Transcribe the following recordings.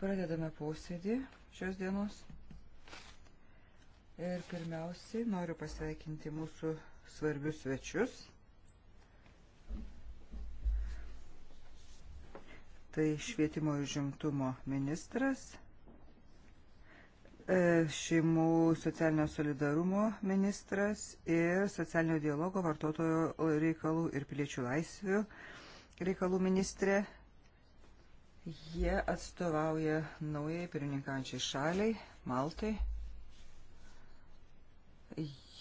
Pradedame posėdį šios dienos. Ir pirmiausiai noriu pasveikinti mūsų svarbius svečius. Tai švietimo ir žimtumo ministras, e, šeimų socialinio solidarumo ministras ir socialinio dialogo vartotojo reikalų ir piliečių laisvių reikalų ministrė Jie atstovauja naujai pirmininkančiai šaliai, Maltai.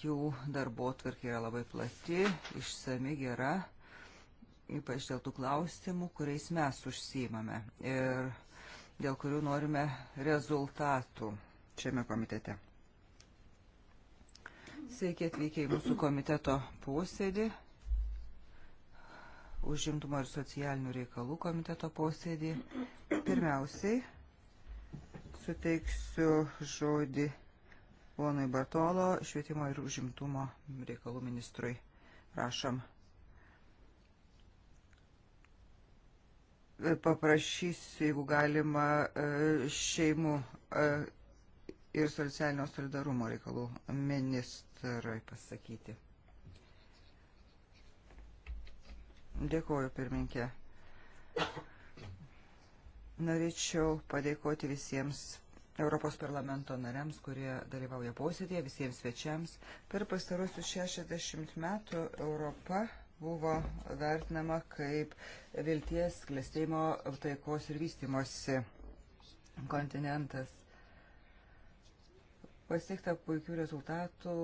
Jų darbo tvarkė yra labai plati, išsami gera, ypač dėl tų klausimų, kuriais mes užsiimame ir dėl kurių norime rezultatų šiame komitete. Sveiki atvykę į mūsų komiteto posėdį užimtumo ir socialinių reikalų komiteto posėdį. Pirmiausiai suteiksiu žodį ponui Bartolo, švietimo ir užimtumo reikalų ministrui. Prašom. Paprašysiu, jeigu galima, e, šeimų e, ir socialinio solidarumo reikalų ministrui pasakyti. Dėkuoju, pirminkė. Norėčiau padėkoti visiems Europos parlamento nariams, kurie dalyvauja posėdėje, visiems svečiams. Per pastarosius 60 metų Europa buvo vertinama kaip vilties, klėstėjimo, taikos ir vystimosi kontinentas. Pasiekta puikių rezultatų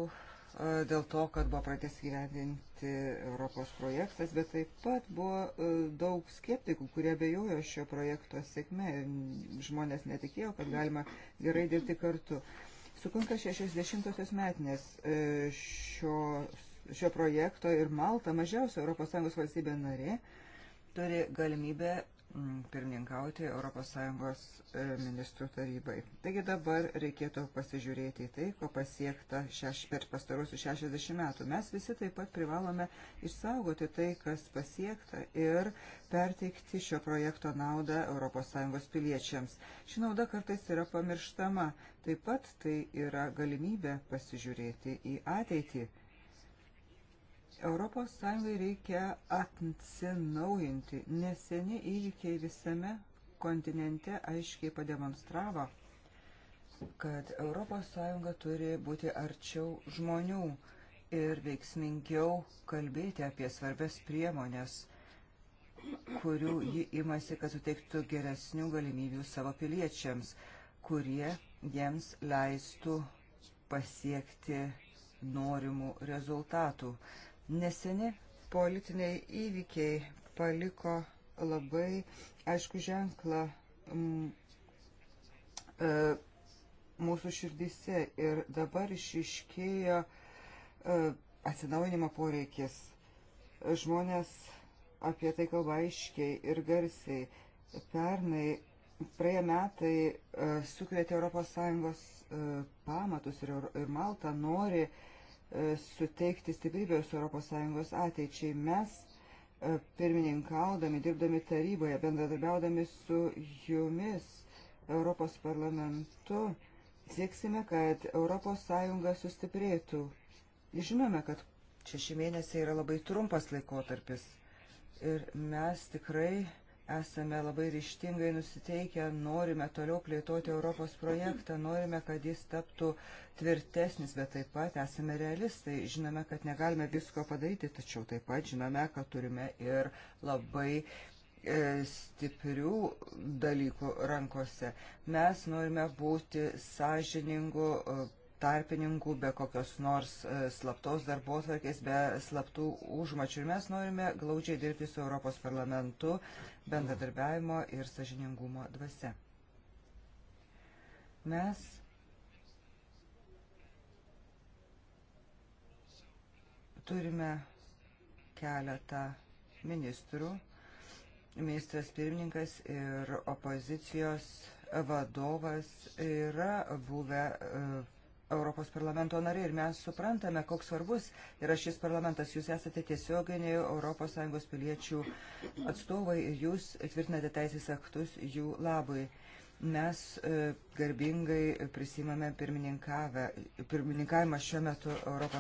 E, dėl to, kad buvo pradės gyvendinti Europos projektas, bet taip pat buvo e, daug skeptikų, kurie bejojo šio projekto sėkme ir žmonės netikėjo, kad galima gerai dirbti kartu. Sukunka 60-osios metinės e, šio, šio projekto ir Malta, mažiausia ES valstybė narė, turi galimybę Mm, pirmininkauti ES e, ministrų tarybai. Taigi dabar reikėtų pasižiūrėti į tai, ko pasiekta šeš, per pastarosius 60 metų. Mes visi taip pat privalome išsaugoti tai, kas pasiekta ir perteikti šio projekto naudą ES piliečiams. Ši nauda kartais yra pamirštama. Taip pat tai yra galimybė pasižiūrėti į ateitį. Europos Sąjungai reikia atsinaujinti. Neseni įvykiai visame kontinente aiškiai pademonstravo, kad Europos Sąjunga turi būti arčiau žmonių ir veiksmingiau kalbėti apie svarbės priemonės, kurių ji imasi, kad suteiktų geresnių galimybių savo piliečiams, kurie jiems leistų pasiekti norimų rezultatų. Neseni politiniai įvykiai paliko labai aišku ženklą mm, e, mūsų širdyse ir dabar išiškėjo e, atsinaujinimo poreikis. Žmonės apie tai kalba aiškiai ir garsiai. Pernai, praėję metai e, sukrėtė ES pamatus ir, ir Malta nori uh, E, suteikti stiprybės ES ateičiai. Mes e, pirmininkaudami, dirbdami taryboje, bendradarbiaudami su jumis Europos parlamentu, sieksime, kad ES sustiprėtų. Žinome, kad šeši mėnesiai yra labai trumpas laikotarpis ir mes tikrai esame labai ryštingai nusiteikę, norime toliau plėtoti Europos projektą, norime, kad jis taptų tvirtesnis, bet taip pat esame realistai, žinome, kad negalime visko padaryti, tačiau taip pat žinome, kad turime ir labai e, stiprių dalykų rankose. Mes norime būti sąžiningų tarpininkų, be kokios nors e, slaptos darbotvarkės, be slaptų užmačių. Ir mes norime glaudžiai dirbti su Europos parlamentu bendradarbiavimo ir sažiningumo dvasia. Mes turime keletą ministrų, ministras pirmininkas ir opozicijos vadovas yra buvę uh, Europos parlamento nariai ir mes suprantame, koks svarbus yra šis parlamentas. Jūs esate tiesioginiai ES piliečių atstovai ir jūs tvirtinate teisės aktus jų labui. Mes e, garbingai prisimame pirmininkavimą šiuo metu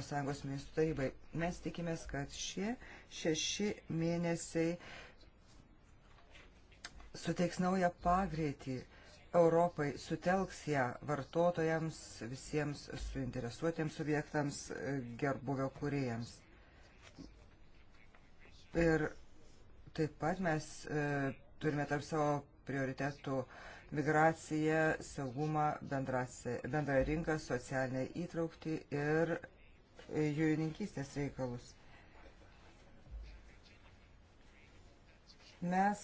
ES ministrų tarybai. Mes tikimės, kad šie šeši mėnesiai suteiks naują pagreitį Europai sutelks ją vartotojams, visiems suinteresuotiems subjektams, gerbuvio kūrėjams. Ir taip pat mes e, turime tarp savo prioritetų migraciją, saugumą, bendrą rinką, socialinę įtraukti ir jūrininkystės reikalus. Mes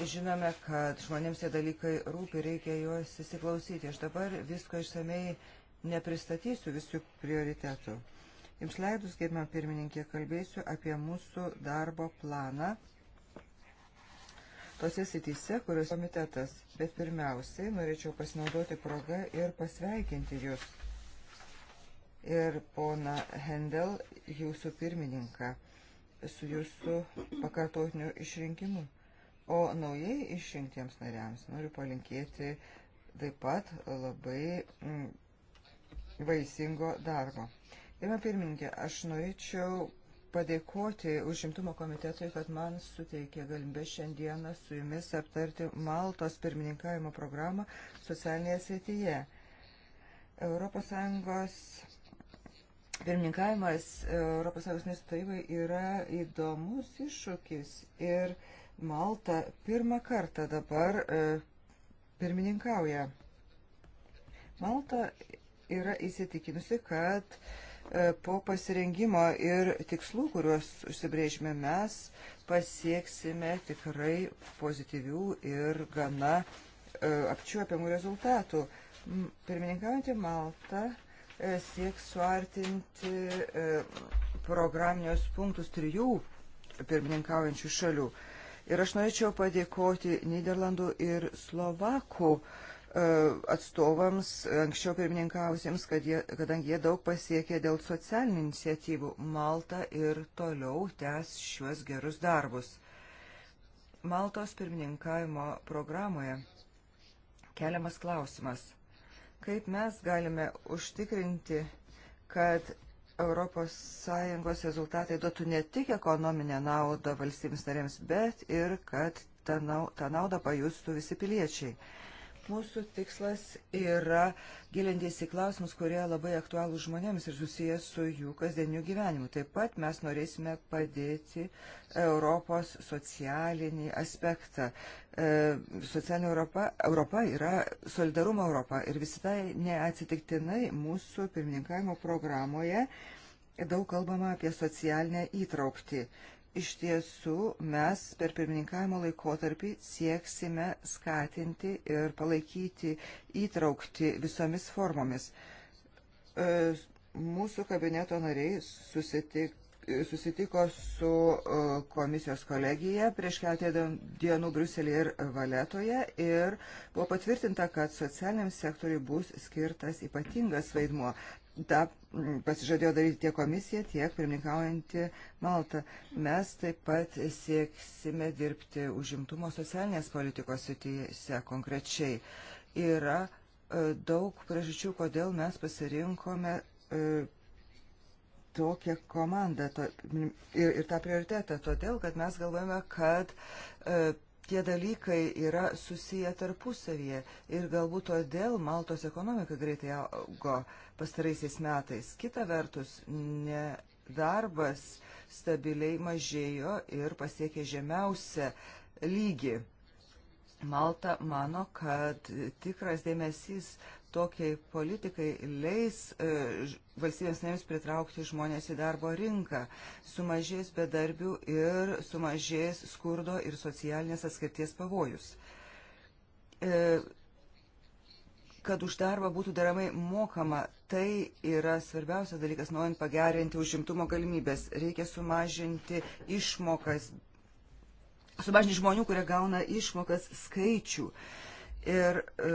Žinome, kad žmonėms tie dalykai rūpi, reikia juos įsiklausyti. Aš dabar visko išsamei nepristatysiu visų prioritetų. Jums leidus, kaip man pirmininkė, kalbėsiu apie mūsų darbo planą tose sityse, kurios komitetas. Bet pirmiausiai norėčiau pasinaudoti progą ir pasveikinti jūs. Ir pona Hendel, jūsų pirmininką, su jūsų pakartotiniu išrinkimu. O naujai išrinktiems nariams noriu palinkėti taip pat labai mm, vaisingo darbo. Irma pirmininkė, aš norėčiau padėkoti užimtumo komitetui, kad man suteikė galimybę šiandieną su jumis aptarti Maltos pirmininkavimo programą socialinėje srityje. ES pirmininkavimas ES ministrų tarybai yra įdomus iššūkis ir e, Malta pirmą kartą dabar e, pirmininkauja. Malta yra įsitikinusi, kad e, po pasirengimo ir tikslų, kuriuos užsibrėžime mes, pasieksime tikrai pozityvių ir gana e, apčiuopiamų rezultatų. Pirmininkaujantį Maltą sieks suartinti programinius punktus trijų pirmininkaujančių šalių. Ir aš norėčiau padėkoti Niderlandų ir Slovakų e, atstovams, anksčiau pirmininkausiems, kad jie, kadangi jie daug pasiekė dėl socialinių iniciatyvų, Malta ir toliau tęs šiuos gerus darbus. Maltos pirmininkavimo programoje keliamas klausimas, kaip mes galime užtikrinti, kad ES rezultatai duotų ne tik ekonominę naudą valstybėms narėms, bet ir kad tą naudą pajustų visi piliečiai. Mūsų tikslas yra gilintis į klausimus, kurie labai aktualų žmonėms ir susijęs su jų kasdieniu gyvenimu. Taip pat mes norėsime padėti Europos socialinį aspektą. E, socialinė Europa, Europa yra solidarumo Europa ir visi tai neatsitiktinai mūsų pirmininkavimo programoje daug kalbama apie socialinę įtraukti. Iš tiesų, mes per pirmininkavimo laikotarpį sieksime skatinti ir palaikyti įtraukti visomis formomis. E, mūsų kabineto nariai susitik, susitiko su e, komisijos kolegija prieš keletą dienų Bruselėje ir Valetoje ir buvo patvirtinta, kad socialiniam sektoriui bus skirtas ypatingas vaidmuo tą mm, pasižadėjo daryti tiek komisija, tiek pirmininkaujanti Malta. Mes taip pat sieksime dirbti užimtumo socialinės politikos srityse konkrečiai. Yra e, daug priežasčių, kodėl mes pasirinkome e, tokią komandą to, mm, ir, ir tą prioritetą. Todėl, kad mes galvojame, kad e, tie dalykai yra susiję tarpusavyje ir galbūt todėl Maltos ekonomika greitai augo pastaraisiais metais. Kita vertus, ne darbas stabiliai mažėjo ir pasiekė žemiausią lygį. Malta mano, kad tikras dėmesys tokiai politikai leis e, valstybės narėms pritraukti žmonės į darbo rinką, sumažės bedarbių ir sumažės skurdo ir socialinės atskirties pavojus. E, kad už darbą būtų deramai mokama, tai yra svarbiausias dalykas, norint pagerinti užimtumo galimybės. Reikia sumažinti išmokas, sumažinti žmonių, kurie gauna išmokas skaičių. Ir e,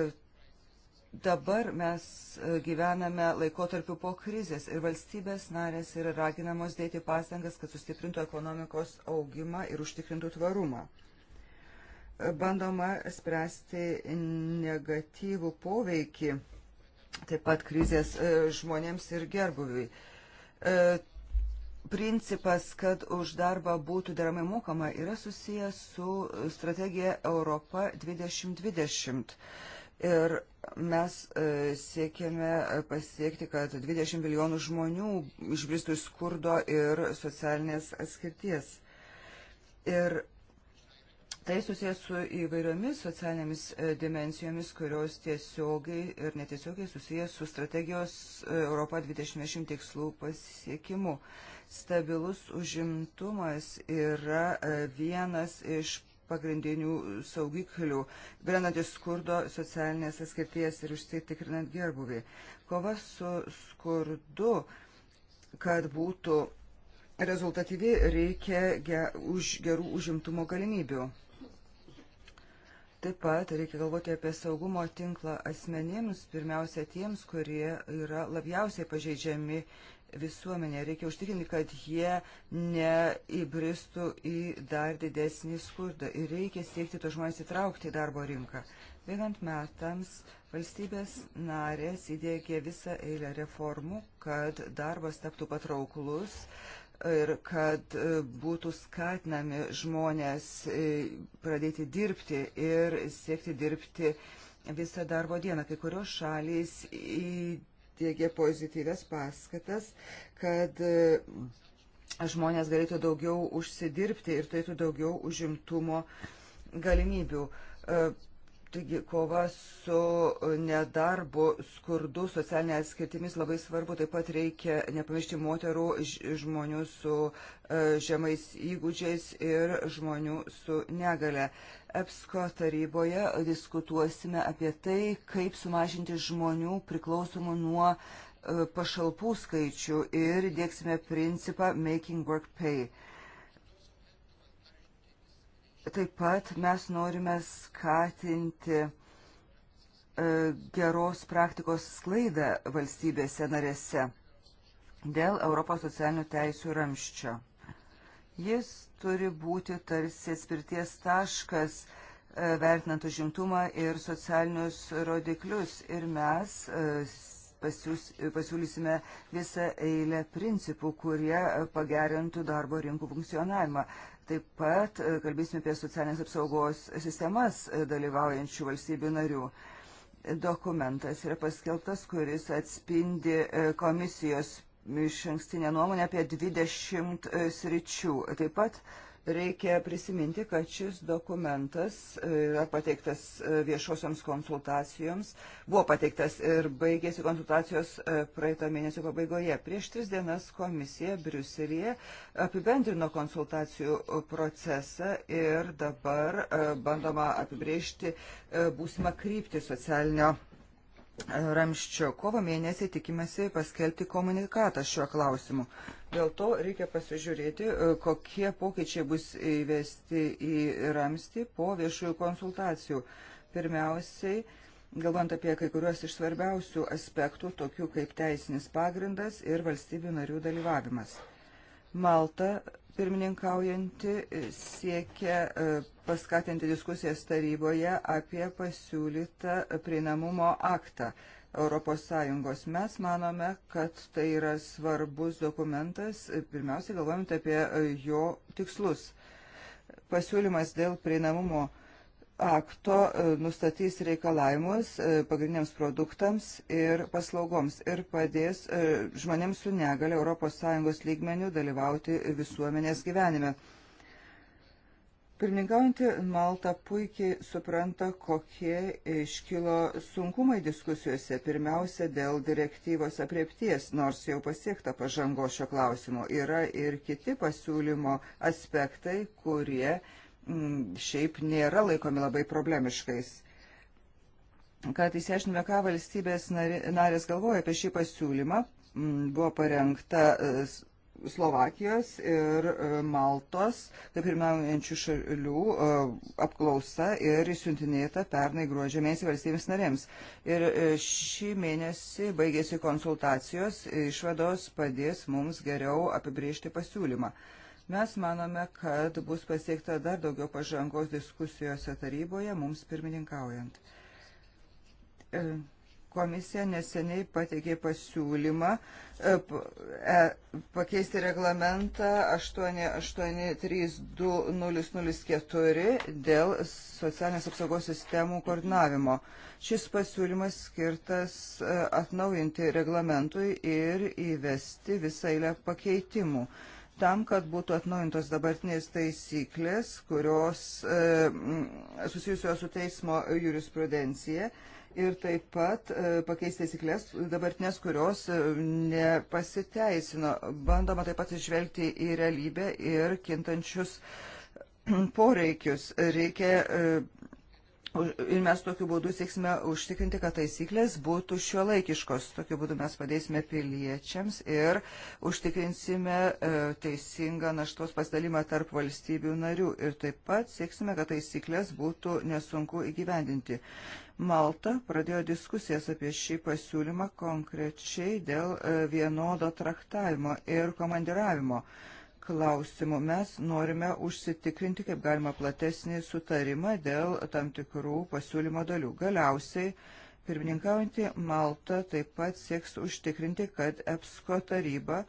Dabar mes e, gyvename laikotarpiu po krizės ir valstybės narės yra raginamos dėti pastangas, kad sustiprintų ekonomikos augimą ir užtikrintų tvarumą. E, bandoma spręsti negatyvų poveikį taip pat krizės e, žmonėms ir gerbuviui. Principas, kad už darbą būtų deramai mokama, yra susijęs su strategija Europa 2020 Ir mes e, siekiame e, pasiekti, kad 20 milijonų žmonių išbristų iš skurdo ir socialinės atskirties. Ir tai susijęs su įvairiomis socialinėmis e, dimencijomis, kurios tiesiogiai ir netiesiogiai susijęs su strategijos Europa 2020 tikslų pasiekimu. Stabilus užimtumas yra vienas iš pagrindinių saugiklių, brendant iš skurdo, socialinės atskirties ir užsitikrinant gerbuvį. Kova su skurdu, kad būtų rezultatyvi, reikia ge, už gerų užimtumo galimybių. Taip pat reikia galvoti apie saugumo tinklą asmenėms, pirmiausia tiems, kurie yra labiausiai pažeidžiami visuomenę. Reikia užtikrinti, kad jie neįbristų į dar didesnį skurdą ir reikia siekti to žmonės įtraukti į darbo rinką. Bėgant metams valstybės narės įdėkė visą eilę reformų, kad darbas taptų patrauklus ir kad e, būtų skatinami žmonės e, pradėti dirbti ir siekti dirbti visą darbo dieną. Kai kurios šalys įdėkė dėgė pozityves paskatas, kad e, žmonės galėtų daugiau užsidirbti ir turėtų daugiau užimtumo galimybių. E, taigi kova su nedarbu, skurdu, socialinė atskirtimis labai svarbu. Taip pat reikia nepamiršti moterų, žmonių su e, žemais įgūdžiais ir žmonių su negale. EPSCO taryboje diskutuosime apie tai, kaip sumažinti žmonių priklausomų nuo e, pašalpų skaičių ir dėksime principą Making Work Pay. Taip pat mes norime skatinti e, geros praktikos sklaidą valstybėse narėse dėl Europos socialinių teisų ramščio. Jis turi būti tarsi atspirties taškas e, vertinant užimtumą ir socialinius rodiklius. Ir mes e, pasiūs, pasiūlysime visą eilę principų, kurie pagerintų darbo rinkų funkcionavimą. Taip pat e, kalbėsime apie socialinės apsaugos sistemas dalyvaujančių valstybių narių dokumentas yra paskelbtas, kuris atspindi komisijos Nu, iš ankstinę nuomonę apie 20 e, sričių. Taip pat reikia prisiminti, kad šis dokumentas e, yra pateiktas e, viešosioms konsultacijoms, buvo pateiktas ir baigėsi konsultacijos praeito mėnesio pabaigoje. Prieš tris dienas komisija Briuselėje apibendrino konsultacijų procesą ir dabar bandoma apibriežti būsimą kryptį socialinio ramščio. Kovo mėnesį tikimasi paskelbti komunikatą šiuo klausimu. Dėl to reikia pasižiūrėti, e, kokie pokyčiai bus įvesti į ramstį po viešųjų konsultacijų. Pirmiausiai, galvant apie kai kuriuos iš svarbiausių aspektų, tokių kaip teisinis pagrindas ir valstybių narių dalyvavimas. Malta pirmininkaujanti siekia e, paskatinti diskusijas taryboje apie pasiūlytą prieinamumo aktą. ES. Mes manome, kad tai yra svarbus dokumentas, e, pirmiausiai galvojant apie e, jo tikslus. Pasiūlymas dėl prieinamumo akto akto e, nustatys reikalavimus e, pagrindiniams produktams ir paslaugoms ir padės e, žmonėms su negale ES lygmenių dalyvauti visuomenės gyvenime. Pirmininkaujantį Maltą puikiai supranta, kokie iškilo sunkumai diskusijose, pirmiausia dėl direktyvos apriepties, nors jau pasiekta pažango šio klausimo. Yra ir kiti pasiūlymo aspektai, kurie Mm, šiaip nėra laikomi labai problemiškais. Kad įsiaiškinome, ką valstybės narės galvoja apie šį pasiūlymą, mm, buvo parengta e, Slovakijos ir e, Maltos, kaip pirmaujančių šalių, e, apklausa ir išsiuntinėta pernai gruodžio mėnesį valstybėms narėms. Ir šį mėnesį baigėsi konsultacijos, išvados padės mums geriau apibriežti pasiūlymą. Mes manome, kad bus pasiekta dar daugiau pažangos diskusijose taryboje mums pirmininkaujant. E, komisija neseniai pateikė pasiūlymą e, e, pakeisti reglamentą 8832004 dėl socialinės apsaugos sistemų koordinavimo. Šis pasiūlymas skirtas atnaujinti reglamentui ir įvesti visą eilę pakeitimų tam, kad būtų atnaujintos dabartinės taisyklės, kurios e, susijusios su teismo jurisprudencija ir taip pat e, pakeisti taisyklės dabartinės, kurios e, nepasiteisino. Bandoma taip pat išvelgti į realybę ir kintančius e, poreikius. Reikia e, Ir mes tokiu būdu sieksime užtikrinti, kad taisyklės būtų šio laikiškos. Tokiu būdu mes padėsime piliečiams ir užtikrinsime e, teisingą naštos pasidalimą tarp valstybių narių. Ir taip pat sieksime, kad taisyklės būtų nesunku įgyvendinti. Malta pradėjo diskusijas apie šį pasiūlymą konkrečiai dėl e, vienodo traktavimo ir komandiravimo klausimų. Mes norime užsitikrinti kaip galima platesnį sutarimą dėl tam tikrų pasiūlymo dalių. Galiausiai, pirmininkaujantį Maltą taip pat sieks užtikrinti, kad EPSCO taryba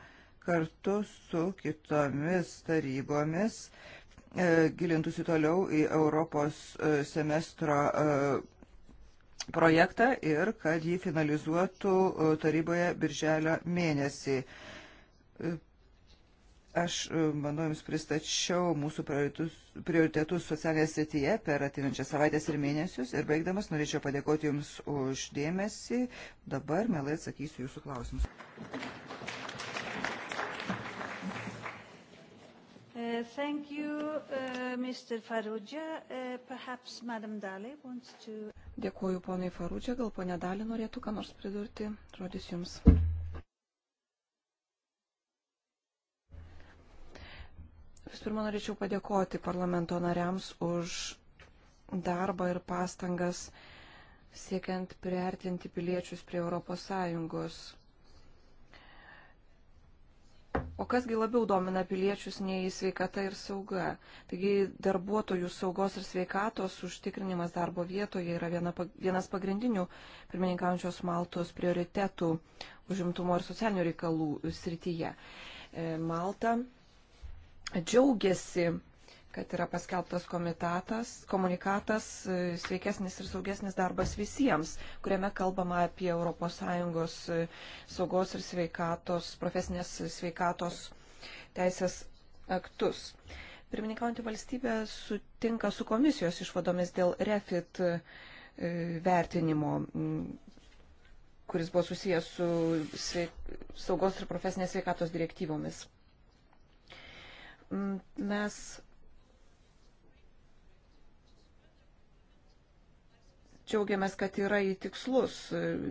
kartu su kitomis tarybomis e, gilintųsi toliau į Europos e, semestro e, projektą ir kad jį finalizuotų e, taryboje birželio mėnesį e, Aš, e, manau, Jums pristačiau mūsų prioritetus socialinėje srityje per ateinančias savaitės ir mėnesius ir baigdamas norėčiau padėkoti Jums už dėmesį. Dabar mielai atsakysiu Jūsų klausimus. Uh, thank you, uh, Mr. Farudžia. Uh, perhaps Madam Dali wants to... Dėkuoju ponai Farudžia. Gal ponia Dali norėtų ką nors pridurti? Žodis Jums. Uh, Vis pirma, norėčiau padėkoti parlamento nariams už darbą ir pastangas siekiant priartinti piliečius prie ES. O kasgi labiau domina piliečius nei sveikata ir sauga. Taigi darbuotojų saugos ir sveikatos užtikrinimas darbo vietoje yra viena, vienas pagrindinių pirmininkaujančios Maltos prioritetų užimtumo ir socialinių reikalų srityje. E, Malta džiaugiasi, kad yra paskelbtas komunikatas e, sveikesnis ir saugesnis darbas visiems, kuriame kalbama apie ES saugos ir sveikatos, profesinės sveikatos teisės aktus. Pirmininkaujantį valstybę sutinka su komisijos išvadomis dėl refit e, vertinimo, kuris buvo susijęs su saugos ir profesinės sveikatos direktyvomis mes džiaugiamės, kad yra į tikslus,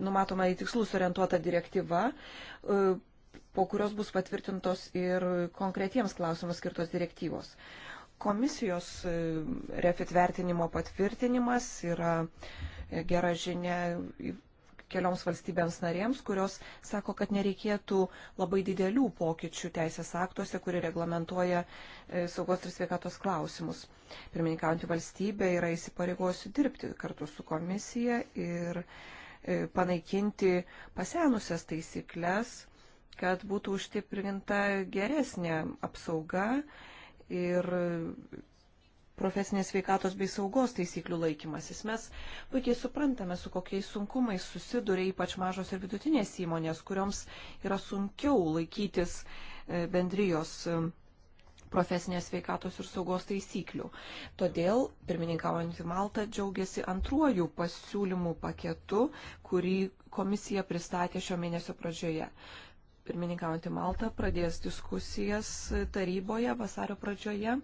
numatoma į tikslus orientuota direktyva, e, po kurios bus patvirtintos ir konkretiems klausimams skirtos direktyvos. Komisijos e, refit vertinimo patvirtinimas yra gera žinia kelioms valstybėms narėms, kurios sako, kad nereikėtų labai didelių pokyčių teisės aktuose, kuri reglamentoja e, saugos ir sveikatos klausimus. Pirmininkaujantį valstybę yra įsipareigojusi dirbti kartu su komisija ir e, panaikinti pasenusias taisyklės, kad būtų užtiprinta geresnė apsauga ir profesinės veikatos bei saugos taisyklių laikymasis. Mes puikiai suprantame, su kokiais sunkumais susiduria ypač mažos ir vidutinės įmonės, kurioms yra sunkiau laikytis e, bendrijos e, profesinės veikatos ir saugos taisyklių. Todėl pirmininkaujantį Maltą džiaugiasi antruoju pasiūlymų paketu, kurį komisija pristatė šio mėnesio pradžioje. Pirmininkaujantį Maltą pradės diskusijas taryboje vasario pradžioje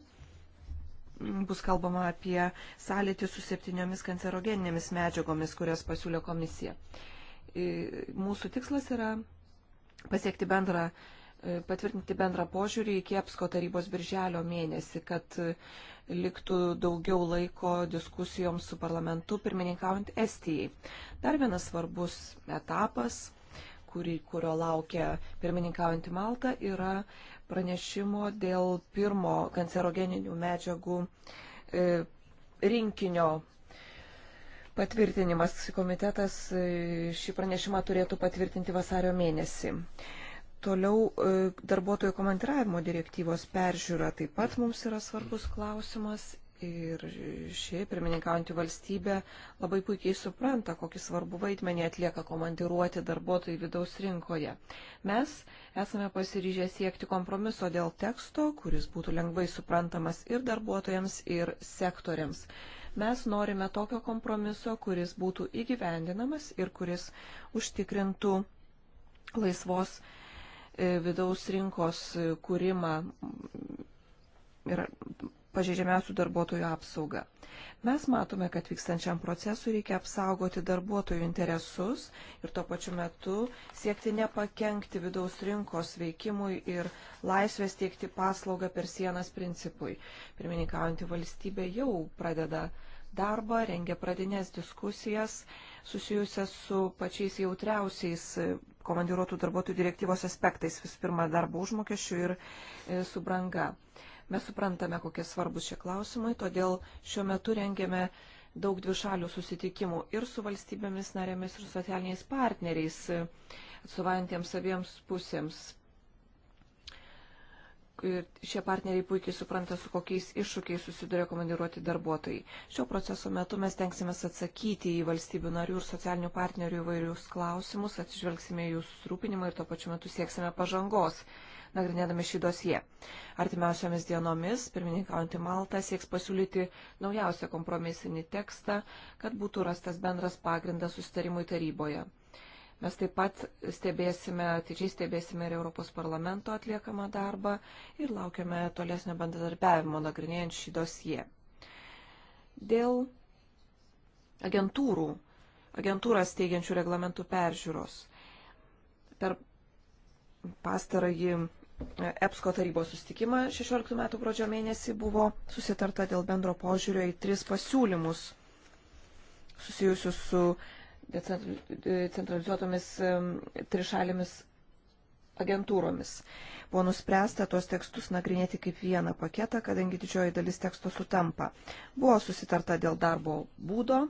bus kalbama apie sąlytį su septyniomis kancerogeninėmis medžiagomis, kurias pasiūlė komisija. Mūsų tikslas yra pasiekti bendrą, e, patvirtinti bendrą požiūrį iki EPSCO tarybos birželio mėnesį, kad e, liktų daugiau laiko diskusijoms su parlamentu, pirmininkaujant Estijai. Dar vienas svarbus etapas kurį, kurio laukia pirmininkaujantį Maltą, yra pranešimo dėl pirmo kancerogeninių medžiagų e, rinkinio patvirtinimas. Komitetas e, šį pranešimą turėtų patvirtinti vasario mėnesį. Toliau e, darbuotojų komandiravimo direktyvos peržiūra taip pat mums yra svarbus klausimas Ir ši pirmininkaujantį valstybę labai puikiai supranta, kokį svarbų vaidmenį atlieka komandiruoti darbuotojai vidaus rinkoje. Mes esame pasiryžę siekti kompromiso dėl teksto, kuris būtų lengvai suprantamas ir darbuotojams, ir sektoriams. Mes norime tokio kompromiso, kuris būtų įgyvendinamas ir kuris užtikrintų laisvos e, vidaus rinkos e, kūrimą ir pažeidžiamiausių darbuotojų apsaugą. Mes matome, kad vykstančiam procesui reikia apsaugoti darbuotojų interesus ir tuo pačiu metu siekti nepakenkti vidaus rinkos veikimui ir laisvės tiekti paslaugą per sienas principui. Pirmininkaujantį valstybę jau pradeda darbą, rengia pradinės diskusijas susijusias su pačiais jautriausiais komandiruotų darbuotojų direktyvos aspektais, visų pirma, darbo užmokesčių ir su branga. E, Mes suprantame, kokie svarbus šie klausimai, todėl šiuo metu rengiame daug dvišalių susitikimų ir su valstybėmis narėmis, ir socialiniais partneriais, atsuvantiems abiems pusėms. Ir šie partneriai puikiai supranta, su kokiais iššūkiais susiduria komandiruoti darbuotojai. Šio proceso metu mes tenksime atsakyti į valstybių narių ir socialinių partnerių įvairius klausimus, atsižvelgsime jų susirūpinimą ir tuo pačiu metu sieksime pažangos nagrinėdami šį dosiją. Artimiausiomis dienomis pirmininkaujantį Maltą sieks pasiūlyti naujausią kompromisinį tekstą, kad būtų rastas bendras pagrindas sustarimui taryboje. Mes taip pat stebėsime, atidžiai stebėsime ir Europos parlamento atliekamą darbą ir laukiame tolesnio bendradarbiavimo nagrinėjant šį dosiją. Dėl agentūrų, agentūras teigiančių reglamentų peržiūros. Per pastarąjį EPSCO tarybos sustikimą 16 metų gruodžio mėnesį buvo susitarta dėl bendro požiūrio į tris pasiūlymus susijusius su centralizuotomis trišalėmis agentūromis. Buvo nuspręsta tuos tekstus nagrinėti kaip vieną paketą, kadangi didžioji dalis teksto sutampa. Buvo susitarta dėl darbo būdo.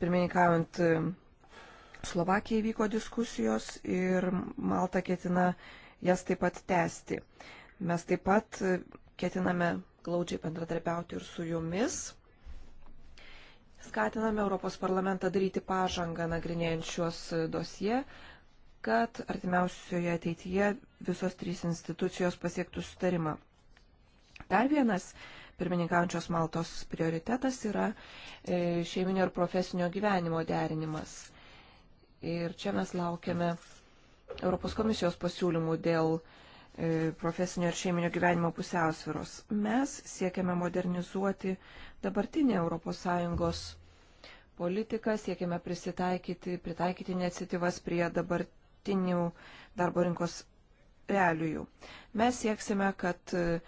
Pirmininkaujant Slovakija įvyko diskusijos ir Malta ketina jas taip pat tęsti. Mes taip pat ketiname glaudžiai bendradarbiauti ir su jumis. Skatiname Europos parlamentą daryti pažangą nagrinėjant šios dosie, kad artimiausioje ateityje visos trys institucijos pasiektų sutarimą. Dar vienas pirmininkaujančios Maltos prioritetas yra e, šeiminio ir profesinio gyvenimo derinimas. Ir čia mes laukiame Europos komisijos pasiūlymų dėl e, profesinio ir šeiminio gyvenimo pusiausviros. Mes siekiame modernizuoti dabartinį ES politiką, siekiame prisitaikyti, pritaikyti iniciatyvas prie dabartinių darbo rinkos realiųjų. Mes sieksime, kad e,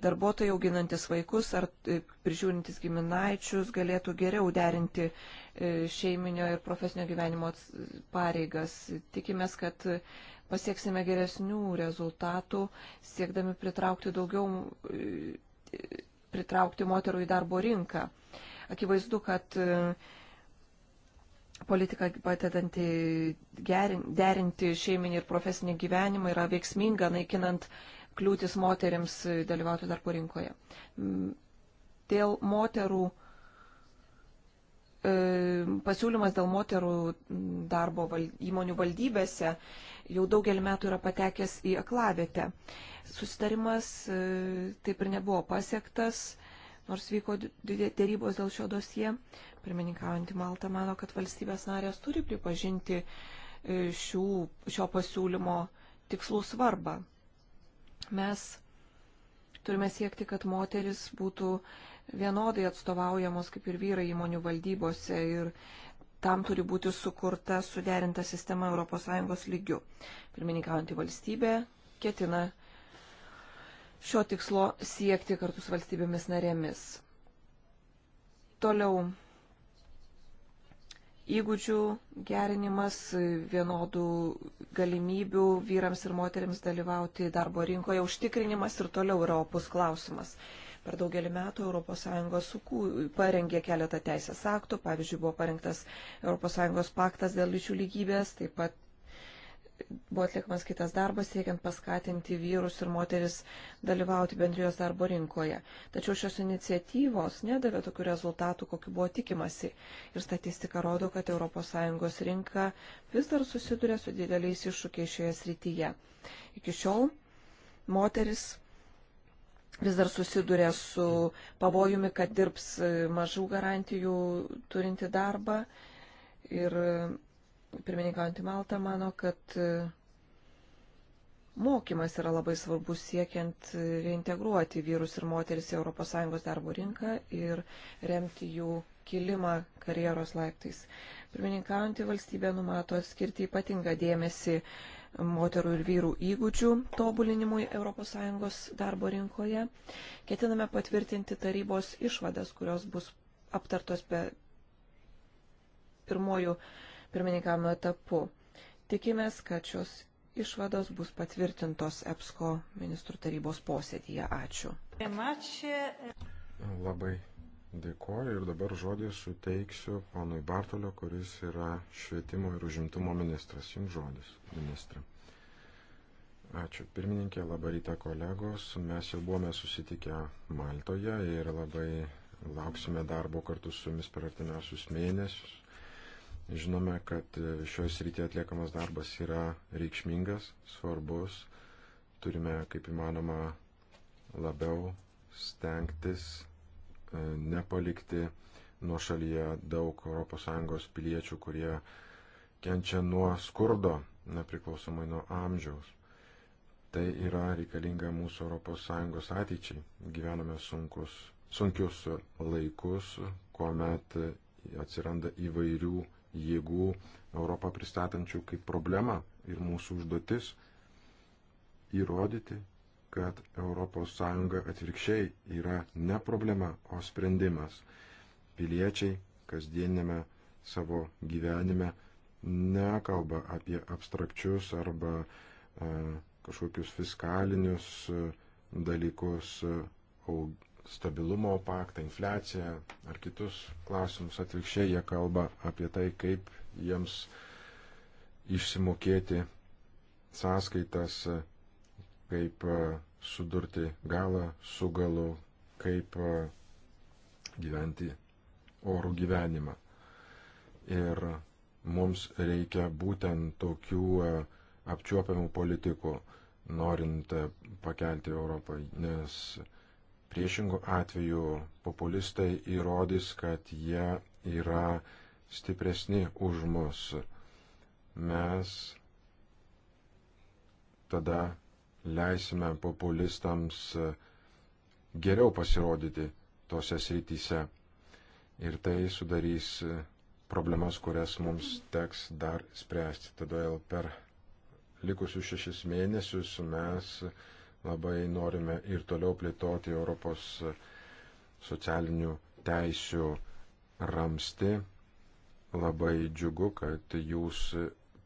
darbuotojai auginantis vaikus ar e, prižiūrintis giminaičius galėtų geriau derinti e, šeiminio ir profesinio gyvenimo pareigas. Tikimės, kad pasieksime geresnių rezultatų, siekdami pritraukti daugiau, e, pritraukti moterų į darbo rinką. Akivaizdu, kad politika padedanti derinti šeiminį ir profesinį gyvenimą yra veiksminga, naikinant kliūtis moteriams dalyvauti darbo rinkoje. Mm, dėl moterų e, pasiūlymas dėl moterų mm, darbo val, įmonių valdybėse jau daugelį metų yra patekęs į aklavietę. Susitarimas e, taip ir nebuvo pasiektas, nors vyko dėrybos dėl šio dosie. Pirmininkaujantį Maltą mano, kad valstybės narės turi pripažinti e, šių, šio pasiūlymo tikslų svarbą mes turime siekti, kad moteris būtų vienodai atstovaujamos kaip ir vyrai įmonių valdybose ir tam turi būti sukurta suderinta sistema ES lygių. Pirmininkaujantį valstybę ketina šio tikslo siekti kartu su valstybėmis narėmis. Toliau įgūdžių gerinimas, vienodų galimybių vyrams ir moteriams dalyvauti darbo rinkoje užtikrinimas ir toliau yra opus klausimas. Per daugelį metų ES sukū, parengė keletą teisės aktų, pavyzdžiui, buvo parengtas ES paktas dėl lyčių lygybės, taip pat buvo atliekamas kitas darbas, siekiant paskatinti vyrus ir moteris dalyvauti bendrijos darbo rinkoje. Tačiau šios iniciatyvos nedavė tokių rezultatų, kokiu buvo tikimasi. Ir statistika rodo, kad ES rinka vis dar susiduria su dideliais iššūkiais šioje srityje. Iki šiol moteris vis dar susiduria su pavojumi, kad dirbs mažų garantijų turinti darbą. Ir pirmininkaujantį Maltą mano, kad e, mokymas yra labai svarbus siekiant e, reintegruoti vyrus ir moteris į ES darbo rinką ir remti jų kilimą karjeros laiptais. Pirmininkaujantį valstybę numato skirti ypatingą dėmesį moterų ir vyrų įgūdžių tobulinimui ES darbo rinkoje. Ketiname patvirtinti tarybos išvadas, kurios bus aptartos be pirmojų pirmininkavimo etapu. Tikimės, kad šios išvados bus patvirtintos EPSCO ministrų tarybos posėdėje. Ačiū. Labai dėkoju ir dabar žodį suteiksiu ponui Bartolio, kuris yra švietimo ir užimtumo ministras. Jums žodis, ministra. Ačiū pirmininkė, labą rytą kolegos. Mes jau buvome susitikę Maltoje ir labai lauksime darbo kartu su jumis per artimiausius mėnesius Žinome, kad e, šioje srityje atliekamas darbas yra reikšmingas, svarbus. Turime kaip įmanoma labiau stengtis e, nepalikti nuo šalyje daug ES piliečių, kurie kenčia nuo skurdo, nepriklausomai nuo amžiaus. Tai yra reikalinga mūsų ES ateičiai. Gyvename sunkus, sunkius laikus, kuomet atsiranda įvairių jėgų Europą pristatančių kaip problemą ir mūsų užduotis įrodyti, kad ES atvirkščiai yra ne problema, o sprendimas. Piliečiai kasdienėme savo gyvenime nekalba apie abstrakčius arba e, kažkokius fiskalinius e, dalykus, e, aug, stabilumo paktą, infliaciją ar kitus klausimus. Atvirkščiai jie kalba apie tai, kaip jiems išsimokėti sąskaitas, kaip e, sudurti galą su galu, kaip e, gyventi orų gyvenimą. Ir mums reikia būtent tokių e, apčiuopiamų politikų, norint pakelti Europą, nes Priešingų atvejų populistai įrodys, kad jie yra stipresni už mus. Mes tada leisime populistams geriau pasirodyti tose srityse. Ir tai sudarys problemas, kurias mums teks dar spręsti. Todėl per likusius šešis mėnesius mes labai norime ir toliau plėtoti Europos socialinių teisių ramsti. Labai džiugu, kad jūs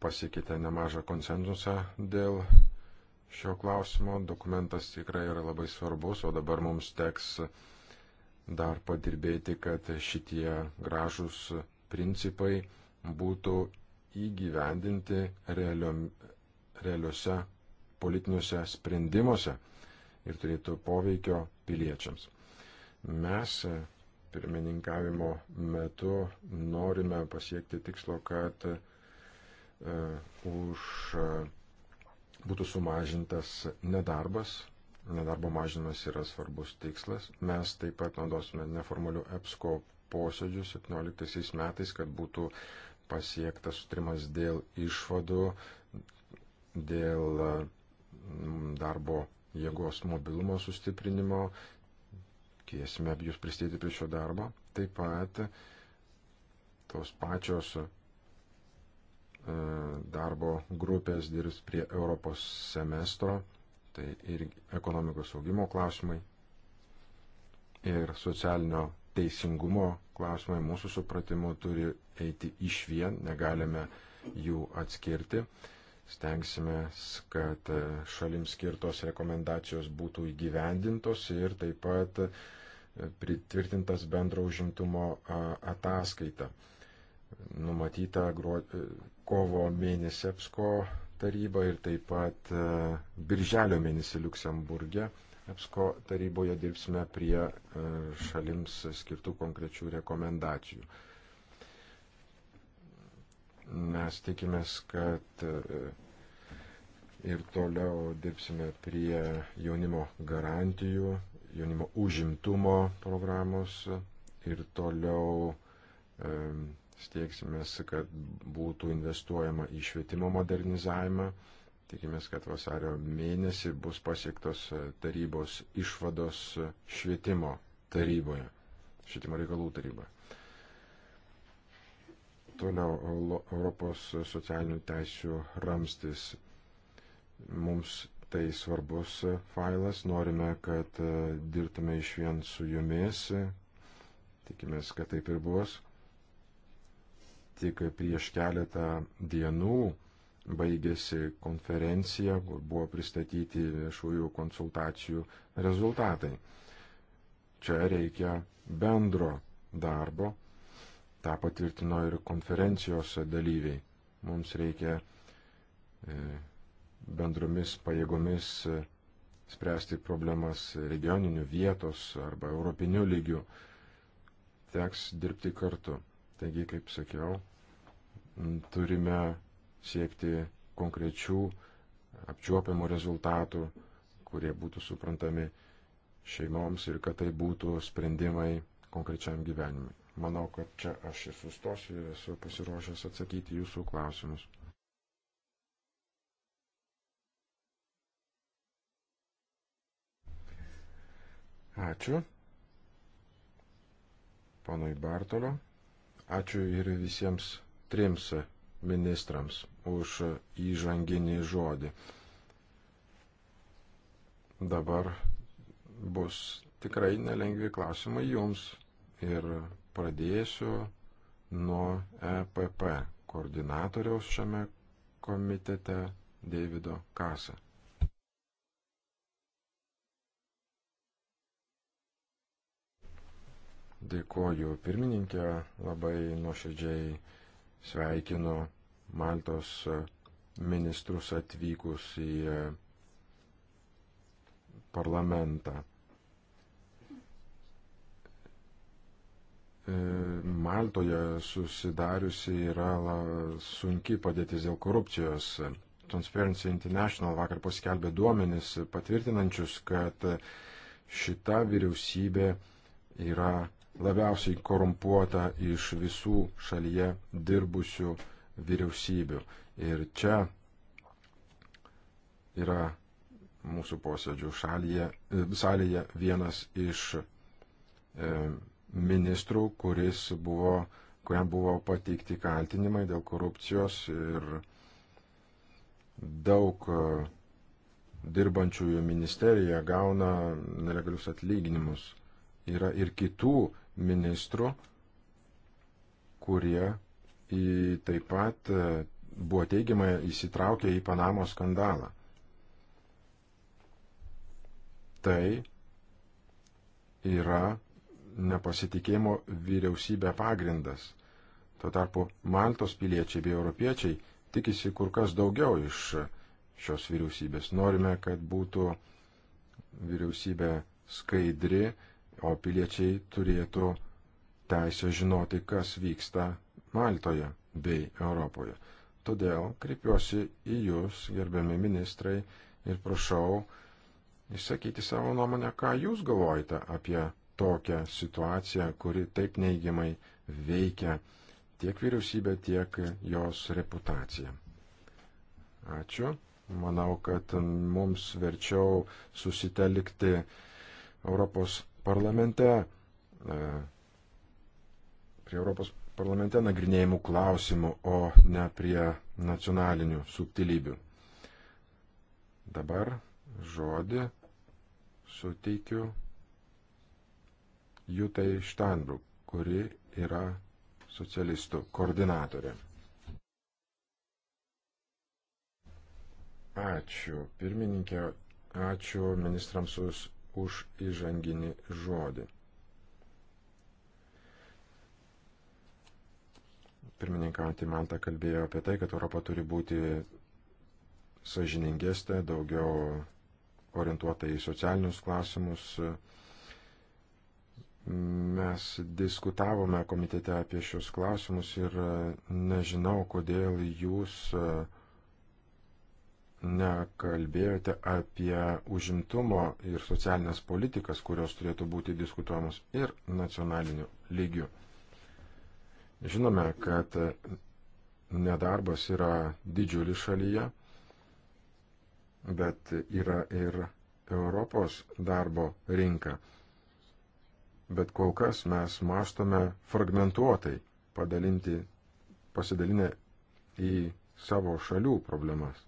pasikite nemažą konsensusą dėl šio klausimo. Dokumentas tikrai yra labai svarbus, o dabar mums teks dar padirbėti, kad šitie gražus principai būtų įgyvendinti realiom, realiuose politiniuose sprendimuose ir turėtų poveikio piliečiams. Mes e, pirmininkavimo metu norime pasiekti tikslo, kad e, už e, būtų sumažintas nedarbas. Nedarbo mažinimas yra svarbus tikslas. Mes taip pat naudosime neformalių EPSCO posėdžių 17 metais, kad būtų pasiektas sutrimas dėl išvadų, dėl darbo jėgos mobilumo sustiprinimo, kviesime jūs pristėti prie šio darbo. Taip pat tos pačios e, darbo grupės dirbs prie Europos semestro, tai ir ekonomikos augimo klausimai, ir socialinio teisingumo klausimai mūsų supratimu turi eiti iš vien, negalime jų atskirti stengsime, kad šalims skirtos rekomendacijos būtų įgyvendintos ir taip pat pritvirtintas bendro užimtumo ataskaita. Numatyta gruo, e, kovo mėnesį EPSCO taryba ir taip pat e, birželio mėnesį Luksemburgė EPSCO taryboje dirbsime prie e, šalims skirtų konkrečių rekomendacijų. Mes tikimės, kad e, ir toliau dirbsime prie jaunimo garantijų, jaunimo užimtumo programos ir toliau e, stieksimės, kad būtų investuojama į švietimo modernizavimą. Tikimės, kad vasario mėnesį bus pasiektos e, tarybos išvados švietimo taryboje, švietimo reikalų taryboje. Toliau Europos socialinių teisių ramstis. Mums tai svarbus failas, norime, kad e, dirbtume iš vien su jumis, tikimės, kad taip ir bus. Tik prieš keletą dienų baigėsi konferencija, kur buvo pristatyti viešųjų konsultacijų rezultatai. Čia reikia bendro darbo tą patvirtino ir konferencijos dalyviai. Mums reikia e, bendromis pajėgomis e, spręsti problemas regioninių vietos arba europinių lygių. Teks dirbti kartu. Taigi, kaip sakiau, turime siekti konkrečių apčiuopiamų rezultatų, kurie būtų suprantami šeimoms ir kad tai būtų sprendimai konkrečiam gyvenimui. Manau, kad čia aš ir sustosiu ir esu pasiruošęs atsakyti jūsų klausimus. Ačiū. Panui Bartolio. Ačiū ir visiems trims ministrams už įžanginį žodį. Dabar bus tikrai nelengvi klausimai jums ir Pradėsiu nuo EPP koordinatoriaus šiame komitete Davido Kasa. Dėkoju pirmininkė, labai nuoširdžiai sveikinu Maltos ministrus atvykus į parlamentą. E, Maltoje susidariusi yra sunki padėtis dėl korupcijos. Transparency International vakar paskelbė duomenis patvirtinančius, kad šita vyriausybė yra labiausiai korumpuota iš visų šalyje dirbusių vyriausybių. Ir čia yra mūsų posėdžių šalyje, e, salėje vienas iš e, ministrų, kuris buvo, kuriam buvo pateikti kaltinimai dėl korupcijos ir daug e, dirbančiųjų ministerija gauna nelegalius atlyginimus. Yra ir kitų ministrų, kurie į, taip pat e, buvo teigiamai įsitraukę į Panamo skandalą. Tai yra nepasitikėjimo vyriausybė pagrindas. Tuo tarpu Maltos piliečiai bei europiečiai tikisi kur kas daugiau iš šios vyriausybės. Norime, kad būtų vyriausybė skaidri, o piliečiai turėtų teisę žinoti, kas vyksta Maltoje bei Europoje. Todėl kreipiuosi į Jūs, gerbiami ministrai, ir prašau išsakyti savo nuomonę, ką Jūs galvojate apie tokią situaciją, kuri taip neigiamai veikia tiek vyriausybę, tiek jos reputaciją. Ačiū. Manau, kad mums verčiau susitelikti Europos parlamente, e, prie Europos parlamente nagrinėjimų klausimų, o ne prie nacionalinių subtilybių. Dabar žodį suteikiu Jutai Štanbruk, kuri yra socialistų koordinatorė. Ačiū pirmininkė, ačiū ministrams už įžanginį žodį. Pirmininkantį Mantą kalbėjo apie tai, kad Europa turi būti sažiningesnė, daugiau orientuota į socialinius klausimus, Mes diskutavome komitete apie šios klausimus ir e, nežinau, kodėl jūs e, nekalbėjote apie užimtumo ir socialinės politikas, kurios turėtų būti diskutuojamos ir nacionaliniu lygiu. Žinome, kad e, nedarbas yra didžiulis šalyje, bet yra ir Europos darbo rinka bet kol kas mes mastome fragmentuotai padalinti, pasidalinę į savo šalių problemas.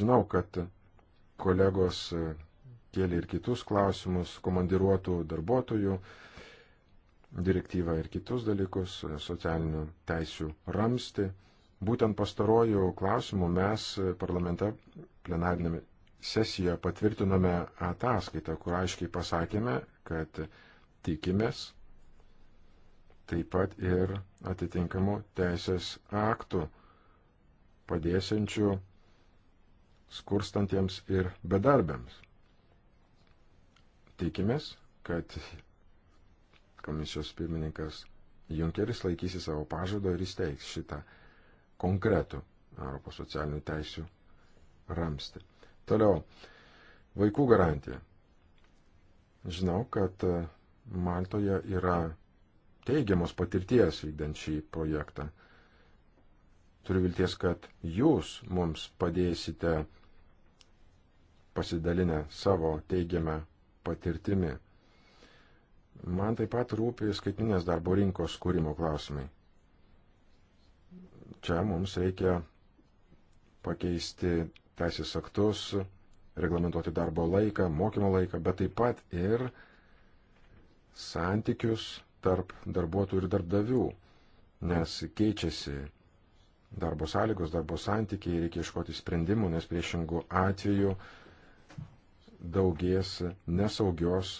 Žinau, kad kolegos kėlė ir kitus klausimus, komandiruotų darbuotojų direktyvą ir kitus dalykus, socialinių teisių ramsti. Būtent pastarojų klausimų mes parlamente plenarinėme sesijoje patvirtinome ataskaitą, kur aiškiai pasakėme, kad tikimės taip pat ir atitinkamų teisės aktų padėsiančių skurstantiems ir bedarbiams. Tikimės, kad komisijos pirmininkas Junkeris laikysi savo pažado ir įsteigs šitą konkretų Europos socialinių teisių ramstį. Toliau, vaikų garantija. Žinau, kad e, Maltoje yra teigiamos patirties vykdant šį projektą. Turiu vilties, kad jūs mums padėsite pasidalinę savo teigiamą patirtimi. Man taip pat rūpi skaitinės darbo rinkos kūrimo klausimai čia mums reikia pakeisti teisės aktus, reglamentuoti darbo laiką, mokymo laiką, bet taip pat ir santykius tarp darbuotojų ir darbdavių, nes keičiasi darbo sąlygos, darbo santykiai, reikia iškoti sprendimų, nes priešingų atveju daugės nesaugios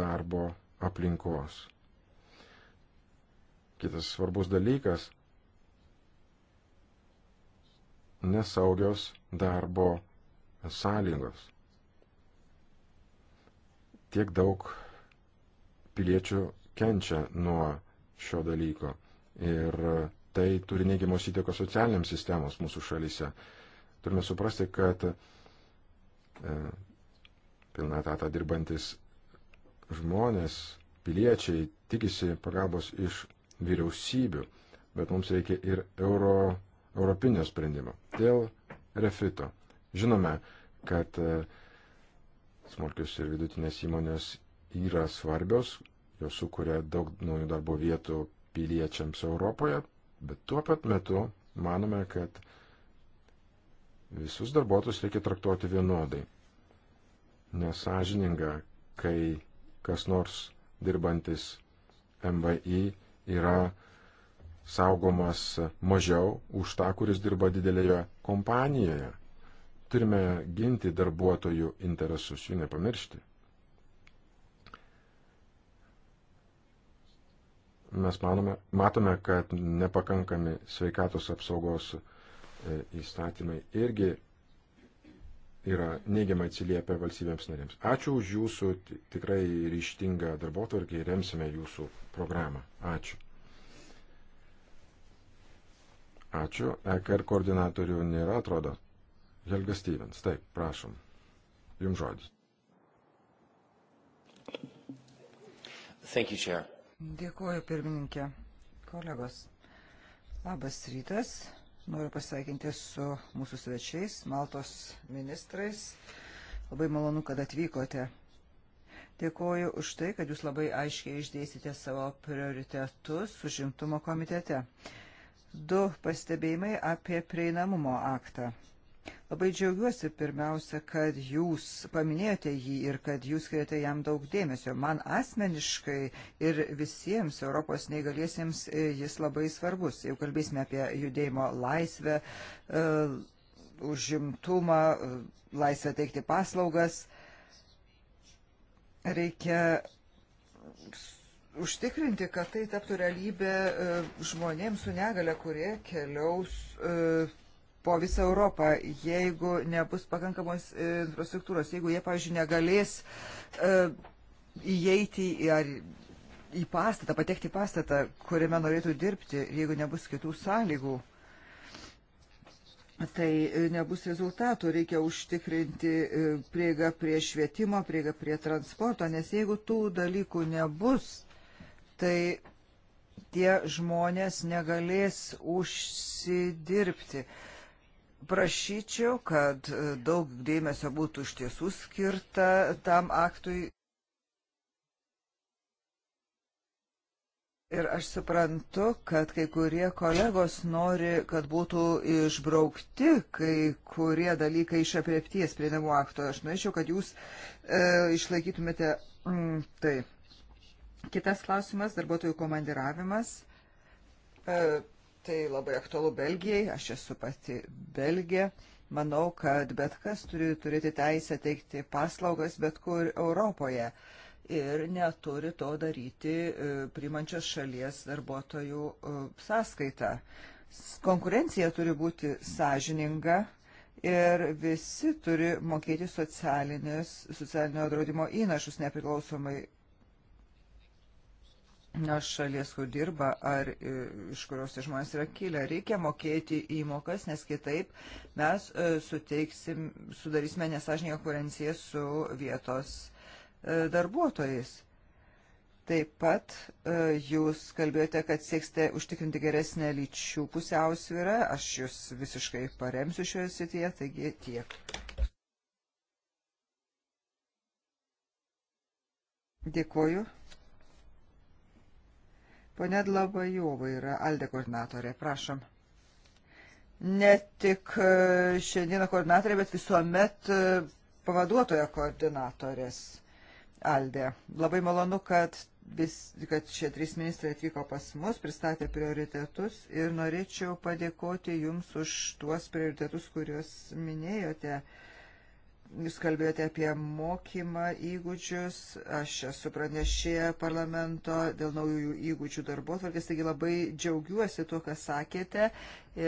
darbo aplinkos. Kitas svarbus dalykas nesaugios darbo sąlygos. Tiek daug piliečių kenčia nuo šio dalyko ir tai turi neigiamos įtakos socialiniams sistemos mūsų šalyse. Turime suprasti, kad e, pilna tata dirbantis žmonės, piliečiai tikisi pagalbos iš vyriausybių, bet mums reikia ir euro, europinio sprendimo. Dėl refito. Žinome, kad e, smulkius ir vidutinės įmonės yra svarbios, jos sukuria daug naujų darbo vietų piliečiams Europoje, bet tuo pat metu manome, kad visus darbuotojus reikia traktuoti vienodai. Nesažininga, kai kas nors dirbantis MVI yra saugomas mažiau už tą, kuris dirba didelėje kompanijoje. Turime ginti darbuotojų interesus, jų nepamiršti. Mes manome, matome, kad nepakankami sveikatos apsaugos e, įstatymai irgi yra neigiamai atsiliepia valstybėms narėms. Ačiū už jūsų tikrai ryštingą darbotvarkį ir remsime jūsų programą. Ačiū. Ačiū. EKR koordinatorių nėra, atrodo. Helga Stevens, taip, prašom. Jums žodis. Thank you, Chair. Dėkuoju, pirmininkė. Kolegos, labas rytas. Noriu pasveikinti su mūsų svečiais, Maltos ministrais. Labai malonu, kad atvykote. Dėkuoju už tai, kad jūs labai aiškiai išdėsite savo prioritetus užimtumo komitete. komitete. Du pastebėjimai apie prieinamumo aktą. Labai džiaugiuosi pirmiausia, kad jūs paminėjote jį ir kad jūs skiriate jam daug dėmesio. Man asmeniškai ir visiems Europos neįgaliesiems e, jis labai svarbus. Jau kalbėsime apie judėjimo laisvę, e, užimtumą, e, laisvę teikti paslaugas. Reikia užtikrinti, kad tai taptų realybė e, žmonėms su negale, kurie keliaus e, po visą Europą, jeigu nebus pakankamos e, infrastruktūros, jeigu jie, pavyzdžiui, negalės įeiti ar į pastatą, patekti į pastatą, kuriame norėtų dirbti, jeigu nebus kitų sąlygų. Tai nebus rezultatų, reikia užtikrinti prieigą prie švietimo, prieigą prie transporto, nes jeigu tų dalykų nebus, tai tie žmonės negalės užsidirbti. Prašyčiau, kad daug dėmesio būtų iš tiesų skirta tam aktui. Ir aš suprantu, kad kai kurie kolegos nori, kad būtų išbraukti kai kurie dalykai iš apriepties prieinamų akto. Aš norėčiau, kad jūs e, išlaikytumėte mm, taip Kitas klausimas - darbuotojų komandiravimas. E, tai labai aktualu Belgijai, aš esu pati Belgija. Manau, kad bet kas turi turėti teisę teikti paslaugas bet kur Europoje ir neturi to daryti e, primančios šalies darbuotojų e, sąskaita. Konkurencija turi būti sąžininga ir visi turi mokėti socialinio draudimo įnašus nepriklausomai šalies, kur dirba, ar e, iš kurios tie žmonės yra kilę. Reikia mokėti įmokas, nes kitaip mes e, suteiksim, sudarysime nesažinę konkurenciją su vietos e, darbuotojais. Taip pat jūs kalbėjote, kad sieksite užtikrinti geresnę lyčių pusiausvyrą. Aš jūs visiškai paremsiu šioje srityje, taigi tiek. Dėkuoju. Pone Dlabajova yra Alde koordinatorė, prašom. Ne tik e, šiandieną koordinatorė, bet visuomet e, pavaduotoja koordinatorės Alde. Labai malonu, kad, vis, kad šie trys ministrai atvyko pas mus, pristatė prioritetus ir norėčiau padėkoti Jums už tuos prioritetus, kuriuos minėjote. Uh, Jūs kalbėjote apie mokymą įgūdžius, aš esu pranešėja parlamento dėl naujų įgūdžių darbotvarkės, taigi labai džiaugiuosi tuo, ką sakėte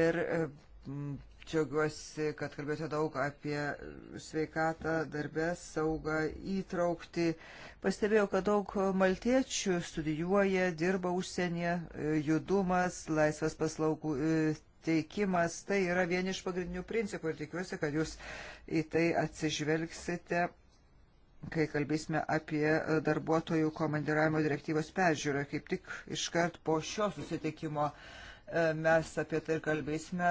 ir mm, džiaugiuosi, kad kalbėjote daug apie sveikatą, darbę, saugą, įtraukti. Pastebėjau, kad daug maltiečių studijuoja, dirba užsienyje, judumas, laisvas paslaugų e, teikimas, tai yra vieni iš pagrindinių principų ir tikiuosi, kad jūs į tai atsižvelgsite, kai kalbėsime apie darbuotojų komandiravimo direktyvos peržiūrą. Kaip tik iškart po šio susitikimo e, mes apie tai ir kalbėsime,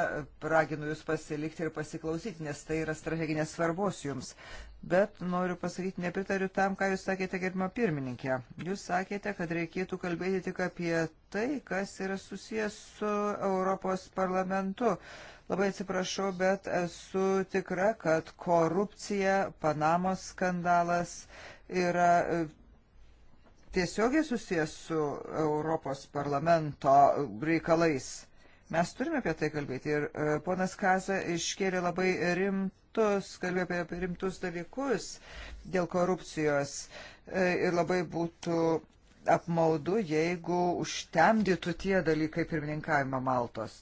raginu jūs pasilikti ir pasiklausyti, nes tai yra strateginės svarbos jums bet noriu pasakyti, nepritariu tam, ką jūs sakėte, gerbimo pirmininkė. Jūs sakėte, kad reikėtų kalbėti tik apie tai, kas yra susijęs su Europos parlamentu. Labai atsiprašau, bet esu tikra, kad korupcija, Panamos skandalas yra e, tiesiogiai susijęs su Europos parlamento reikalais. Mes turime apie tai kalbėti ir e, ponas Kaza iškėlė labai rimtą faktus, kalbėjo apie rimtus dalykus dėl korupcijos e, ir labai būtų apmaudu, jeigu užtemdytų tie dalykai pirmininkavimą Maltos.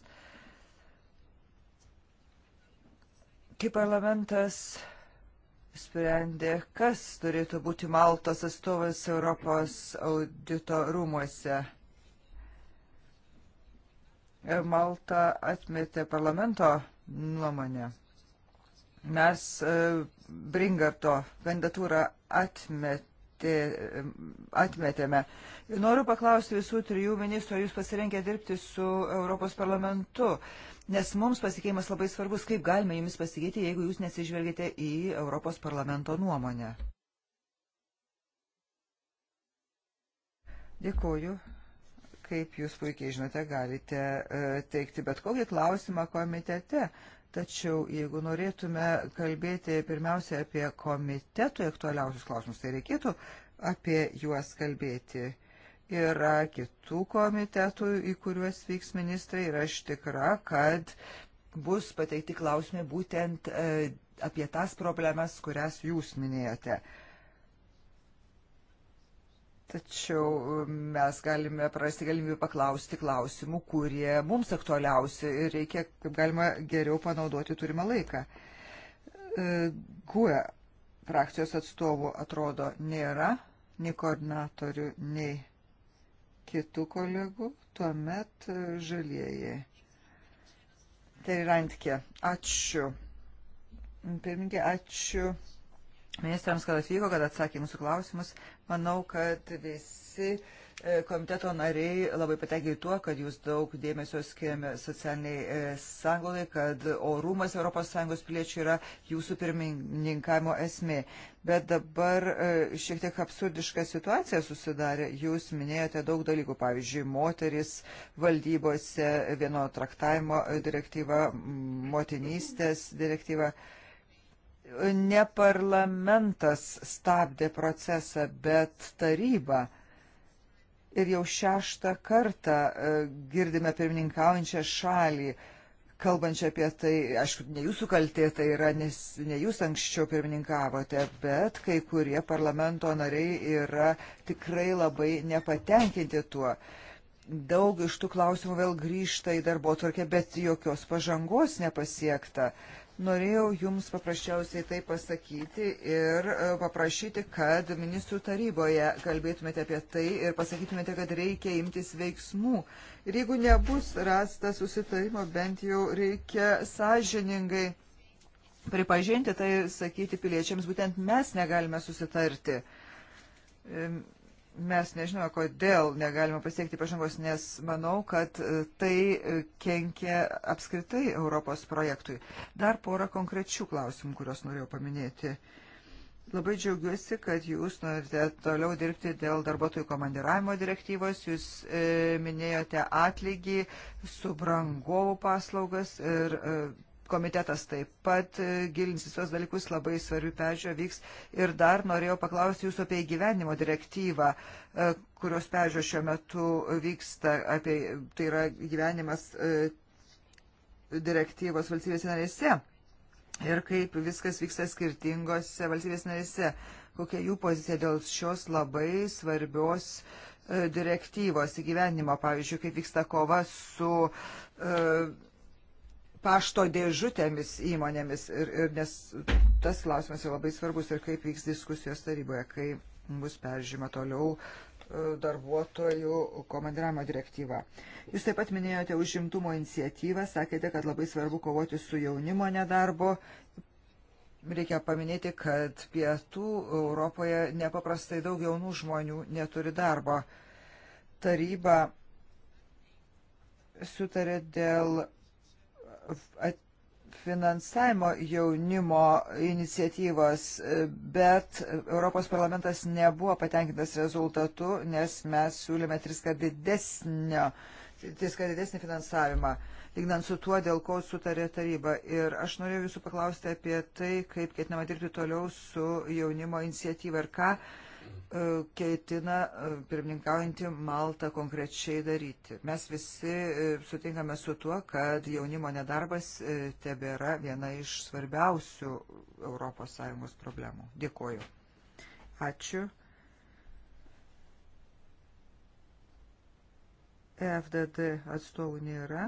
Kaip parlamentas sprendė, kas turėtų būti Maltos atstovas Europos audito rūmuose. Malta atmetė parlamento nuomonę. Mes e, Bringarto kandidatūrą atmetė, atmetėme. Noriu paklausti visų trijų ministrų, ar jūs pasirenkę dirbti su Europos parlamentu, nes mums pasikeimas labai svarbus, kaip galime jumis pasikeiti, jeigu jūs nesižvelgite į Europos parlamento nuomonę. Dėkuoju kaip jūs puikiai žinote, galite e, teikti bet kokį klausimą komitete. Tačiau jeigu norėtume kalbėti pirmiausia apie komitetų aktualiausius klausimus, tai reikėtų apie juos kalbėti. Yra kitų komitetų, į kuriuos vyks ministrai ir aš tikra, kad bus pateikti klausimai būtent e, apie tas problemas, kurias jūs minėjote. Tačiau um, mes galime prarasti galimybę paklausti klausimų, kurie mums aktualiausi ir reikia, kaip galima, geriau panaudoti turimą laiką. E, GUE frakcijos atstovų atrodo nėra, nei koordinatorių, nei kitų kolegų, tuomet e, žalieji. Tai Rantke, ačiū. Pirmininkė, ačiū ministrams, kad atvyko, kad atsakė mūsų klausimus. Manau, kad visi e, komiteto nariai labai patenkinti tuo, kad jūs daug dėmesio skiriame socialiniai e, sąjungai, kad orumas ES piliečių yra jūsų pirmininkavimo esmė. Bet dabar e, šiek tiek absurdiška situacija susidarė. Jūs minėjote daug dalykų, pavyzdžiui, moteris valdybose, vieno traktavimo direktyva, motinystės direktyva. direktyva ne parlamentas stabdė procesą, bet taryba. Ir jau šeštą kartą e, girdime pirmininkaujančią šalį, kalbančią apie tai, aišku, ne jūsų kaltė tai yra, nes ne jūs anksčiau pirmininkavote, bet kai kurie parlamento nariai yra tikrai labai nepatenkinti tuo. Daug iš tų klausimų vėl grįžta į darbo tvarkę, bet jokios pažangos nepasiekta. Norėjau Jums paprasčiausiai tai pasakyti ir e, paprašyti, kad ministrų taryboje kalbėtumėte apie tai ir pasakytumėte, kad reikia imtis veiksmų. Ir jeigu nebus rasta susitarimo, bent jau reikia sąžiningai pripažinti tai, sakyti piliečiams, būtent mes negalime susitarti mes nežinome, kodėl negalima pasiekti pažangos, nes manau, kad e, tai e, kenkia apskritai Europos projektui. Dar porą konkrečių klausimų, kuriuos norėjau paminėti. Labai džiaugiuosi, kad jūs norite toliau dirbti dėl darbuotojų komandiravimo direktyvos. Jūs e, minėjote atlygį, subrangovų paslaugas ir e, komitetas taip pat e, gilinsis tos dalykus, labai svarbių peržiūrė vyks. Ir dar norėjau paklausti jūsų apie įgyvenimo direktyvą, e, kurios peržiūrė šiuo metu vyksta, apie, tai yra gyvenimas e, direktyvos valstybės narėse. Ir kaip viskas vyksta skirtingose valstybės narėse. Kokia jų pozicija dėl šios labai svarbios direktyvos įgyvenimo, pavyzdžiui, kaip vyksta kova su uh, pašto dėžutėmis įmonėmis, ir, ir, nes tas klausimas yra labai svarbus ir kaip vyks diskusijos taryboje, kai bus peržyma toliau e, darbuotojų komandiravimo direktyva. Jūs taip pat minėjote užimtumo iniciatyvą, sakėte, kad labai svarbu kovoti su jaunimo nedarbo. Reikia paminėti, kad pietų Europoje nepaprastai daug jaunų žmonių neturi darbo. Taryba sutarė dėl finansavimo jaunimo iniciatyvos, bet Europos parlamentas nebuvo patenkintas rezultatu, nes mes siūlėme triskart didesnio, triskart didesnį finansavimą, lygnant su tuo, dėl ko sutarė taryba. Ir aš norėjau jūsų paklausti apie tai, kaip ketinama dirbti toliau su jaunimo iniciatyva ir ką E, ketina e, pirmininkaujantį Maltą konkrečiai daryti. Mes visi e, sutinkame su tuo, kad jaunimo nedarbas tebėra viena iš svarbiausių ES problemų. Dėkuoju. Ačiū. FDD atstovų nėra.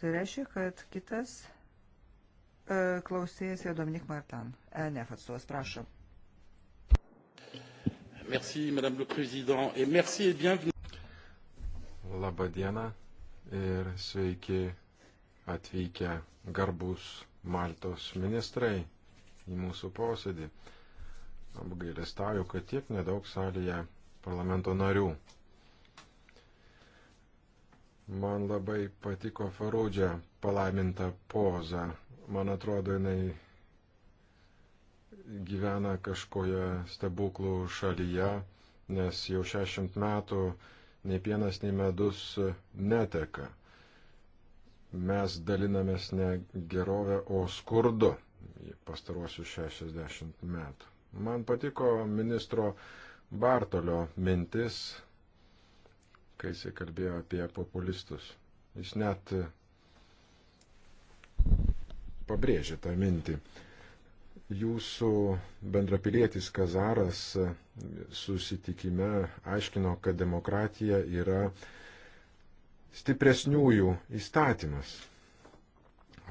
Tai reiškia, kad kitas e, klausėjas yra Dominik Martan. ENF atstovas, prašom. Merci, Madame le Président, et merci et bienvenue. Labą dieną ir sveiki atvykę garbus Maltos ministrai į mūsų posėdį. Apgailestauju, kad tiek nedaug salėje parlamento narių. Man labai patiko Farūdžia palaiminta poza. Man atrodo, jinai gyvena kažkoje stebuklų šalyje, nes jau 60 metų nei pienas, nei medus neteka. Mes dalinamės ne gerovę, o skurdu pastaruosius 60 metų. Man patiko ministro Bartolio mintis, kai jisai kalbėjo apie populistus. Jis net pabrėžė tą mintį. Jūsų bendrapilietis Kazaras susitikime aiškino, kad demokratija yra stipresniųjų įstatymas.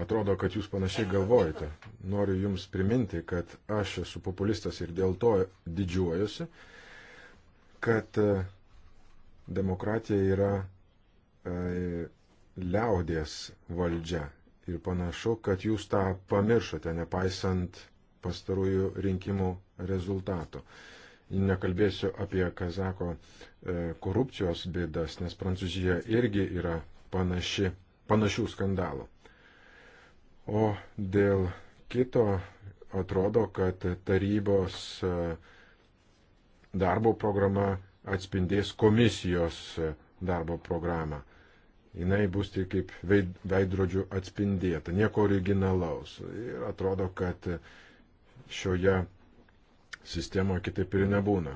Atrodo, kad jūs panašiai galvojate. Noriu jums priminti, kad aš esu populistas ir dėl to didžiuojuosi, kad e, demokratija yra e, liaudės valdžia. Ir panašu, kad jūs tą pamiršote, nepaisant pastarųjų rinkimų rezultatų. Nekalbėsiu apie Kazako e, korupcijos bėdas, nes Prancūzija irgi yra panaši, panašių skandalų. O dėl kito atrodo, kad tarybos e, darbo programa atspindės komisijos e, darbo programą. Jinai bus tik kaip veidrodžių atspindėta, nieko originalaus. Ir atrodo, kad šioje sistemoje kitaip ir nebūna.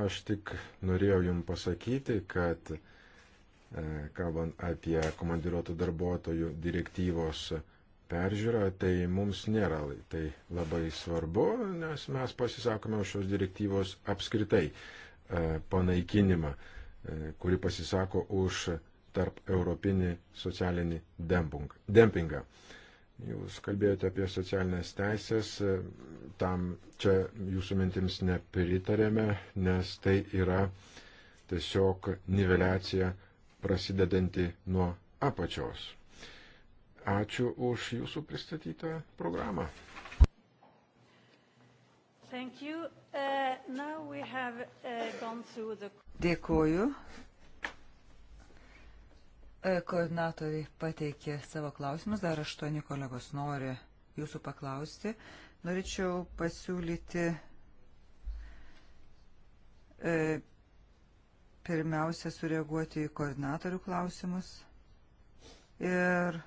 Aš tik norėjau Jums pasakyti, kad e, kalbant apie komandiruotų darbuotojų direktyvos peržiūrą, tai mums nėra tai labai svarbu, nes mes pasisakome už šios direktyvos apskritai e, panaikinimą, e, kuri pasisako už tarp europinį socialinį dempingą. Jūs kalbėjote apie socialinės teisės, tam čia jūsų mintims nepritarėme, nes tai yra tiesiog niveliacija prasidedanti nuo apačios. Ačiū už jūsų pristatytą programą. Uh, uh the... Dėkuoju. E, koordinatoriai pateikė savo klausimus, dar aštuoni kolegos nori jūsų paklausti. Norėčiau pasiūlyti e, pirmiausia sureaguoti į koordinatorių klausimus ir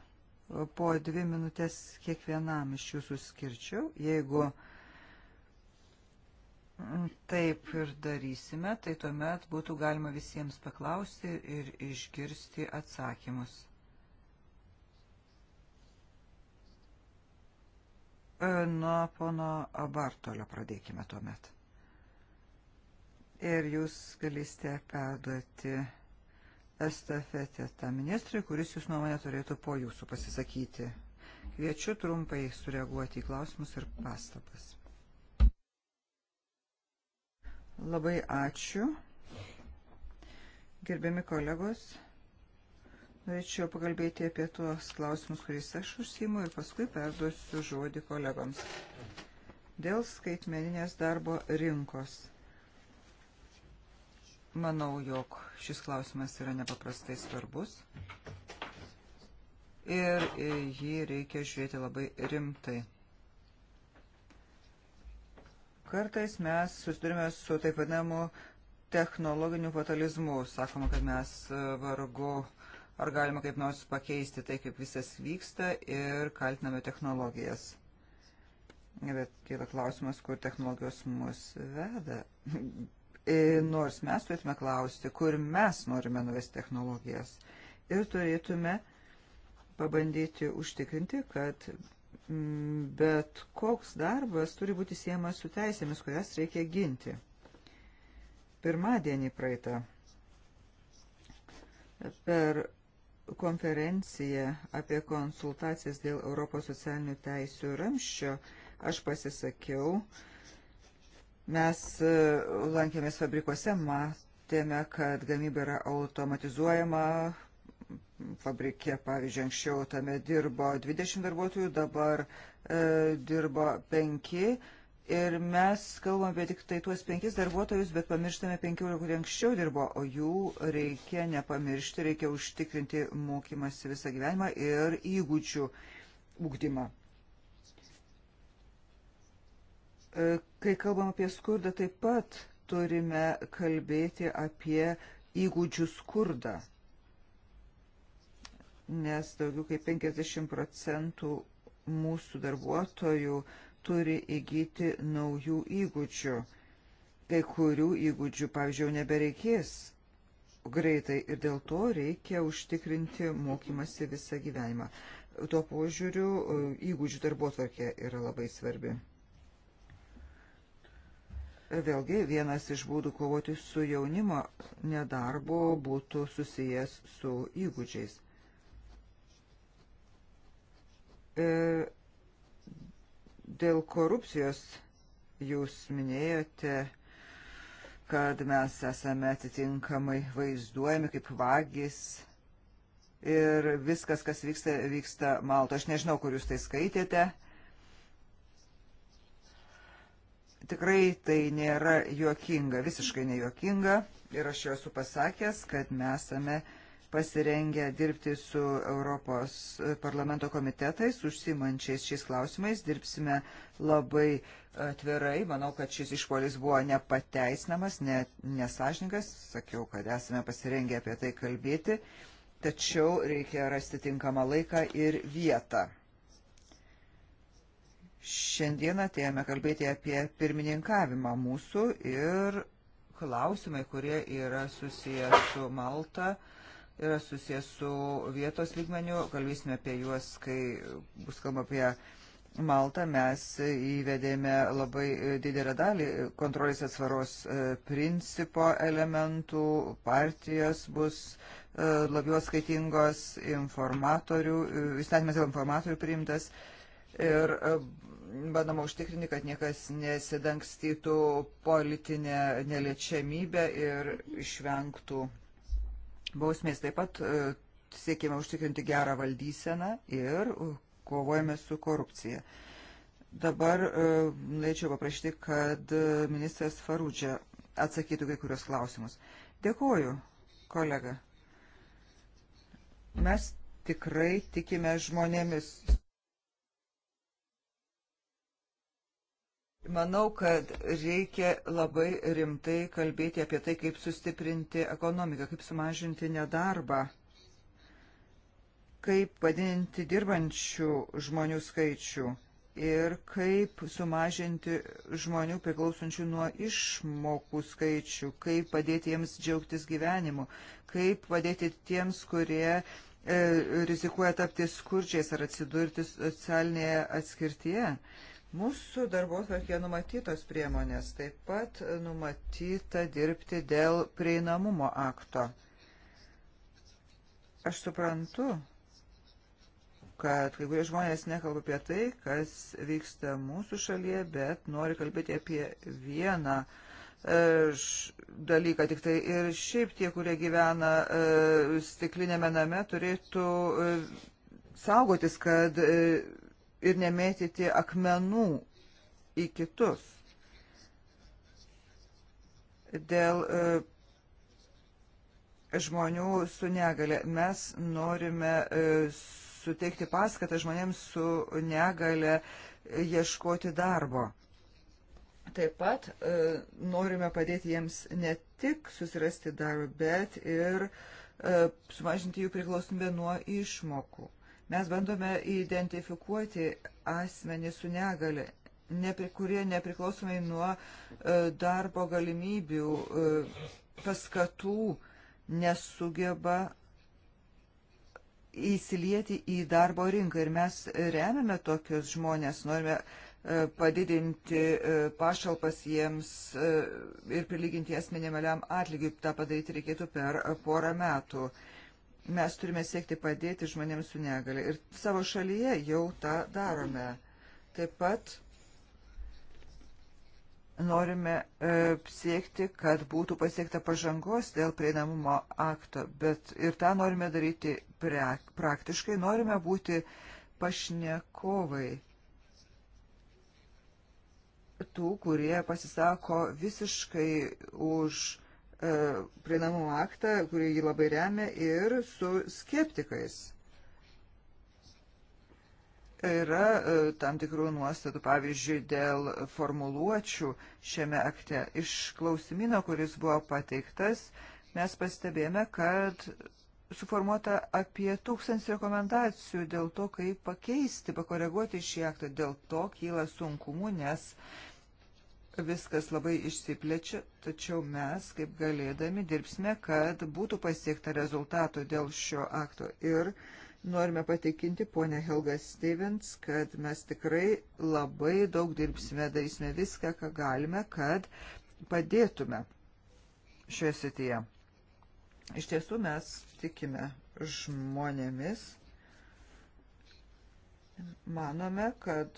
po dvi minutės kiekvienam iš jūsų skirčiau, jeigu e, Taip ir darysime, tai tuomet būtų galima visiems paklausti ir išgirsti atsakymus. E, nuo pono Bartolio pradėkime tuomet. Ir jūs galėsite perduoti estafetę tą ministrui, kuris jūs nuomonę turėtų po jūsų pasisakyti. Kviečiu trumpai sureaguoti į klausimus ir pastabas. Labai ačiū. Gerbiami kolegos, norėčiau pakalbėti apie tuos klausimus, kuriais aš užsimu ir paskui perduosiu žodį kolegoms. Dėl skaitmeninės darbo rinkos. Manau, jog šis klausimas yra nepaprastai svarbus ir jį reikia žiūrėti labai rimtai. Kartais mes susidurime su taip vadinamu technologiniu fatalizmu. Sakoma, kad mes e, vargu ar galima kaip nors pakeisti tai, kaip visas vyksta ir kaltiname technologijas. Bet kyla klausimas, kur technologijos mus veda. E, nors mes turėtume klausti, kur mes norime nuvesti technologijas. Ir turėtume pabandyti užtikrinti, kad bet koks darbas turi būti siejamas su teisėmis, kurias reikia ginti. Pirmadienį praeitą per konferenciją apie konsultacijas dėl Europos socialinių teisių ramščio aš pasisakiau. Mes e, lankėmės fabrikuose, matėme, kad gamyba yra automatizuojama, fabrike, pavyzdžiui, anksčiau tame dirbo 20 darbuotojų, dabar e, dirbo 5 ir mes kalbam apie tik tai tuos 5 darbuotojus, bet pamirštame 15, kurie anksčiau dirbo, o jų reikia nepamiršti, reikia užtikrinti mokymasi visą gyvenimą ir įgūdžių ūkdymą. E, kai kalbam apie skurdą, taip pat turime kalbėti apie įgūdžių skurdą nes daugiau kaip 50 procentų mūsų darbuotojų turi įgyti naujų įgūdžių. Kai kurių įgūdžių, pavyzdžiui, nebereikės greitai ir dėl to reikia užtikrinti mokymasi visą gyvenimą. Tuo požiūriu e, įgūdžių darbotvarkė yra labai svarbi. Vėlgi, vienas iš būdų kovoti su jaunimo nedarbo būtų susijęs su įgūdžiais. E, dėl korupcijos jūs minėjote, kad mes esame atitinkamai vaizduojami kaip vagys ir viskas, kas vyksta, vyksta Malto. Aš nežinau, kur jūs tai skaitėte. Tikrai tai nėra juokinga, visiškai nejuokinga ir aš jau esu pasakęs, kad mes esame vaizduojami pasirengę dirbti su Europos parlamento komitetais, užsimančiais šiais klausimais, dirbsime labai atvirai. Manau, kad šis išpolis buvo nepateisinamas, ne, nesažininkas, sakiau, kad esame pasirengę apie tai kalbėti, tačiau reikia rasti tinkamą laiką ir vietą. Šiandieną atėjome kalbėti apie pirmininkavimą mūsų ir klausimai, kurie yra susiję su Malta, yra susijęs su vietos lygmeniu, kalbėsime apie juos, kai bus kalba apie Maltą, mes įvedėme labai didelę dalį kontrolės atsvaros e, principo elementų, partijos bus e, labiau skaitingos, informatorių, e, įstatymas dėl informatorių priimtas ir bandoma užtikrinti, kad niekas nesidangstytų politinę neliečiamybę ir išvengtų bausmės. Taip pat e, siekime užtikrinti gerą valdyseną ir e, kovojame su korupcija. Dabar e, norėčiau paprašyti, kad ministras Farūdžia atsakytų kai kurios klausimus. Dėkuoju, kolega. Mes tikrai tikime žmonėmis. Manau, kad reikia labai rimtai kalbėti apie tai, kaip sustiprinti ekonomiką, kaip sumažinti nedarbą, kaip padinti dirbančių žmonių skaičių ir kaip sumažinti žmonių priklausančių nuo išmokų skaičių, kaip padėti jiems džiaugtis gyvenimu, kaip padėti tiems, kurie e, rizikuoja tapti skurdžiais ar atsidurti socialinėje atskirtyje. E, Mūsų darbos varkė numatytos priemonės, taip pat numatyta dirbti dėl prieinamumo akto. Aš suprantu, kad kai kurie žmonės nekalba apie tai, kas vyksta mūsų šalyje, bet nori kalbėti apie vieną e, dalyką. Tik tai ir šiaip tie, kurie gyvena e, stiklinėme name, turėtų e, saugotis, kad ir nemėtyti akmenų į kitus. Dėl e, žmonių su negale mes norime e, suteikti paskatą žmonėms su negale e, ieškoti darbo. Taip pat e, norime padėti jiems ne tik susirasti darbą, bet ir e, sumažinti jų priklausomybę nuo išmokų. Mes bandome identifikuoti asmenį su negale, nepri, kurie nepriklausomai nuo e, darbo galimybių, e, paskatų nesugeba įsilieti į darbo rinką. Ir mes remiame tokius žmonės, norime e, padidinti pašalpas jiems ir prilyginti jas minimaliam atlygiui. Ta padaryti reikėtų per porą metų. Mes turime siekti padėti žmonėms su negale ir savo šalyje jau tą darome. Taip pat norime e, siekti, kad būtų pasiekta pažangos dėl prieinamumo akto, bet ir tą norime daryti pre, praktiškai, norime būti pašnekovai tų, kurie pasisako visiškai už E, prieinamumo aktą, kurį jį labai remia, ir su skeptikais. Yra e, tam tikrų nuostatų, pavyzdžiui, dėl formuluočių šiame akte. Iš klausimino, kuris buvo pateiktas, mes pastebėjome, kad suformuota apie tūkstantį rekomendacijų dėl to, kaip pakeisti, pakoreguoti šį aktą. Dėl to kyla sunkumų, nes viskas labai išsiplečia, tačiau mes, kaip galėdami, dirbsime, kad būtų pasiekta rezultato dėl šio akto. Ir norime patikinti ponę Helgą Stevens, kad mes tikrai labai daug dirbsime, darysime viską, ką galime, kad padėtume šioje srityje. Iš tiesų mes tikime žmonėmis, manome, kad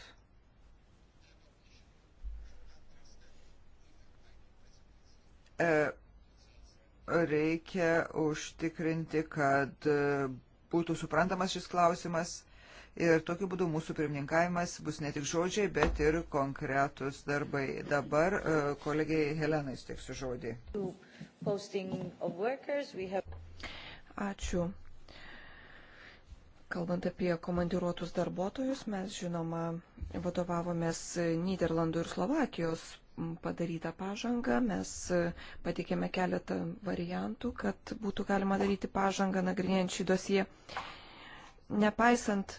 E, reikia užtikrinti, kad e, būtų suprantamas šis klausimas ir tokiu būdu mūsų pirmininkavimas bus ne tik žodžiai, bet ir konkretus darbai. Dabar e, kolegiai Helenai steiksiu žodį. Ačiū. Kalbant apie komandiruotus darbuotojus, mes žinoma vadovavomės Niderlandų ir Slovakijos padarytą pažangą. Mes pateikėme keletą variantų, kad būtų galima daryti pažangą nagrinėjant šį dosiją. Nepaisant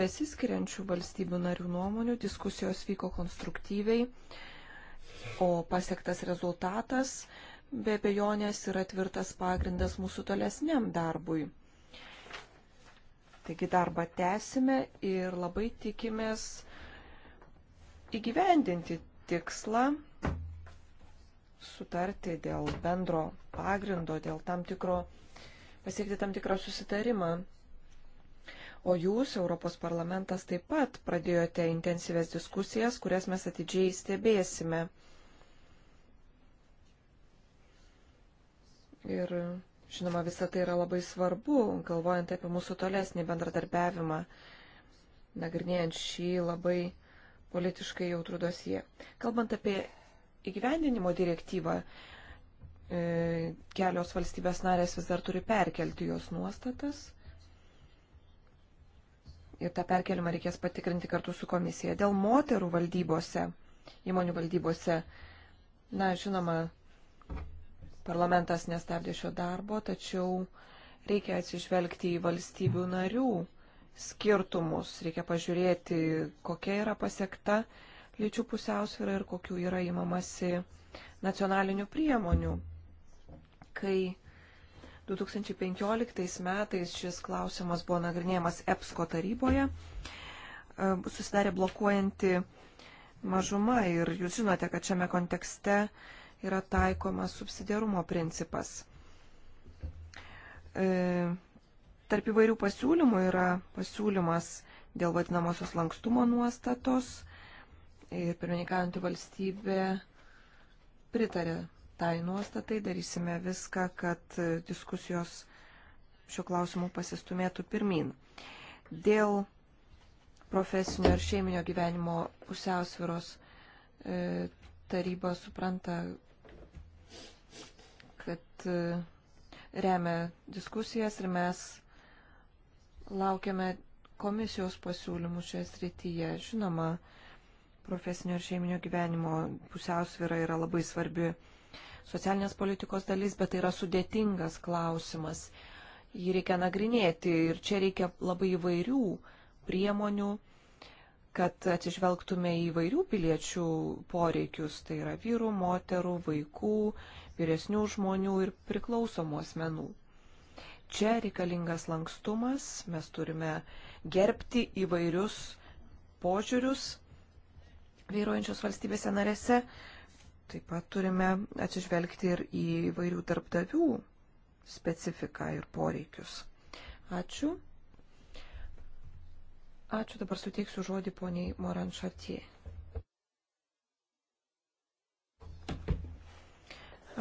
besiskiriančių valstybių narių nuomonių, diskusijos vyko konstruktyviai, o pasiektas rezultatas be bejonės yra tvirtas pagrindas mūsų tolesniam darbui. Taigi darbą tęsime ir labai tikimės įgyvendinti tikslą sutarti dėl bendro pagrindo, dėl tam tikro, pasiekti tam tikrą susitarimą. O jūs, Europos parlamentas, taip pat pradėjote intensyves diskusijas, kurias mes atidžiai stebėsime. Ir, žinoma, visa tai yra labai svarbu, galvojant apie mūsų tolesnį bendradarbiavimą, nagrinėjant šį labai politiškai jautrų dosiją. Kalbant apie įgyvendinimo direktyvą, e, kelios valstybės narės vis dar turi perkelti jos nuostatas. Ir tą perkelimą reikės patikrinti kartu su komisija. Dėl moterų valdybose, įmonių valdybose, na, žinoma, parlamentas nestabdė šio darbo, tačiau reikia atsižvelgti į valstybių narių skirtumus, reikia pažiūrėti, kokia yra pasiekta lyčių pusiausvyrą ir kokių yra įmamasi nacionalinių priemonių. Kai 2015 metais šis klausimas buvo nagrinėjamas EPSCO taryboje, e, susidarė blokuojanti mažuma ir jūs žinote, kad šiame kontekste yra taikomas subsidiarumo principas. E, Tarp įvairių pasiūlymų yra pasiūlymas dėl vadinamosios lankstumo nuostatos ir pirmininkaujantį valstybę pritarė tai nuostatai. Darysime viską, kad diskusijos šiuo klausimu pasistumėtų pirmin. Dėl profesinio ir šeiminio gyvenimo pusiausviros e, taryba supranta, kad e, remia diskusijas ir mes Laukiame komisijos pasiūlymų šioje srityje. Žinoma, profesinio ir šeiminio gyvenimo pusiausvyra yra labai svarbi socialinės politikos dalis, bet tai yra sudėtingas klausimas. Jį reikia nagrinėti ir čia reikia labai įvairių priemonių, kad atsižvelgtume į įvairių piliečių poreikius, tai yra vyrų, moterų, vaikų, vyresnių žmonių ir priklausomų asmenų. Čia reikalingas lankstumas, mes turime gerbti įvairius požiūrius vyruojančios valstybėse narėse. Taip pat turime atsižvelgti ir į įvairių darbdavių specifiką ir poreikius. Ačiū. Ačiū, dabar suteiksiu žodį poniai Moran Šartie.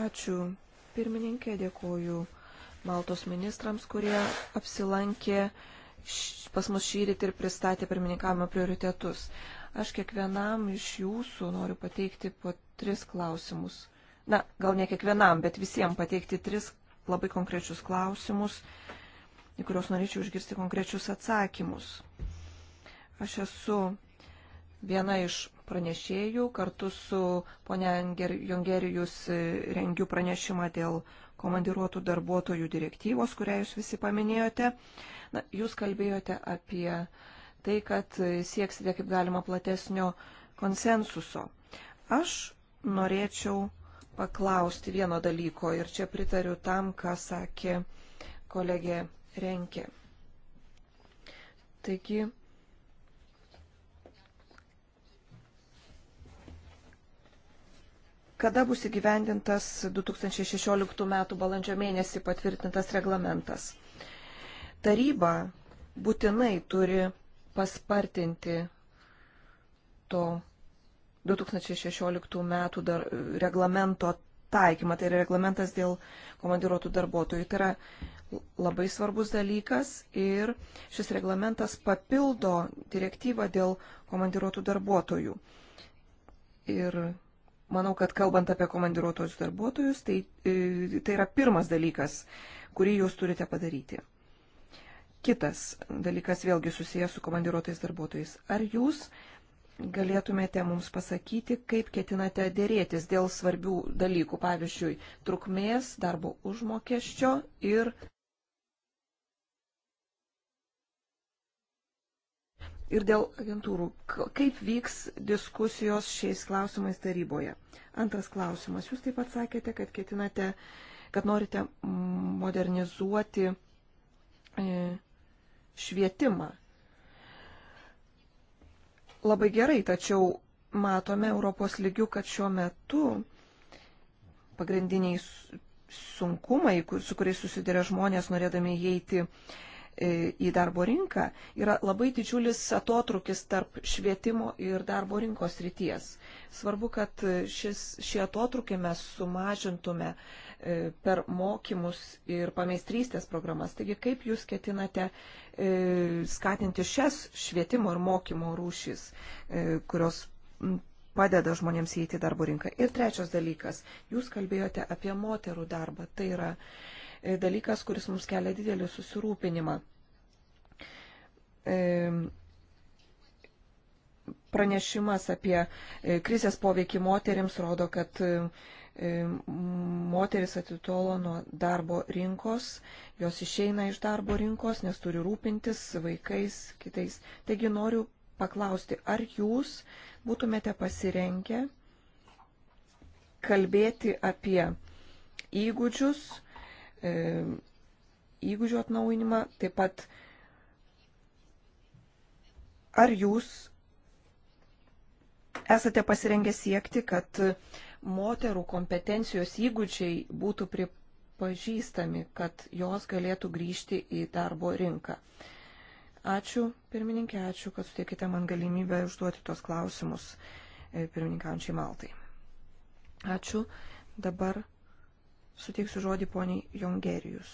Ačiū, pirmininkė, dėkoju Maltos ministrams, kurie apsilankė pas mus šyrit ir pristatė pirmininkavimo prioritetus. Aš kiekvienam iš jūsų noriu pateikti po tris klausimus. Na, gal ne kiekvienam, bet visiems pateikti tris labai konkrečius klausimus, į kuriuos norėčiau išgirsti konkrečius atsakymus. Aš esu viena iš pranešėjų. Kartu su ponia Jongerijus rengiu pranešimą dėl komandiruotų darbuotojų direktyvos, kurią jūs visi paminėjote. Na, jūs kalbėjote apie tai, kad sieksite kaip galima platesnio konsensuso. Aš norėčiau paklausti vieno dalyko ir čia pritariu tam, ką sakė kolegė Renke. Taigi, kada bus įgyvendintas 2016 m. balandžio mėnesį patvirtintas reglamentas. Taryba būtinai turi paspartinti to 2016 m. Dar, reglamento taikymą. Tai yra reglamentas dėl komandiruotų darbuotojų. Tai yra labai svarbus dalykas ir šis reglamentas papildo direktyvą dėl komandiruotų darbuotojų. Ir Manau, kad kalbant apie komandiruotojus darbuotojus, tai, e, tai yra pirmas dalykas, kurį jūs turite padaryti. Kitas dalykas vėlgi susijęs su komandiruotais darbuotojais. Ar jūs galėtumėte mums pasakyti, kaip ketinate dėrėtis dėl svarbių dalykų, pavyzdžiui, trukmės, darbo užmokesčio ir Ir dėl agentūrų. Kaip vyks diskusijos šiais klausimais taryboje? Antras klausimas. Jūs taip pat sakėte, kad ketinate, kad norite modernizuoti e, švietimą. Labai gerai, tačiau matome Europos lygių, kad šiuo metu pagrindiniai sunkumai, su kuriais susiduria žmonės norėdami įeiti į darbo rinką, yra labai didžiulis atotrukis tarp švietimo ir darbo rinkos ryties. Svarbu, kad šis, šį atotrukį mes sumažintume e, per mokymus ir pameistrystės programas. Taigi, kaip jūs ketinate e, skatinti šias švietimo ir mokymo rūšys, e, kurios padeda žmonėms įeiti į darbo rinką. Ir trečias dalykas, jūs kalbėjote apie moterų darbą, tai yra E, dalykas, kuris mums kelia didelį susirūpinimą. E, pranešimas apie e, krizės poveikį moteriams rodo, kad moteris atitolo nuo darbo rinkos, jos išeina iš darbo rinkos, nes turi rūpintis vaikais, kitais. Taigi noriu paklausti, ar jūs būtumėte pasirengę kalbėti apie įgūdžius, E, įgūdžių atnauinimą, taip pat ar jūs esate pasirengę siekti, kad moterų kompetencijos įgūdžiai būtų pripažįstami, kad jos galėtų grįžti į darbo rinką. Ačiū, pirmininkė, ačiū, kad sutikite man galimybę užduoti tos klausimus e, pirmininkaujančiai Maltai. Ačiū. Dabar suteiksiu žodį poniai Jongerijus.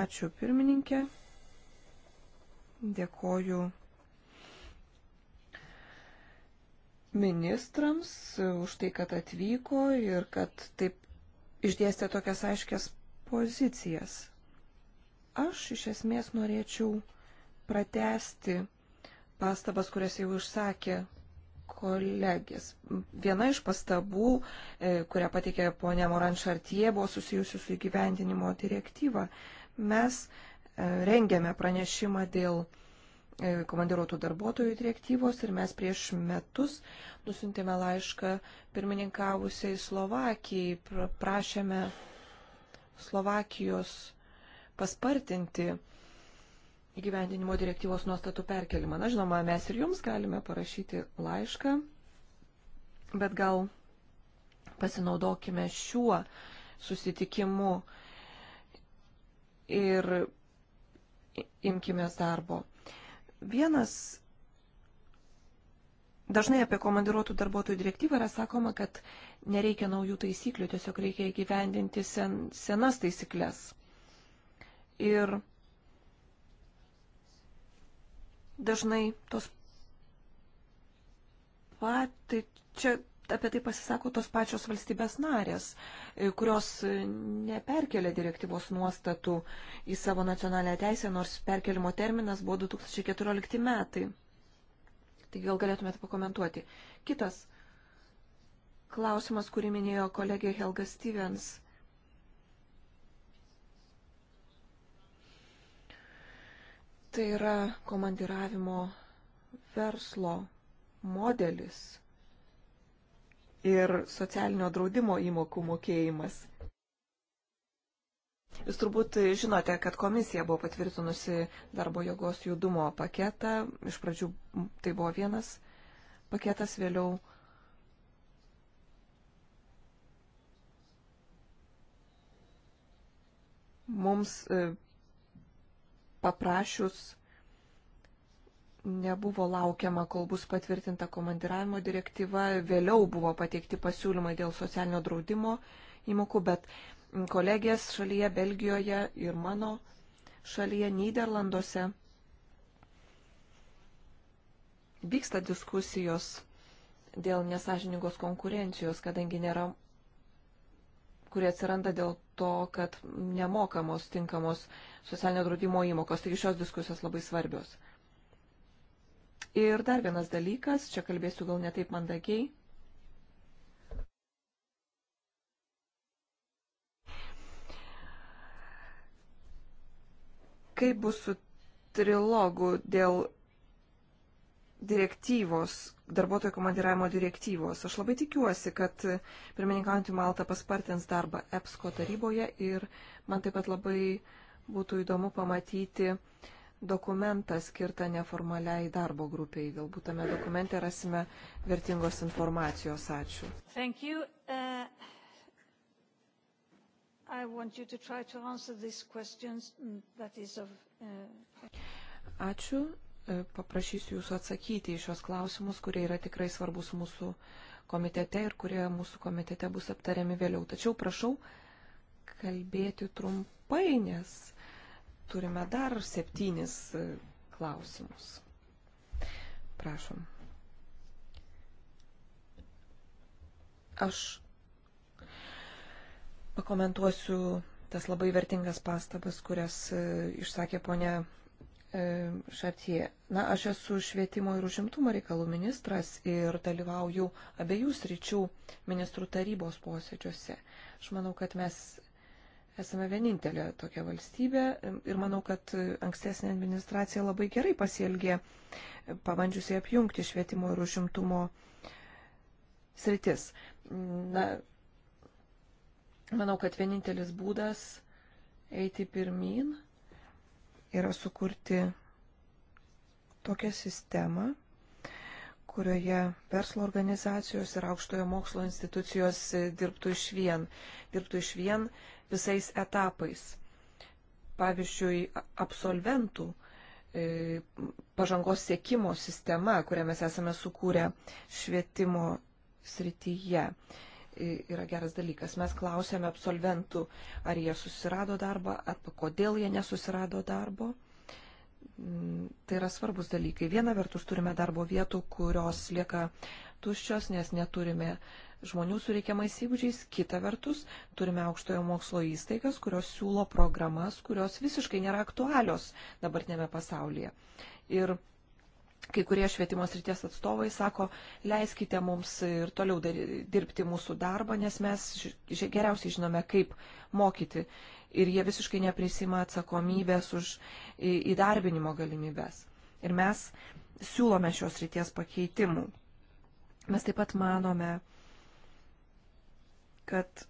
Ačiū pirmininkė. Dėkoju ministrams už tai, kad atvyko ir kad taip išdėstė tokias aiškias pozicijas. Aš iš esmės norėčiau pratesti pastabas, kurias jau išsakė kolegės. Viena iš pastabų, e, kurią pateikė ponė Moran Šartie, buvo susijusi su įgyvendinimo direktyva. Mes e, rengėme pranešimą dėl e, komandiruotų darbuotojų direktyvos ir mes prieš metus nusintėme laišką pirmininkavusiai Slovakijai, prašėme Slovakijos paspartinti įgyvendinimo direktyvos nuostatų perkelimą. Na, žinoma, mes ir jums galime parašyti laišką, bet gal pasinaudokime šiuo susitikimu ir imkime darbo. Vienas Dažnai apie komandiruotų darbuotojų direktyvą yra sakoma, kad nereikia naujų taisyklių, tiesiog reikia įgyvendinti sen, senas taisyklės. Ir dažnai tos patai, čia apie tai pasisako tos pačios valstybės narės, e, kurios e, neperkelia direktyvos nuostatų į savo nacionalinę teisę, nors perkelimo terminas buvo 2014 metai. Tai gal galėtumėte pakomentuoti. Kitas klausimas, kurį minėjo kolegė Helga Stevens – Tai yra komandiravimo verslo modelis ir socialinio draudimo įmokų mokėjimas. Jūs turbūt žinote, kad komisija buvo patvirtinusi darbo jėgos judumo paketą. Iš pradžių tai buvo vienas paketas, vėliau mums e, paprašius nebuvo laukiama, kol bus patvirtinta komandiravimo direktyva, vėliau buvo pateikti pasiūlymai dėl socialinio draudimo įmokų, bet kolegės šalyje, Belgijoje ir mano šalyje, Niderlanduose vyksta diskusijos dėl nesažiningos konkurencijos, kadangi nėra kurie atsiranda dėl to, kad nemokamos tinkamos socialinio draudimo įmokos. Taigi šios diskusijos labai svarbios. Ir dar vienas dalykas, čia kalbėsiu gal netaip mandagiai. Kaip bus su trilogu dėl direktyvos, darbuotojų komandiravimo direktyvos. Aš labai tikiuosi, kad pirmininkaujantį Maltą paspartins darbą EPSCO taryboje ir man taip pat labai būtų įdomu pamatyti dokumentą skirtą neformaliai darbo grupiai. Galbūt tame dokumente rasime vertingos informacijos. Ačiū. Uh, to to mm, of, uh... Ačiū. E, paprašysiu jūsų atsakyti į šios klausimus, kurie yra tikrai svarbus mūsų komitete ir kurie mūsų komitete bus aptariami vėliau. Tačiau prašau kalbėti trumpai, nes turime dar septynis e, klausimus. Prašom. Aš pakomentuosiu tas labai vertingas pastabas, kurias e, išsakė ponė E, Šartie. Na, aš esu švietimo ir užimtumo reikalų ministras ir dalyvauju abiejų sričių ministrų tarybos posėdžiuose. Aš manau, kad mes esame vienintelė tokia valstybė ir manau, kad ankstesnė administracija labai gerai pasielgė, pabandžiusi apjungti švietimo ir užimtumo sritis. Na, manau, kad vienintelis būdas eiti pirmin yra sukurti tokią sistemą, kurioje verslo organizacijos ir aukštojo mokslo institucijos e, dirbtų iš vien, dirbtų iš vien visais etapais. Pavyzdžiui, absolventų e, pažangos siekimo sistema, kurią mes esame sukūrę švietimo srityje yra geras dalykas. Mes klausėme absolventų, ar jie susirado darbą, arba kodėl jie nesusirado darbo. Mm, tai yra svarbus dalykai. Viena vertus turime darbo vietų, kurios lieka tuščios, nes neturime žmonių su reikiamais įgūdžiais. Kita vertus, turime aukštojo mokslo įstaigas, kurios siūlo programas, kurios visiškai nėra aktualios dabartinėme pasaulyje. Ir kai kurie švietimo srities atstovai sako, leiskite mums ir toliau dar, dirbti mūsų darbą, nes mes ži geriausiai žinome, kaip mokyti. Ir jie visiškai neprisima atsakomybės už įdarbinimo galimybės. Ir mes siūlome šios ryties pakeitimų. Mes taip pat manome, kad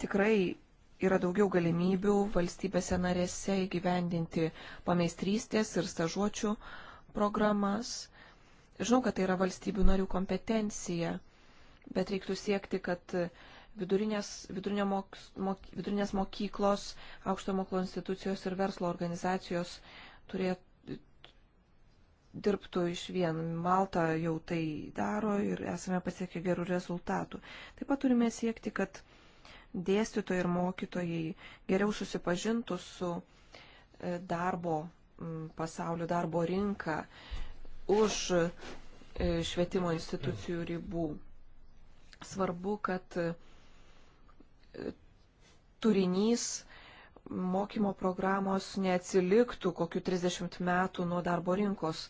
tikrai yra daugiau galimybių valstybėse narėse įgyvendinti pameistrystės ir stažuočių programas. Žinau, kad tai yra valstybių narių kompetencija, bet reiktų siekti, kad vidurinės, vidurinė moks, mok, vidurinės mokyklos, aukšto moklo institucijos ir verslo organizacijos turėtų dirbtų iš vien. Malta jau tai daro ir esame pasiekę gerų rezultatų. Taip pat turime siekti, kad dėstytojai ir mokytojai geriau susipažintų su e, darbo pasaulio darbo rinką už e, švietimo institucijų ribų. Svarbu, kad e, turinys mokymo programos neatsiliktų kokiu 30 metų nuo darbo rinkos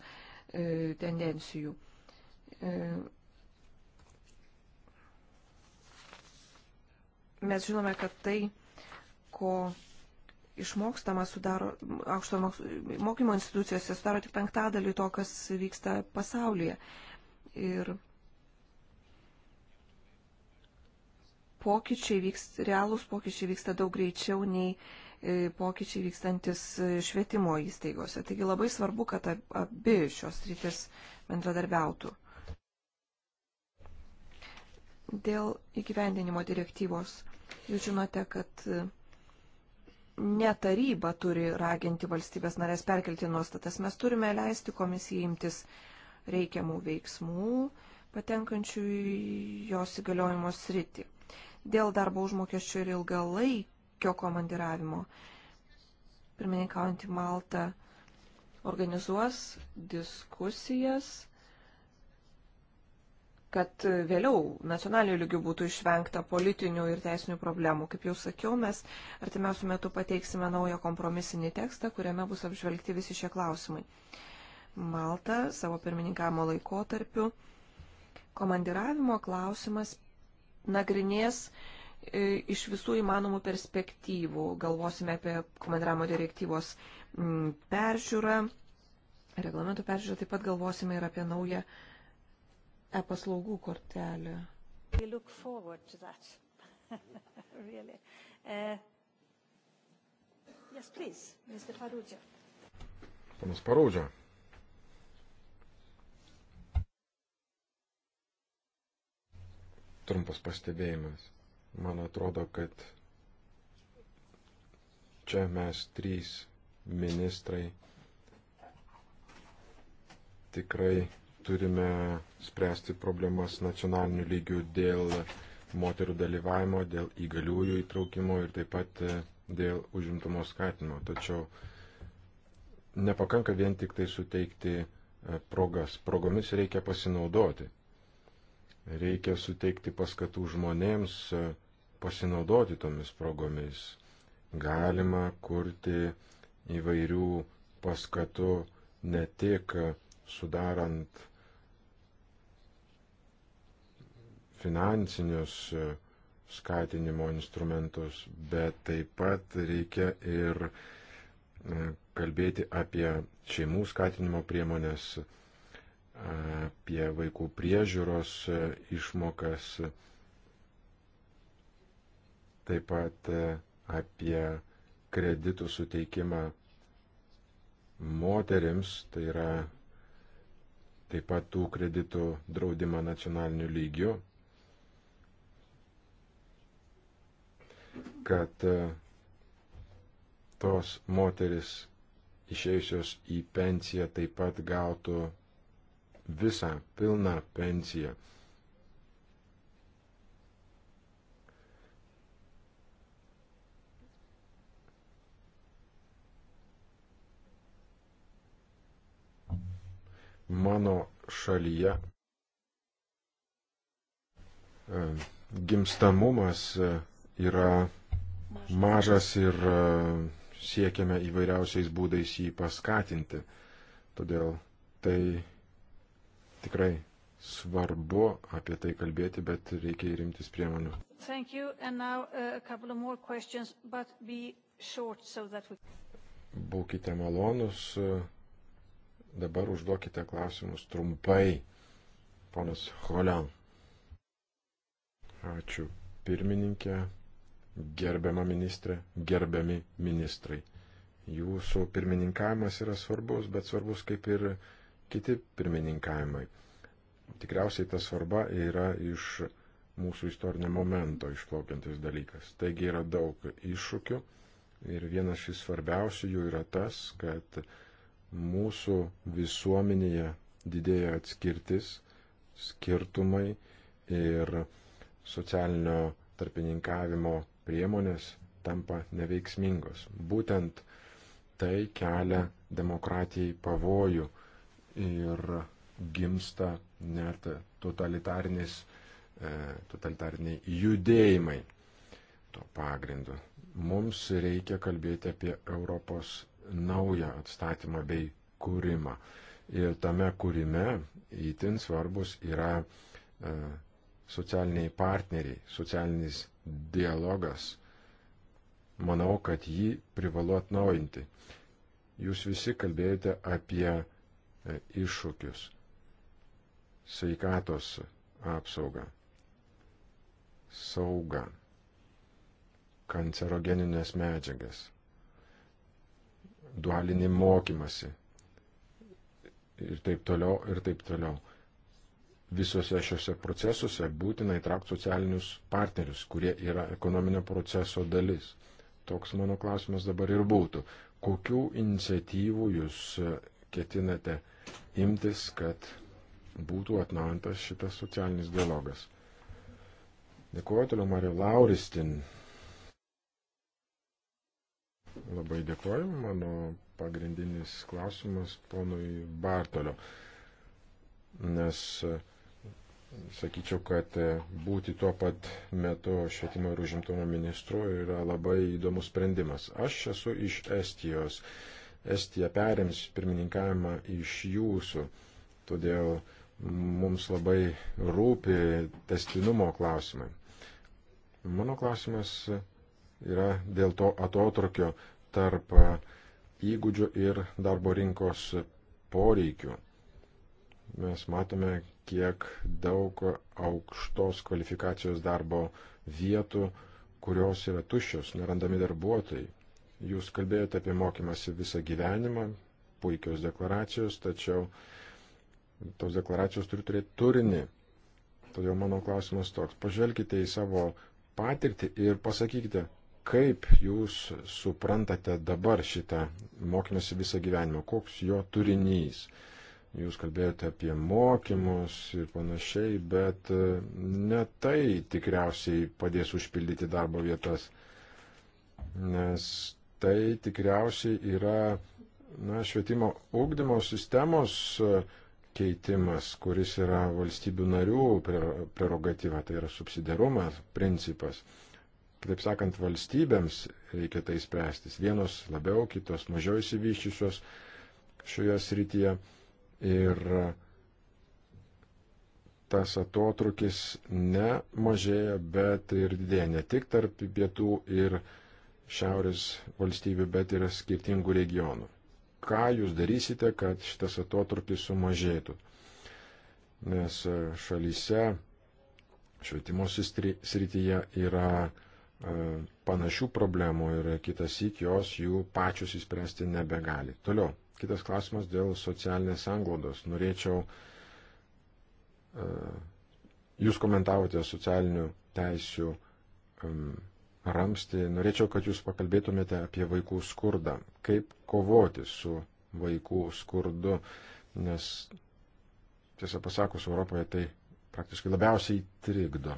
tendencijų. mes žinome, kad tai, ko išmokstama sudaro, aukšto mokymo institucijose sudaro tik penktadalį to, kas vyksta pasaulyje. Ir pokyčiai vyksta, realūs pokyčiai vyksta daug greičiau nei e, pokyčiai vykstantis e, švietimo įstaigose. Taigi labai svarbu, kad abi šios rytis bendradarbiautų. Dėl įgyvendinimo direktyvos Jūs žinote, kad ne taryba turi raginti valstybės narės perkelti nuostatas. Mes turime leisti komisijai imtis reikiamų veiksmų, patenkančių į jos įgaliojimo sritį. Dėl darbo užmokesčio ir ilgalaikio komandiravimo pirmininkaujantį Maltą organizuos diskusijas kad vėliau nacionaliniu lygiu būtų išvengta politinių ir teisinių problemų. Kaip jau sakiau, mes artimiausių metų pateiksime naują kompromisinį tekstą, kuriame bus apžvelgti visi šie klausimai. Malta savo pirmininkavimo laikotarpiu komandiravimo klausimas nagrinės e, iš visų įmanomų perspektyvų. Galvosime apie komandiravimo direktyvos peržiūrą, reglamento peržiūrą, taip pat galvosime ir apie naują e-paslaugų kortelę. really. uh, yes, please, Mr. Farudžia. Ponas Parūdžia. Trumpas pastebėjimas. Man atrodo, kad čia mes trys ministrai tikrai turime spręsti problemas nacionaliniu lygiu dėl moterų dalyvavimo, dėl įgaliųjų įtraukimo ir taip pat e, dėl užimtumo skatimo. Tačiau nepakanka vien tik tai suteikti e, progas. Progomis reikia pasinaudoti. Reikia suteikti paskatų žmonėms e, pasinaudoti tomis progomis. Galima kurti įvairių paskatų ne tik sudarant finansinius e, skatinimo instrumentus, bet taip pat reikia ir e, kalbėti apie šeimų skatinimo priemonės, apie vaikų priežiūros e, išmokas, taip pat apie kreditų suteikimą moterims, tai yra taip pat tų kreditų draudimą nacionaliniu lygiu, kad e, tos moteris išėjusios į pensiją taip pat gautų visą pilną pensiją. Mano šalyje e, gimstamumas e, yra mažas ir e, siekiame įvairiausiais būdais jį paskatinti. Todėl tai tikrai svarbu apie tai kalbėti, bet reikia įrimtis priemonių. Uh, so we... Būkite malonus, dabar užduokite klausimus trumpai, ponas Holiam. Ačiū pirmininkė gerbiama ministrė, gerbiami ministrai. Jūsų pirmininkavimas yra svarbus, bet svarbus kaip ir kiti pirmininkavimai. Tikriausiai ta svarba yra iš mūsų istorinio momento išplaukiantis dalykas. Taigi yra daug iššūkių ir vienas iš svarbiausių jų yra tas, kad mūsų visuomenėje didėja atskirtis, skirtumai ir socialinio tarpininkavimo priemonės tampa neveiksmingos. Būtent tai kelia demokratijai pavojų ir gimsta net e, totalitariniai judėjimai to pagrindu. Mums reikia kalbėti apie Europos naują atstatymą bei kūrimą. Ir tame kūrime įtin svarbus yra e, socialiniai partneriai, socialinis dialogas. Manau, kad jį privalu atnaujinti. Jūs visi kalbėjote apie e, iššūkius, sveikatos apsaugą, saugą, kancerogeninės medžiagas, dualinį mokymasi ir taip toliau, ir taip toliau visose šiuose procesuose būtina įtraukti socialinius partnerius, kurie yra ekonominio proceso dalis. Toks mano klausimas dabar ir būtų. Kokių iniciatyvų jūs ketinate imtis, kad būtų atnaujintas šitas socialinis dialogas? Dėkuoju toliau Mario Lauristin. Labai dėkuoju. Mano pagrindinis klausimas ponui Bartolio. Nes uh, sakyčiau, kad e, būti tuo pat metu švietimo ir užimtumo ministru yra labai įdomus sprendimas. Aš esu iš Estijos. Estija perims pirmininkavimą iš jūsų. Todėl mums labai rūpi testinumo klausimai. Mano klausimas yra dėl to atotrukio tarp įgūdžių ir darbo rinkos poreikių mes matome, kiek daug aukštos kvalifikacijos darbo vietų, kurios yra tuščios, nerandami darbuotojai. Jūs kalbėjote apie mokymąsi visą gyvenimą, puikios deklaracijos, tačiau tos deklaracijos turi turėti turinį. Todėl mano klausimas toks. Pažvelkite į savo patirtį ir pasakykite, kaip jūs suprantate dabar šitą mokymasi visą gyvenimą, koks jo turinys. Uh, Jūs kalbėjote apie mokymus ir panašiai, bet e, ne tai tikriausiai padės užpildyti darbo vietas, nes tai tikriausiai yra na, švietimo ūkdymo sistemos e, keitimas, kuris yra valstybių narių prerogatyva, tai yra subsidiarumas, principas. Kitaip sakant, valstybėms reikia tai spręstis. Vienos labiau, kitos mažiau įsivyščiusios šioje srityje. Ir tas atotrukis ne mažėja, bet ir didėja ne tik tarp pietų ir šiaurės valstybių, bet ir skirtingų regionų. Ką jūs darysite, kad šitas atotrukis sumažėtų? Nes šalyse švietimo srityje yra e, panašių problemų ir kitas įk jos jų pačius įspręsti nebegali. Toliau, Kitas klausimas dėl socialinės anglodos. Norėčiau, e, jūs komentavote socialinių teisių ramsti. Norėčiau, kad jūs pakalbėtumėte apie vaikų skurdą. Kaip kovoti su vaikų skurdu, nes tiesą pasakus, Europoje tai praktiškai labiausiai trikdo.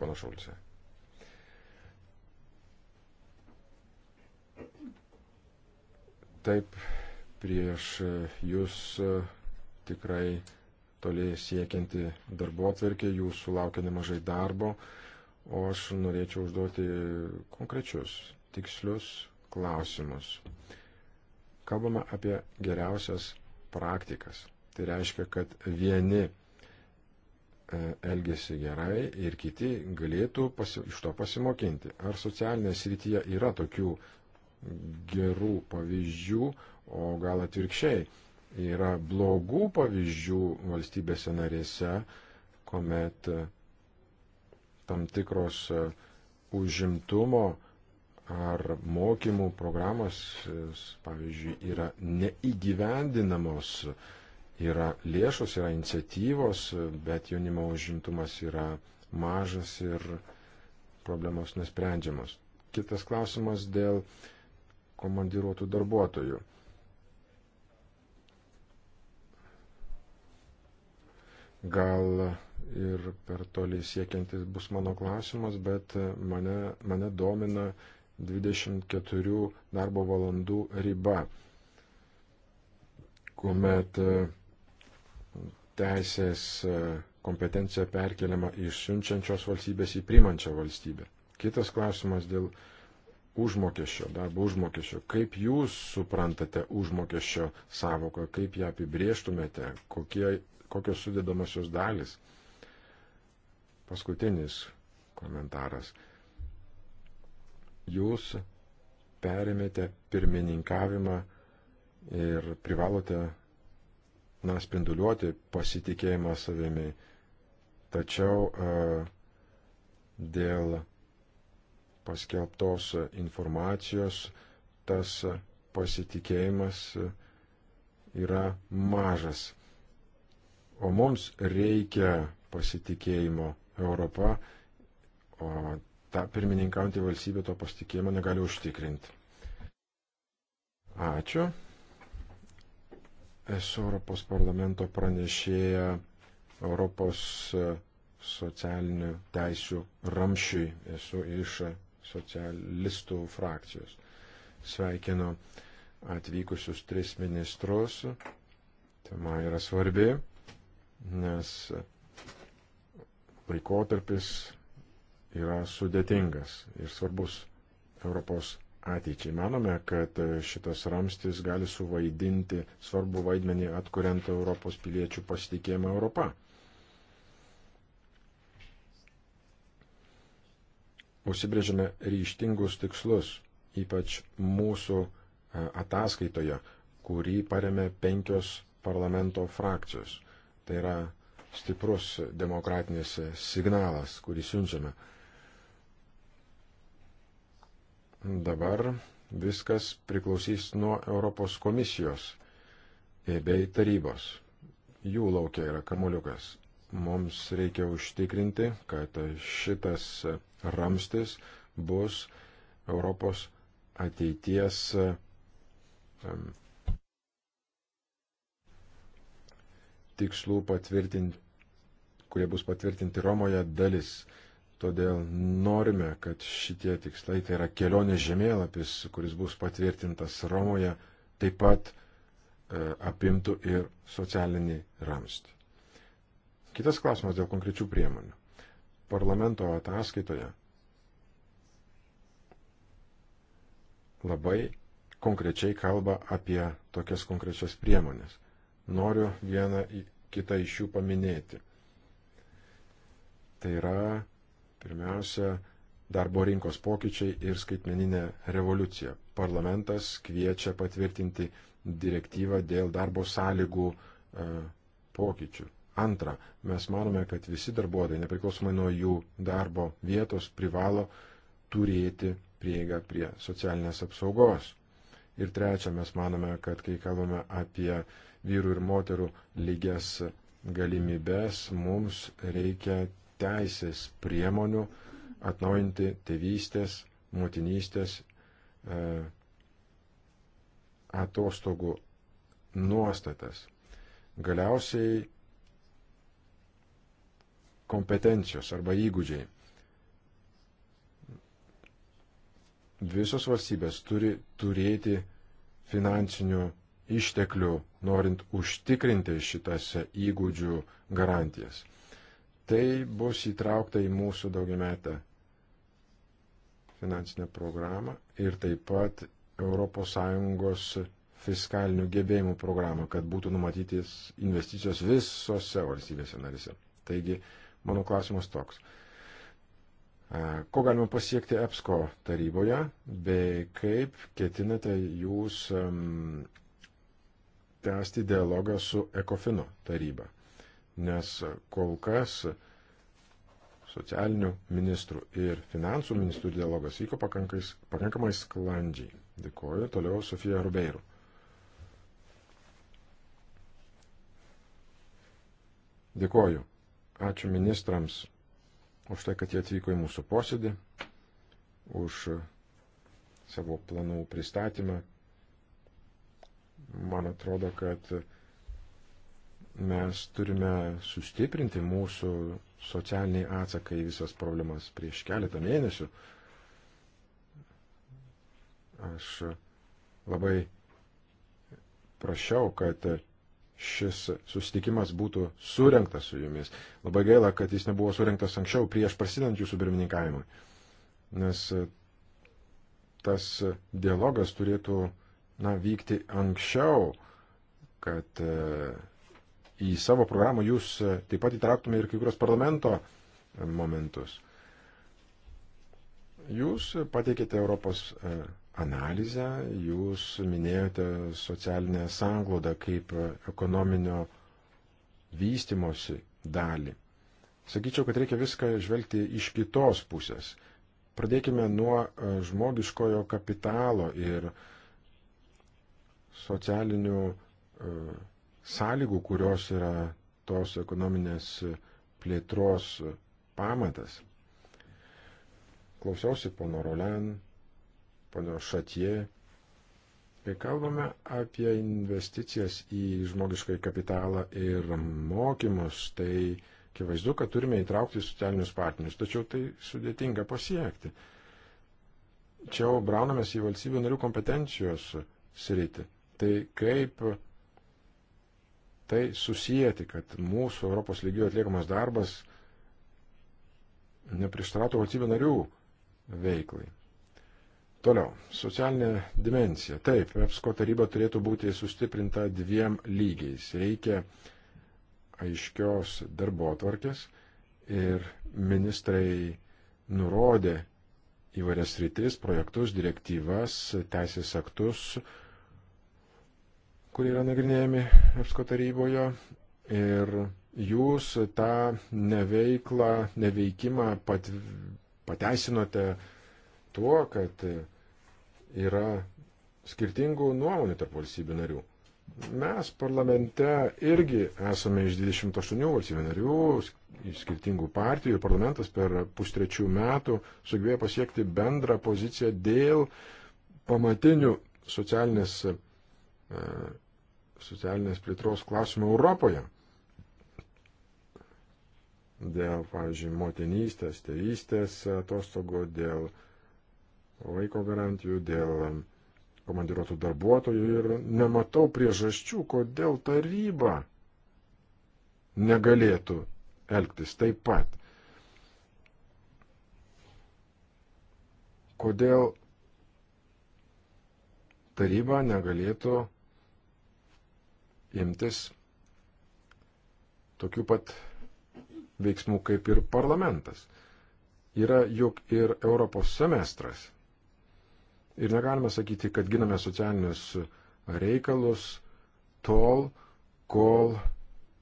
Pana Šulce. Taip, prieš jūs e, tikrai toli siekianti darbo atverkė, jūsų laukia nemažai darbo, o aš norėčiau užduoti konkrečius, tikslius klausimus. Kalbame apie geriausias praktikas. Tai reiškia, kad vieni e, elgesi gerai ir kiti galėtų pasi, iš to pasimokinti. Ar socialinėje srityje yra tokių gerų pavyzdžių, o gal atvirkščiai yra blogų pavyzdžių valstybėse narėse, kuomet e, tam tikros e, užimtumo ar mokymų programos, e, pavyzdžiui, yra neįgyvendinamos, yra lėšos, yra iniciatyvos, bet jaunimo užimtumas yra mažas ir problemos nesprendžiamos. Kitas klausimas dėl komandiruotų darbuotojų. Gal ir per toliai siekiantis bus mano klausimas, bet mane, mane domina 24 darbo valandų riba, kuomet e, teisės e, kompetencija perkeliama iš siunčiančios valstybės į primančią valstybę. Kitas klausimas dėl užmokesčio, darbo užmokesčio. Kaip jūs suprantate užmokesčio savoką, kaip ją apibrieštumėte, kokie, kokios sudėdamosios dalis? Paskutinis komentaras. Jūs perėmėte pirmininkavimą ir privalote, na, spinduliuoti pasitikėjimą savimi. Tačiau e, dėl paskelbtos informacijos tas pasitikėjimas yra mažas. O mums reikia pasitikėjimo Europą, o ta pirmininkaujantį valstybę to pasitikėjimo negali užtikrinti. Ačiū. Esu Europos parlamento pranešėja Europos socialinių teisių ramšiui. Esu iš socialistų frakcijos. Sveikinu atvykusius tris ministrus. Tema yra svarbi, nes laikotarpis yra sudėtingas ir svarbus Europos ateičiai. Manome, kad šitas ramstis gali suvaidinti svarbu vaidmenį atkuriant Europos piliečių pasitikėjimą Europą. užsibrėžėme ryštingus tikslus, ypač mūsų e, ataskaitoje, kurį paremė penkios parlamento frakcijos. Tai yra stiprus demokratinis signalas, kurį siunčiame. Dabar viskas priklausys nuo Europos komisijos e, bei tarybos. Jų laukia yra kamuliukas mums reikia užtikrinti, kad šitas ramstis bus Europos ateities tikslų patvirtinti, kurie bus patvirtinti Romoje dalis. Todėl norime, kad šitie tikslai, tai yra kelionės žemėlapis, kuris bus patvirtintas Romoje, taip pat e, apimtų ir socialinį ramstį. Kitas klausimas dėl konkrečių priemonių. Parlamento ataskaitoje labai konkrečiai kalba apie tokias konkrečias priemonės. Noriu vieną kitą iš jų paminėti. Tai yra, pirmiausia, darbo rinkos pokyčiai ir skaitmeninė revoliucija. Parlamentas kviečia patvirtinti direktyvą dėl darbo sąlygų e, pokyčių. Antra, mes manome, kad visi darbuotojai, nepriklausomai nuo jų darbo vietos, privalo turėti prieigą prie socialinės apsaugos. Ir trečia, mes manome, kad kai kalbame apie vyrų ir moterų lygias galimybės, mums reikia teisės priemonių atnaujinti tėvystės, motinystės, e, atostogų nuostatas. Galiausiai kompetencijos arba įgūdžiai. Visos valstybės turi turėti finansinių išteklių, norint užtikrinti šitas įgūdžių garantijas. Tai bus įtraukta į mūsų daugiametę finansinę programą ir taip pat ES fiskalinių gebėjimų programą, kad būtų numatytis investicijos visose valstybėse narise. Taigi Mano klausimas toks. Ko galima pasiekti EPSCO taryboje, bei kaip ketinate jūs um, tęsti dialogą su ECOFINO taryba? Nes kol kas socialinių ministrų ir finansų ministrų dialogas vyko pakankamai sklandžiai. Dėkuoju. Toliau Sofija Rubeirų. Dėkuoju. Ačiū ministrams už tai, kad jie atvyko į mūsų posėdį, už savo planų pristatymą. Man atrodo, kad mes turime sustiprinti mūsų socialiniai atsakai visas problemas prieš keletą mėnesių. Aš labai prašiau, kad šis susitikimas būtų surinktas su jumis. Labai gaila, kad jis nebuvo surinktas anksčiau, prieš prasidant jūsų pirmininkavimui. Nes e, tas dialogas turėtų na, vykti anksčiau, kad e, į savo programą jūs e, taip pat įtrauktume ir kai kurios parlamento momentus. Jūs pateikėte Europos analizę, jūs minėjote socialinę sąnglaudą kaip ekonominio vystimosi dalį. Sakyčiau, kad reikia viską žvelgti iš kitos pusės. Pradėkime nuo e, žmogiškojo kapitalo ir socialinių e, sąlygų, kurios yra tos ekonominės plėtros pamatas. Klausiausi pono Rolen, pono Šatie. Kai kalbame apie investicijas į žmogiškai kapitalą ir mokymus, tai akivaizdu, kad turime įtraukti socialinius partnerius, tačiau tai sudėtinga pasiekti. Čia jau braunamės į valstybių narių kompetencijos sritį. Tai kaip tai susijęti, kad mūsų Europos lygių atliekamas darbas neprištrato valstybių narių veiklai. Toliau, socialinė dimencija. Taip, EPSCO taryba turėtų būti sustiprinta dviem lygiais. Reikia aiškios darbo atvarkės ir ministrai nurodė įvairias rytis, projektus, direktyvas, teisės aktus, kurie yra nagrinėjami EPSCO taryboje. Ir jūs tą neveiklą, neveikimą pat, pateisinote tuo, kad yra skirtingų nuomonių tarp valstybių narių. Mes parlamente irgi esame iš 28 valstybių narių, iš skirtingų partijų. Parlamentas per pustrečių metų sugebėjo pasiekti bendrą poziciją dėl pamatinių socialinės, e, socialinės plėtros klausimų Europoje. Dėl, pavyzdžiui, motinystės, tėvystės atostogų, dėl uh, vaiko garantijų, dėl komandiruotų darbuotojų ir nematau priežasčių, kodėl taryba negalėtų elgtis taip pat. Kodėl taryba negalėtų imtis tokių pat veiksmų kaip ir parlamentas. Yra juk ir Europos semestras – Ir negalime sakyti, kad giname socialinius reikalus tol, kol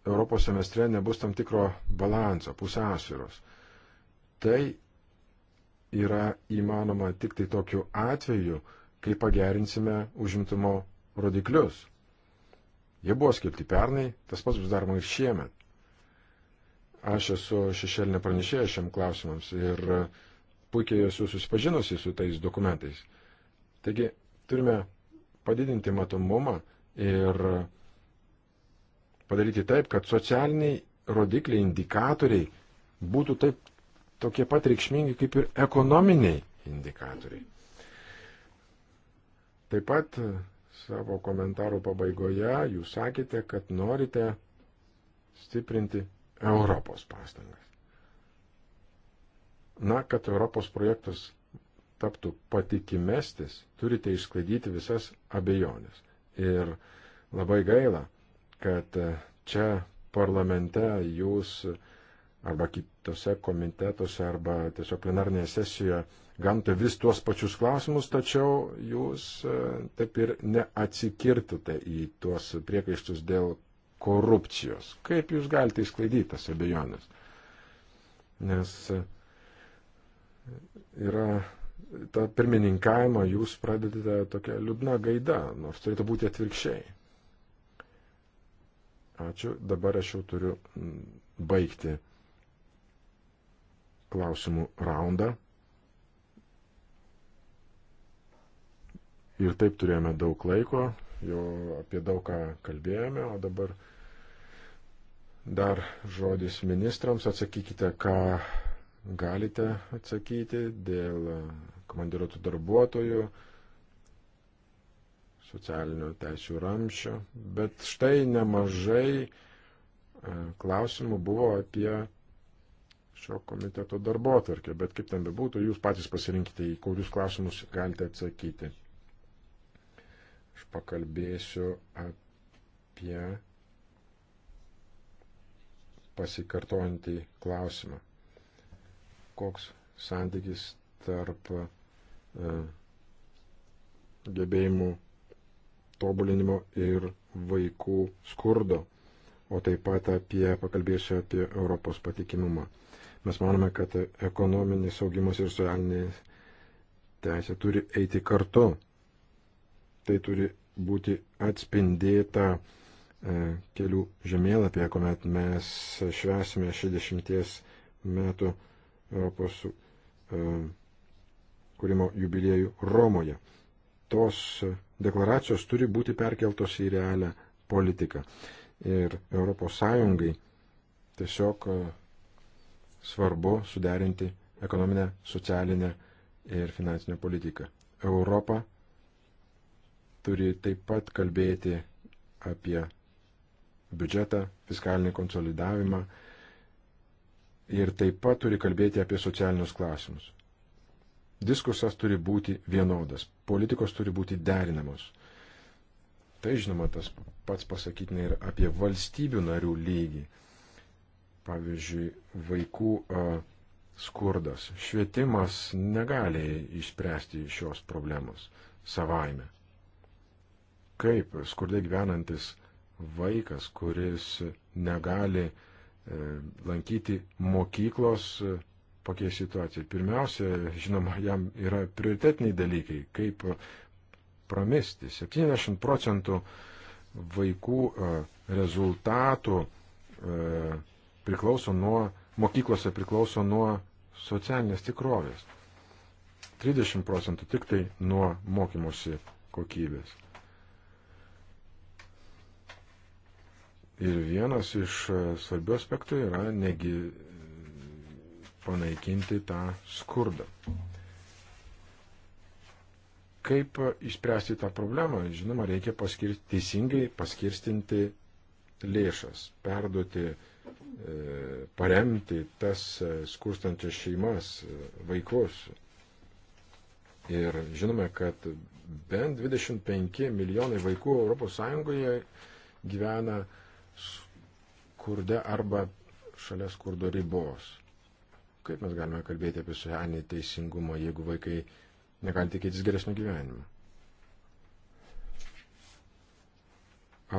Europos semestre nebus tam tikro balanso, pusiausvyros. Tai yra įmanoma tik tai tokiu atveju, kai pagerinsime užimtumo rodiklius. Jie buvo skirti pernai, tas pats bus daroma ir šiemet. Aš esu šešėlinė pranešėja šiam klausimams ir puikiai esu susipažinusi su tais dokumentais. Taigi turime padidinti matomumą ir padaryti taip, kad socialiniai rodikliai, indikatoriai būtų taip tokie pat reikšmingi kaip ir ekonominiai indikatoriai. Taip pat savo komentarų pabaigoje jūs sakėte, kad norite stiprinti Europos pastangas. Na, kad Europos projektas taptų patikimestis, turite išsklaidyti visas abejonės. Ir labai gaila, kad e, čia parlamente jūs arba kitose komitetuose arba tiesiog plenarnėje sesijoje gamta vis tuos pačius klausimus, tačiau jūs e, taip ir neatsikirtote į tuos priekaištus dėl korupcijos. Kaip jūs galite išsklaidyti tas abejonės? Nes e, yra tą pirmininkavimą jūs pradedate tokia liūdna gaida, nors turėtų būti atvirkščiai. Ačiū, dabar aš jau turiu baigti klausimų raundą. Ir taip turėjome daug laiko, jau apie daug ką kalbėjome, o dabar dar žodis ministrams, atsakykite, ką galite atsakyti dėl komandiruotų darbuotojų, socialinių teisių ramščio, bet štai nemažai e, klausimų buvo apie šio komiteto darbo atvarkę, bet kaip ten bebūtų, jūs patys pasirinkite, į kurius klausimus galite atsakyti. Aš pakalbėsiu apie pasikartojantį klausimą. Koks santykis tarp E, gebėjimų tobulinimo ir vaikų skurdo, o taip pat apie, pakalbėsiu apie Europos patikimumą. Mes manome, kad ekonominis augimas ir socialinė teisė turi eiti kartu. Tai turi būti atspindėta e, kelių žemėlapyje, kuomet mes švesime 60 metų Europos e, kūrimo jubiliejų Romoje. Tos deklaracijos turi būti perkeltos į realią politiką. Ir ES tiesiog e, svarbu suderinti ekonominę, socialinę ir finansinę politiką. Europa turi taip pat kalbėti apie biudžetą, fiskalinį konsolidavimą ir taip pat turi kalbėti apie socialinius klausimus. Diskursas turi būti vienodas, politikos turi būti derinamos. Tai žinoma, tas pats pasakytina ir apie valstybių narių lygį. Pavyzdžiui, vaikų a, skurdas. Švietimas negali išspręsti šios problemos savaime. Kaip skurdai gyvenantis vaikas, kuris negali e, lankyti mokyklos, e, pakeis situaciją. Pirmiausia, žinoma, jam yra prioritetiniai dalykai, kaip pramesti. 70 procentų vaikų e, rezultatų e, priklauso nuo, mokyklose priklauso nuo socialinės tikrovės. 30 procentų tik tai nuo mokymosi kokybės. Ir vienas iš e, svarbių aspektų yra negi, panaikinti tą skurdą. Kaip išspręsti tą problemą? Žinoma, reikia paskirti, teisingai paskirstinti lėšas, perduoti, e, paremti tas e, skurstančias šeimas, e, vaikus. Ir žinome, kad bent 25 milijonai vaikų ES gyvena skurde arba šalia skurdo ribos. Kaip mes galime kalbėti apie socialinį teisingumą, jeigu vaikai negali tikėtis geresnio gyvenimo?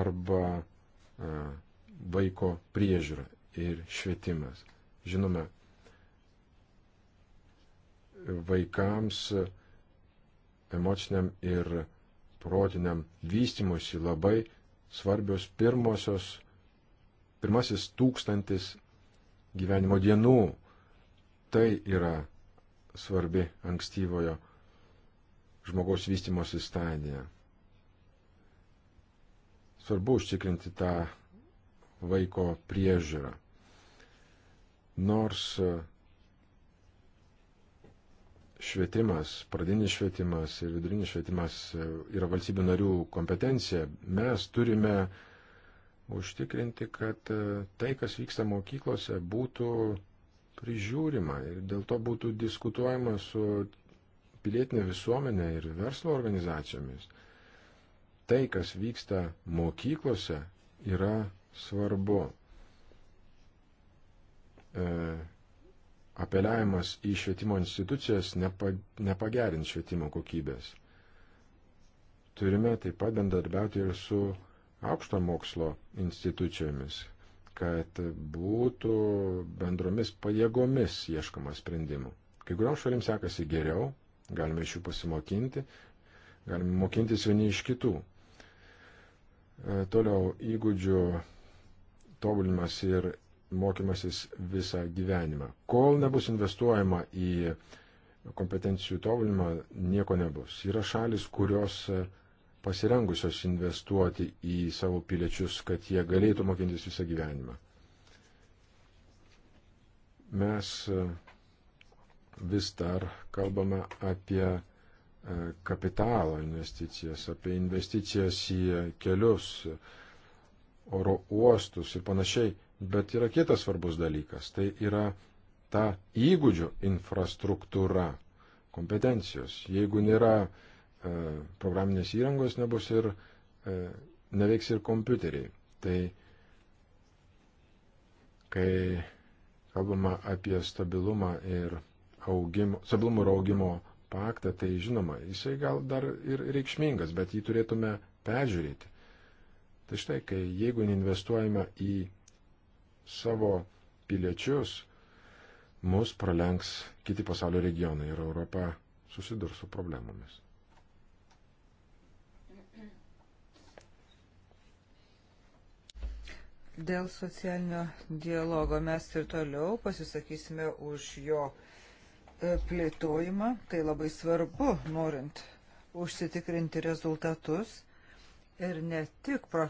Arba a, vaiko priežiūra ir švietimas. Žinome, vaikams emociniam ir protiniam vystimusi labai svarbios pirmosios, pirmasis tūkstantis gyvenimo dienų tai yra svarbi ankstyvojo žmogaus vystimosi stadija. Svarbu užtikrinti tą vaiko priežiūrą. Nors švietimas, pradinis švietimas ir vidurinis švietimas yra valstybių narių kompetencija, mes turime užtikrinti, kad tai, kas vyksta mokyklose, būtų prižiūrima ir dėl to būtų diskutuojama su pilietinė visuomenė ir verslo organizacijomis. Tai, kas vyksta mokyklose, yra svarbu. E, apeliavimas į švietimo institucijas nepa, nepagerins švietimo kokybės. Turime taip pat bendradarbiauti ir su aukšto mokslo institucijomis, kad būtų bendromis pajėgomis ieškoma sprendimų. Kai kuriuom šalim sekasi geriau, galime iš jų pasimokinti, galime mokintis vieni iš kitų. E, toliau įgūdžių tobulinimas ir mokymasis visą gyvenimą. Kol nebus investuojama į kompetencijų tobulinimą, nieko nebus. Yra šalis, kurios pasirengusios investuoti į savo piliečius, kad jie galėtų mokintis visą gyvenimą. Mes e, vis dar kalbame apie e, kapitalo investicijas, apie investicijas į kelius, oro uostus ir panašiai, bet yra kitas svarbus dalykas. Tai yra ta įgūdžių infrastruktūra, kompetencijos. Jeigu nėra uh, E, programinės įrangos nebus ir e, neveiks ir kompiuteriai. Tai kai kalbama apie stabilumą ir augimo, stabilumo ir augimo paktą, tai žinoma, jisai gal dar ir reikšmingas, bet jį turėtume peržiūrėti. Tai štai, kai jeigu investuojame į savo piliečius, mus pralenks kiti pasaulio regionai ir Europa susidurs su problemomis. Dėl socialinio dialogo mes ir toliau pasisakysime už jo e, plėtojimą. Tai labai svarbu, norint užsitikrinti rezultatus ir ne tik prof...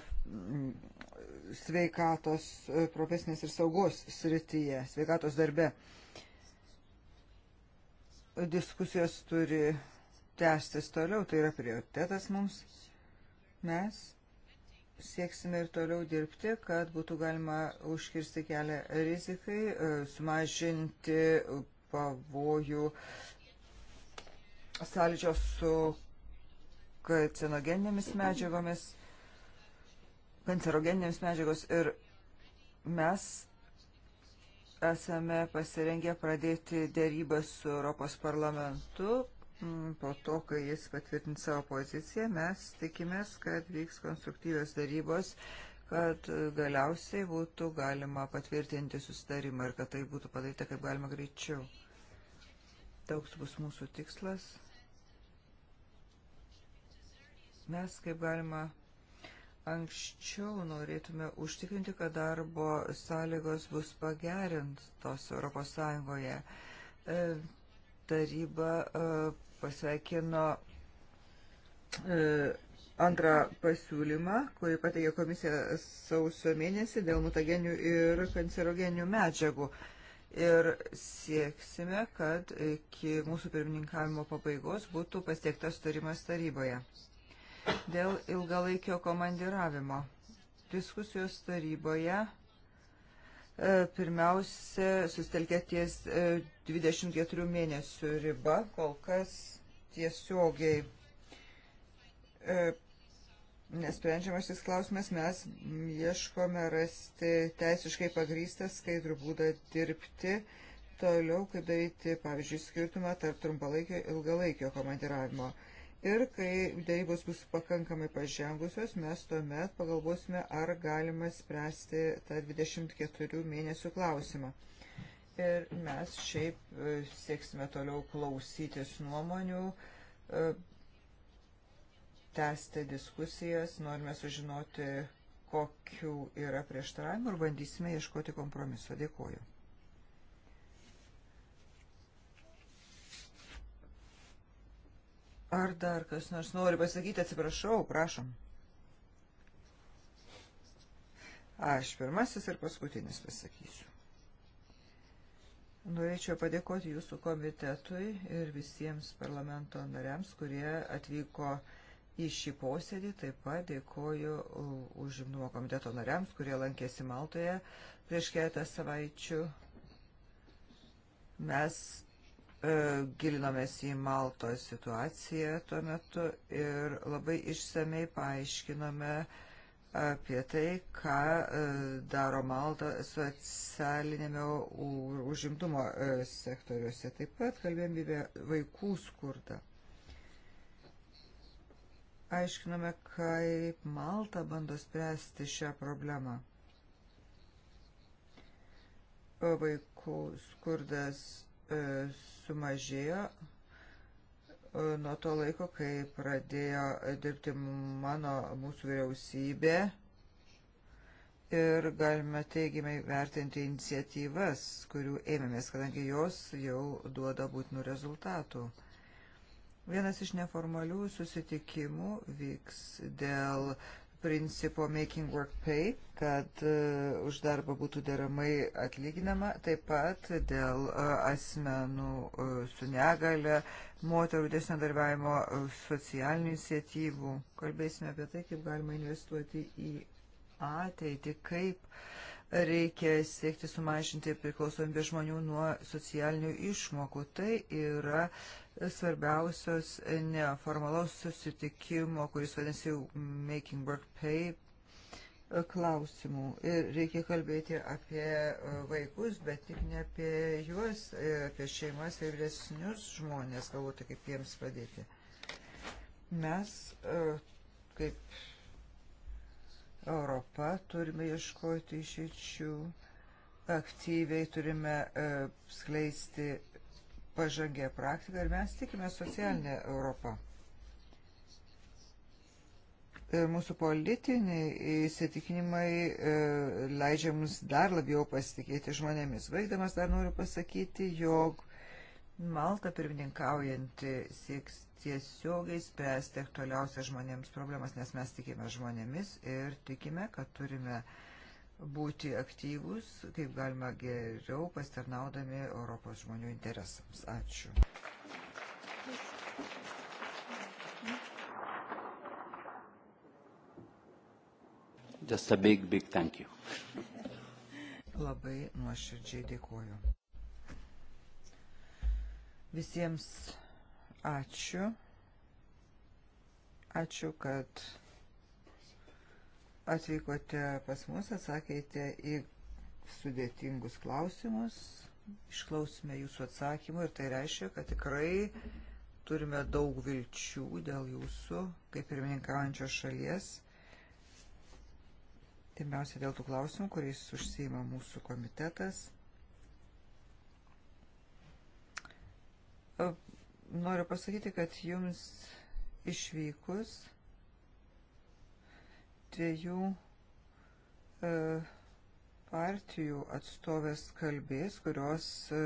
sveikatos e, profesinės ir saugos srityje, sveikatos darbe. Diskusijos turi tęstis toliau, tai yra prioritetas mums. Mes sieksime ir toliau dirbti, kad būtų galima užkirsti kelią rizikai, e, sumažinti pavojų sąlyčio su kancerogeninėmis medžiagomis, kancerogeninėmis medžiagos ir mes esame pasirengę pradėti dėrybą su Europos parlamentu Mm, po to, kai jis patvirtins savo poziciją, mes tikimės, kad vyks konstruktyvios darybos, kad e, galiausiai būtų galima patvirtinti susitarimą ir kad tai būtų padaryta kaip galima greičiau. Toks bus mūsų tikslas. Mes kaip galima anksčiau norėtume užtikrinti, kad darbo sąlygos bus pagerintos Europos Sąjungoje. E, taryba e, pasveikino e, antrą pasiūlymą, kurį pateikė komisija sausio mėnesį dėl mutagenių ir kancerogenių medžiagų. Ir sieksime, kad iki mūsų pirmininkavimo pabaigos būtų pasiektas turimas taryboje. Dėl ilgalaikio komandiravimo. Diskusijos taryboje e, pirmiausia sustelkė ties 24 mėnesių riba kol kas tiesiogiai e, nesprendžiamas šis klausimas. Mes ieškome rasti teisiškai pagrystą skaidrų būdą dirbti toliau, kaip daryti, pavyzdžiui, skirtumą tarp trumpalaikio ir ilgalaikio komandiravimo. Ir kai dėrybos bus pakankamai pažengusios, mes tuomet pagalvosime, ar galima spręsti tą 24 mėnesių klausimą. Ir mes šiaip e, sieksime toliau klausytis nuomonių, e, tęsti diskusijas, norime sužinoti, kokių yra prieštaravimų ir bandysime ieškoti kompromiso. Dėkuoju. Ar dar kas nors nori pasakyti, atsiprašau, prašom. Aš pirmasis ir paskutinis pasakysiu. Norėčiau padėkoti jūsų komitetui ir visiems parlamento nariams, kurie atvyko į šį posėdį. Taip pat dėkoju užimnumo komiteto nariams, kurie lankėsi Maltoje prieš keletą savaičių. Mes e, gilinomės į Maltos situaciją tuo metu ir labai išsamei paaiškinome apie tai, ką e, daro Malta socialinėme užimtumo e, sektoriuose. Taip pat kalbėjom apie vaikų skurdą. Aiškiname, kaip Malta bando spręsti šią problemą. Vaikų skurdas e, sumažėjo nuo to laiko, kai pradėjo dirbti mano mūsų vyriausybė ir galime teigiamai vertinti iniciatyvas, kurių ėmėmės, kadangi jos jau duoda būtinų rezultatų. Vienas iš neformalių susitikimų vyks dėl uh, principo Making Work Pay, kad e, už darbą būtų deramai atlyginama, taip pat dėl e, asmenų e, su negale, moterų desnio darbiavimo, socialinių iniciatyvų. Kalbėsime apie tai, kaip galima investuoti į ateitį, kaip reikia siekti sumažinti priklausomybę žmonių nuo socialinių išmokų. Tai yra uh, svarbiausios neformalaus susitikimo, kuris vadinasi Making Work Pay klausimų. Ir reikia kalbėti apie vaikus, bet tik ne apie juos, apie šeimas ir vyresnius žmonės, galvoti, tai kaip jiems padėti. Mes, e, kaip Europa, turime ieškoti išeičių, aktyviai turime e, skleisti pažangė praktika ir mes tikime socialinę Europą. Ir e, mūsų politiniai įsitikinimai e, leidžia mums dar labiau pasitikėti žmonėmis. Vaigdamas dar noriu pasakyti, jog Malta pirmininkaujanti sieks tiesiogiai spręsti aktualiausias žmonėms problemas, nes mes tikime žmonėmis ir tikime, kad turime uh, būti aktyvus, kaip galima geriau pasitarnaudami Europos žmonių interesams. Ačiū. Just a big, big thank you. Labai nuoširdžiai dėkuoju. Visiems ačiū. Ačiū, kad atvykote pas mus, atsakėte į sudėtingus klausimus, išklausime jūsų atsakymų ir tai reiškia, kad tikrai turime daug vilčių dėl jūsų, kaip pirmininkaujančios šalies. Pirmiausia, dėl tų klausimų, kuriais užsieima mūsų komitetas. Noriu pasakyti, kad jums išvykus dviejų e, partijų atstovės kalbės, kurios e,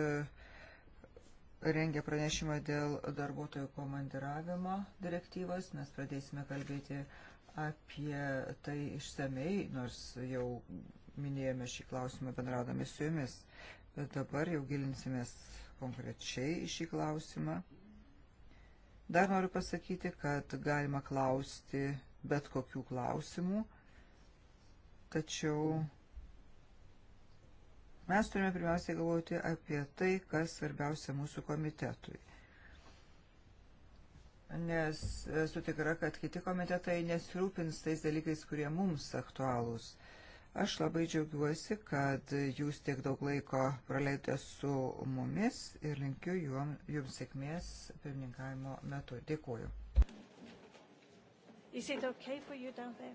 rengia pranešimą dėl darbuotojų komandiravimo direktyvos. Mes pradėsime kalbėti apie tai išsamei, nors jau minėjome šį klausimą bendradami su jumis, bet dabar jau gilinsimės konkrečiai į šį klausimą. Dar noriu pasakyti, kad galima klausti bet kokių klausimų, tačiau mes turime pirmiausiai galvoti apie tai, kas svarbiausia mūsų komitetui. Nes esu tikra, kad kiti komitetai nesirūpins tais dalykais, kurie mums aktualūs. Aš labai džiaugiuosi, kad jūs tiek daug laiko praleidote su mumis ir linkiu jums sėkmės pirmininkavimo metu. Dėkuoju. Is it okay for you down there?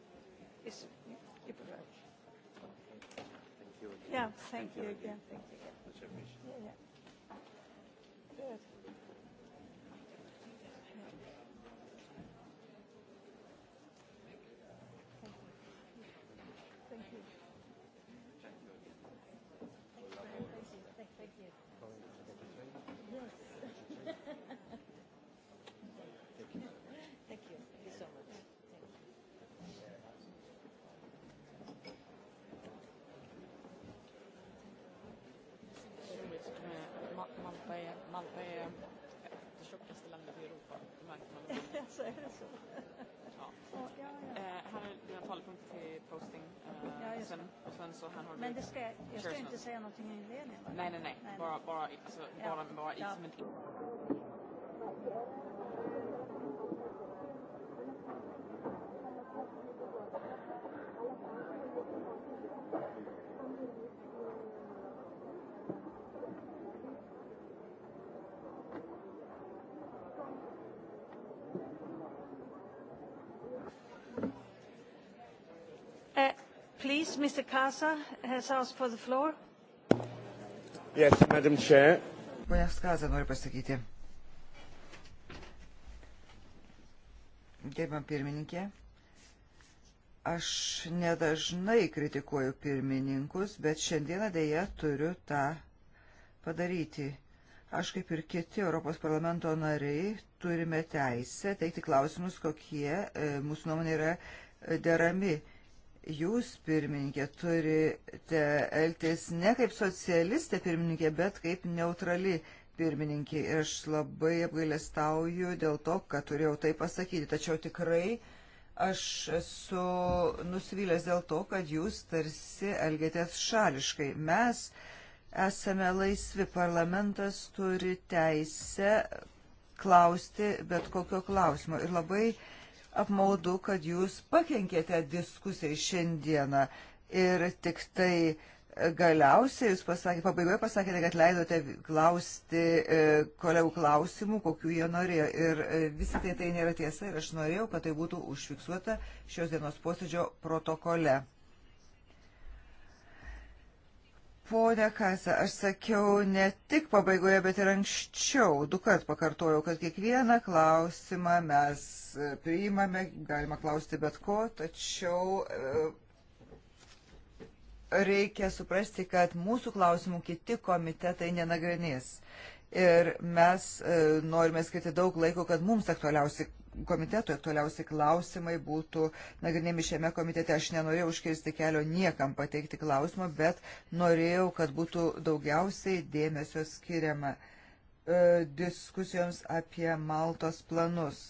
Is you prefer? Okay. Thank you again. Yeah, thank, thank you, you again. again. Thank you again. Much appreciated. Yeah, yeah. Good. sen, och sen så han håller Men det ska, jag ska inte säga någonting i inledningen? Nej, nej, nej. nej. Bara, bara, alltså, ja. bara, bara ja. som en... Thank you. Please, Mr. Casa has asked for the floor. Yes, Madam Chair. Ponas Kaza nori pasakyti. Gerbam pirmininkė. Aš nedažnai kritikuoju pirmininkus, bet šiandieną dėja turiu tą padaryti. Aš kaip ir kiti Europos parlamento nariai turime teisę teikti klausimus, kokie e, mūsų nuomonė yra e, derami jūs, pirmininkė, turite elgtis ne kaip socialistė pirmininkė, bet kaip neutrali pirmininkė. Ir aš labai apgailestauju dėl to, kad turėjau tai pasakyti. Tačiau tikrai aš esu nusivylęs dėl to, kad jūs tarsi elgėtės šališkai. Mes esame laisvi, parlamentas turi teisę klausti bet kokio klausimo. Ir labai uh, apmaudu, kad jūs pakenkėte diskusijai šiandieną ir tik tai e, galiausiai jūs pasakė, pabaigoje pasakėte, kad leidote klausti e, kolegų klausimų, kokių jie norėjo. Ir e, vis tai tai nėra tiesa ir aš norėjau, kad tai būtų užfiksuota šios dienos posėdžio protokole. Pone Kasa, aš sakiau ne tik pabaigoje, bet ir anksčiau. Du kart pakartojau, kad kiekvieną klausimą mes e, priimame, galima klausti bet ko, tačiau e, reikia suprasti, kad mūsų klausimų kiti komitetai nenagrinės ir mes e, norime skirti daug laiko, kad mums aktualiausi komitetui aktualiausi klausimai būtų nagrinėmi šiame komitete. Aš nenorėjau užkirsti kelio niekam pateikti klausimą, bet norėjau, kad būtų daugiausiai dėmesio skiriama e, diskusijoms apie Maltos planus.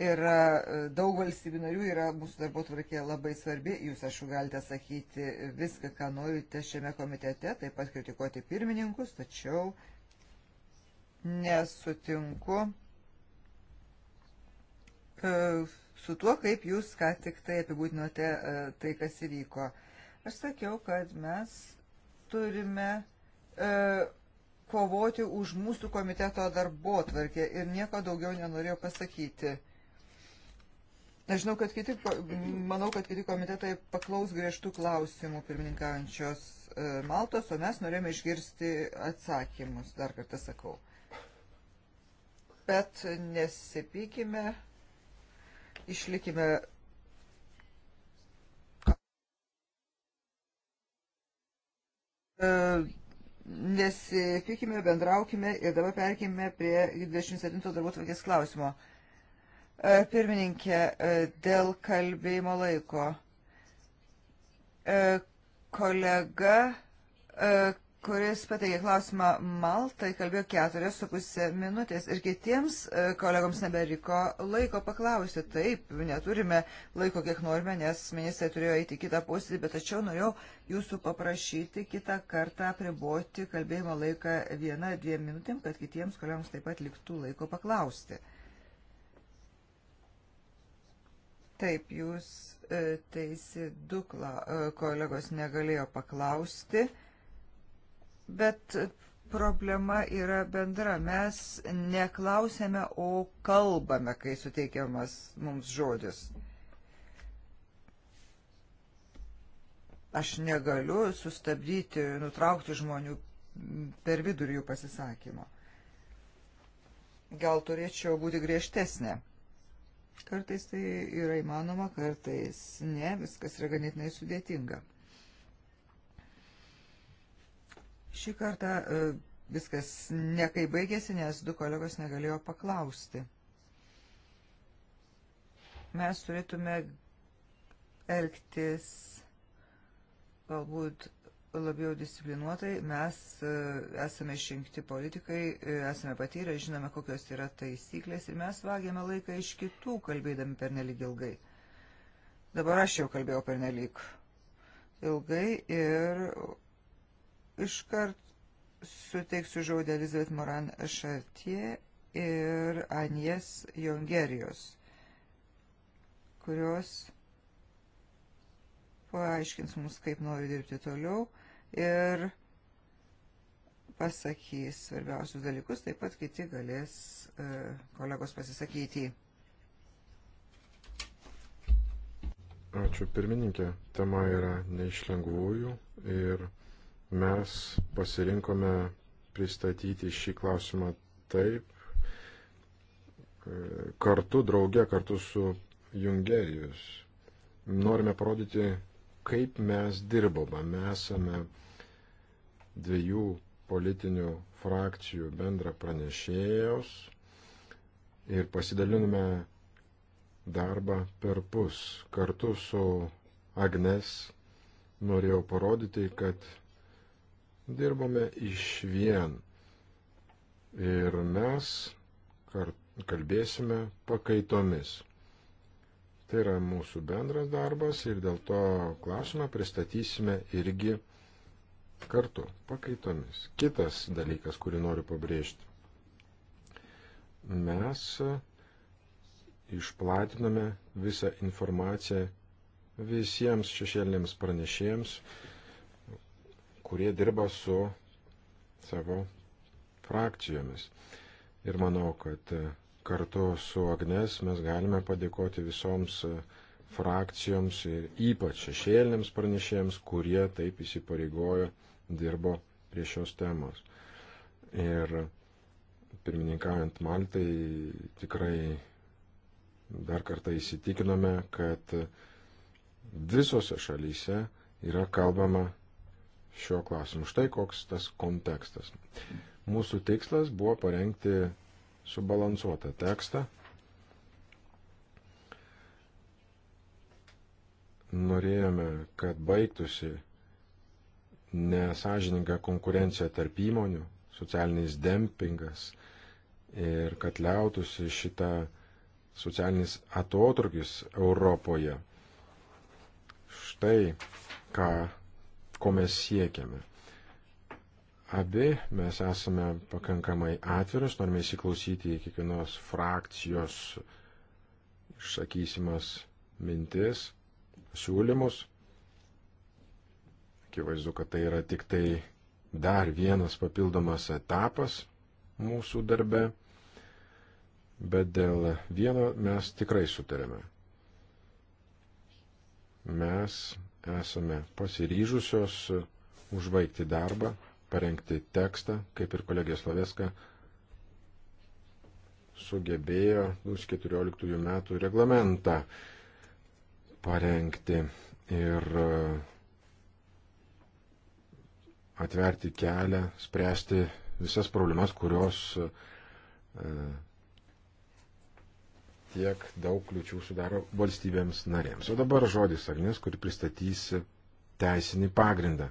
Yra e, daug valstybių narių, yra mūsų darbo tvarkė labai svarbi, jūs aišku galite sakyti viską, ką norite šiame komitete, taip pat kritikuoti pirmininkus, tačiau uh, nesutinku e, su tuo, kaip jūs ką tik tai apibūdinote e, tai, kas įvyko. Aš sakiau, kad mes turime e, kovoti už mūsų komiteto darbo tvarkę ir nieko daugiau nenorėjau pasakyti. Aš žinau, kad kiti, manau, kad kiti komitetai paklaus griežtų klausimų pirmininkaujančios Maltos, o mes norėjome išgirsti atsakymus, dar kartą sakau bet nesipykime, išlikime. E, nesipykime, bendraukime ir dabar perkime prie 27 darbų tvarkės klausimo. E, pirmininkė, e, dėl kalbėjimo laiko. Kolega kuris pateikė klausimą Maltai, kalbėjo keturias su pusė minutės ir kitiems e, kolegoms neberiko laiko paklausti. Taip, neturime laiko, kiek norime, nes ministrai turėjo eiti kitą posėdį, bet tačiau norėjau jūsų paprašyti kitą kartą priboti kalbėjimo laiką vieną, dviem minutėm, kad kitiems kolegoms taip pat liktų laiko paklausti. Taip, jūs e, teisi dukla, e, kolegos negalėjo paklausti. Bet problema yra bendra. Mes neklausėme, o kalbame, kai suteikiamas mums žodis. Aš negaliu sustabdyti, nutraukti žmonių per vidurį jų pasisakymo. Gal turėčiau būti griežtesnė. Kartais tai yra įmanoma, kartais ne, viskas yra ganėtinai sudėtinga. Šį kartą e, viskas nekai baigėsi, nes du kolegos negalėjo paklausti. Mes turėtume elgtis galbūt labiau disciplinuotai. Mes e, esame išrinkti politikai, e, esame patyrę, žinome, kokios yra taisyklės ir mes vagėme laiką iš kitų, kalbėdami per nelik ilgai. Dabar aš jau kalbėjau per nelik ilgai ir Iškart suteiksiu žodį Elizabeth Moran Šartie ir Anies Jongerijos, kurios paaiškins mums, kaip nori dirbti toliau ir pasakys svarbiausius dalykus, taip pat kiti galės e, kolegos pasisakyti. Ačiū pirmininkė, tema yra neišlengvųjų ir mes pasirinkome pristatyti šį klausimą taip, kartu drauge, kartu su Jungerijus. Norime parodyti, kaip mes dirbame. Mes esame dviejų politinių frakcijų bendra pranešėjos ir pasidalinome darbą per pus. Kartu su Agnes norėjau parodyti, kad dirbome iš vien. Ir mes kalbėsime pakaitomis. Tai yra mūsų bendras darbas ir dėl to klausimą pristatysime irgi kartu pakaitomis. Kitas dalykas, kurį noriu pabrėžti. Mes išplatiname visą informaciją visiems šešėlėms pranešėjams, kurie dirba su savo frakcijomis. Ir manau, kad e, kartu su Agnes mes galime padėkoti visoms e, frakcijoms ir ypač šešėlėms pranešėjams, kurie taip įsipareigojo dirbo prie šios temos. Ir pirmininkaujant Maltai tikrai dar kartą įsitikinome, kad visose šalyse yra kalbama šio klausimu. Štai koks tas kontekstas. Mūsų tikslas buvo parengti subalansuotą tekstą. Norėjome, kad baigtųsi nesažininga konkurencija tarp įmonių, socialinis dempingas ir kad liautųsi šitą socialinis atotrukis Europoje. Štai ką ko mes siekiame. Abi mes esame pakankamai atviras, norime įsiklausyti į kiekvienos frakcijos išsakysimas mintis, siūlymus. Akivaizdu, kad tai yra tik tai dar vienas papildomas etapas mūsų darbe, bet dėl vieno mes tikrai sutarėme. Mes esame pasiryžusios užbaigti darbą, parengti tekstą, kaip ir kolegė Sloveska sugebėjo 2014 metų reglamentą parengti ir uh, atverti kelią, spręsti visas problemas, kurios uh, tiek daug kliučių sudaro valstybėms narėms. O dabar žodis Agnės, kuri pristatys teisinį pagrindą.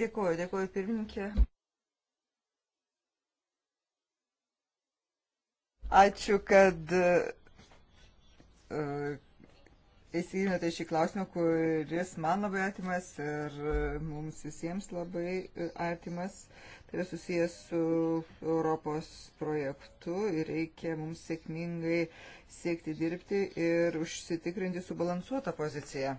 Dėkuoju, dėkuoju pirmininkė. Ačiū, kad e, įsigilinote šį klausimą, kuris man labai artimas ir e, mums visiems labai e, artimas. Uh, Tai yra susijęs su Europos projektu ir reikia mums sėkmingai siekti dirbti ir užsitikrinti subalansuotą poziciją.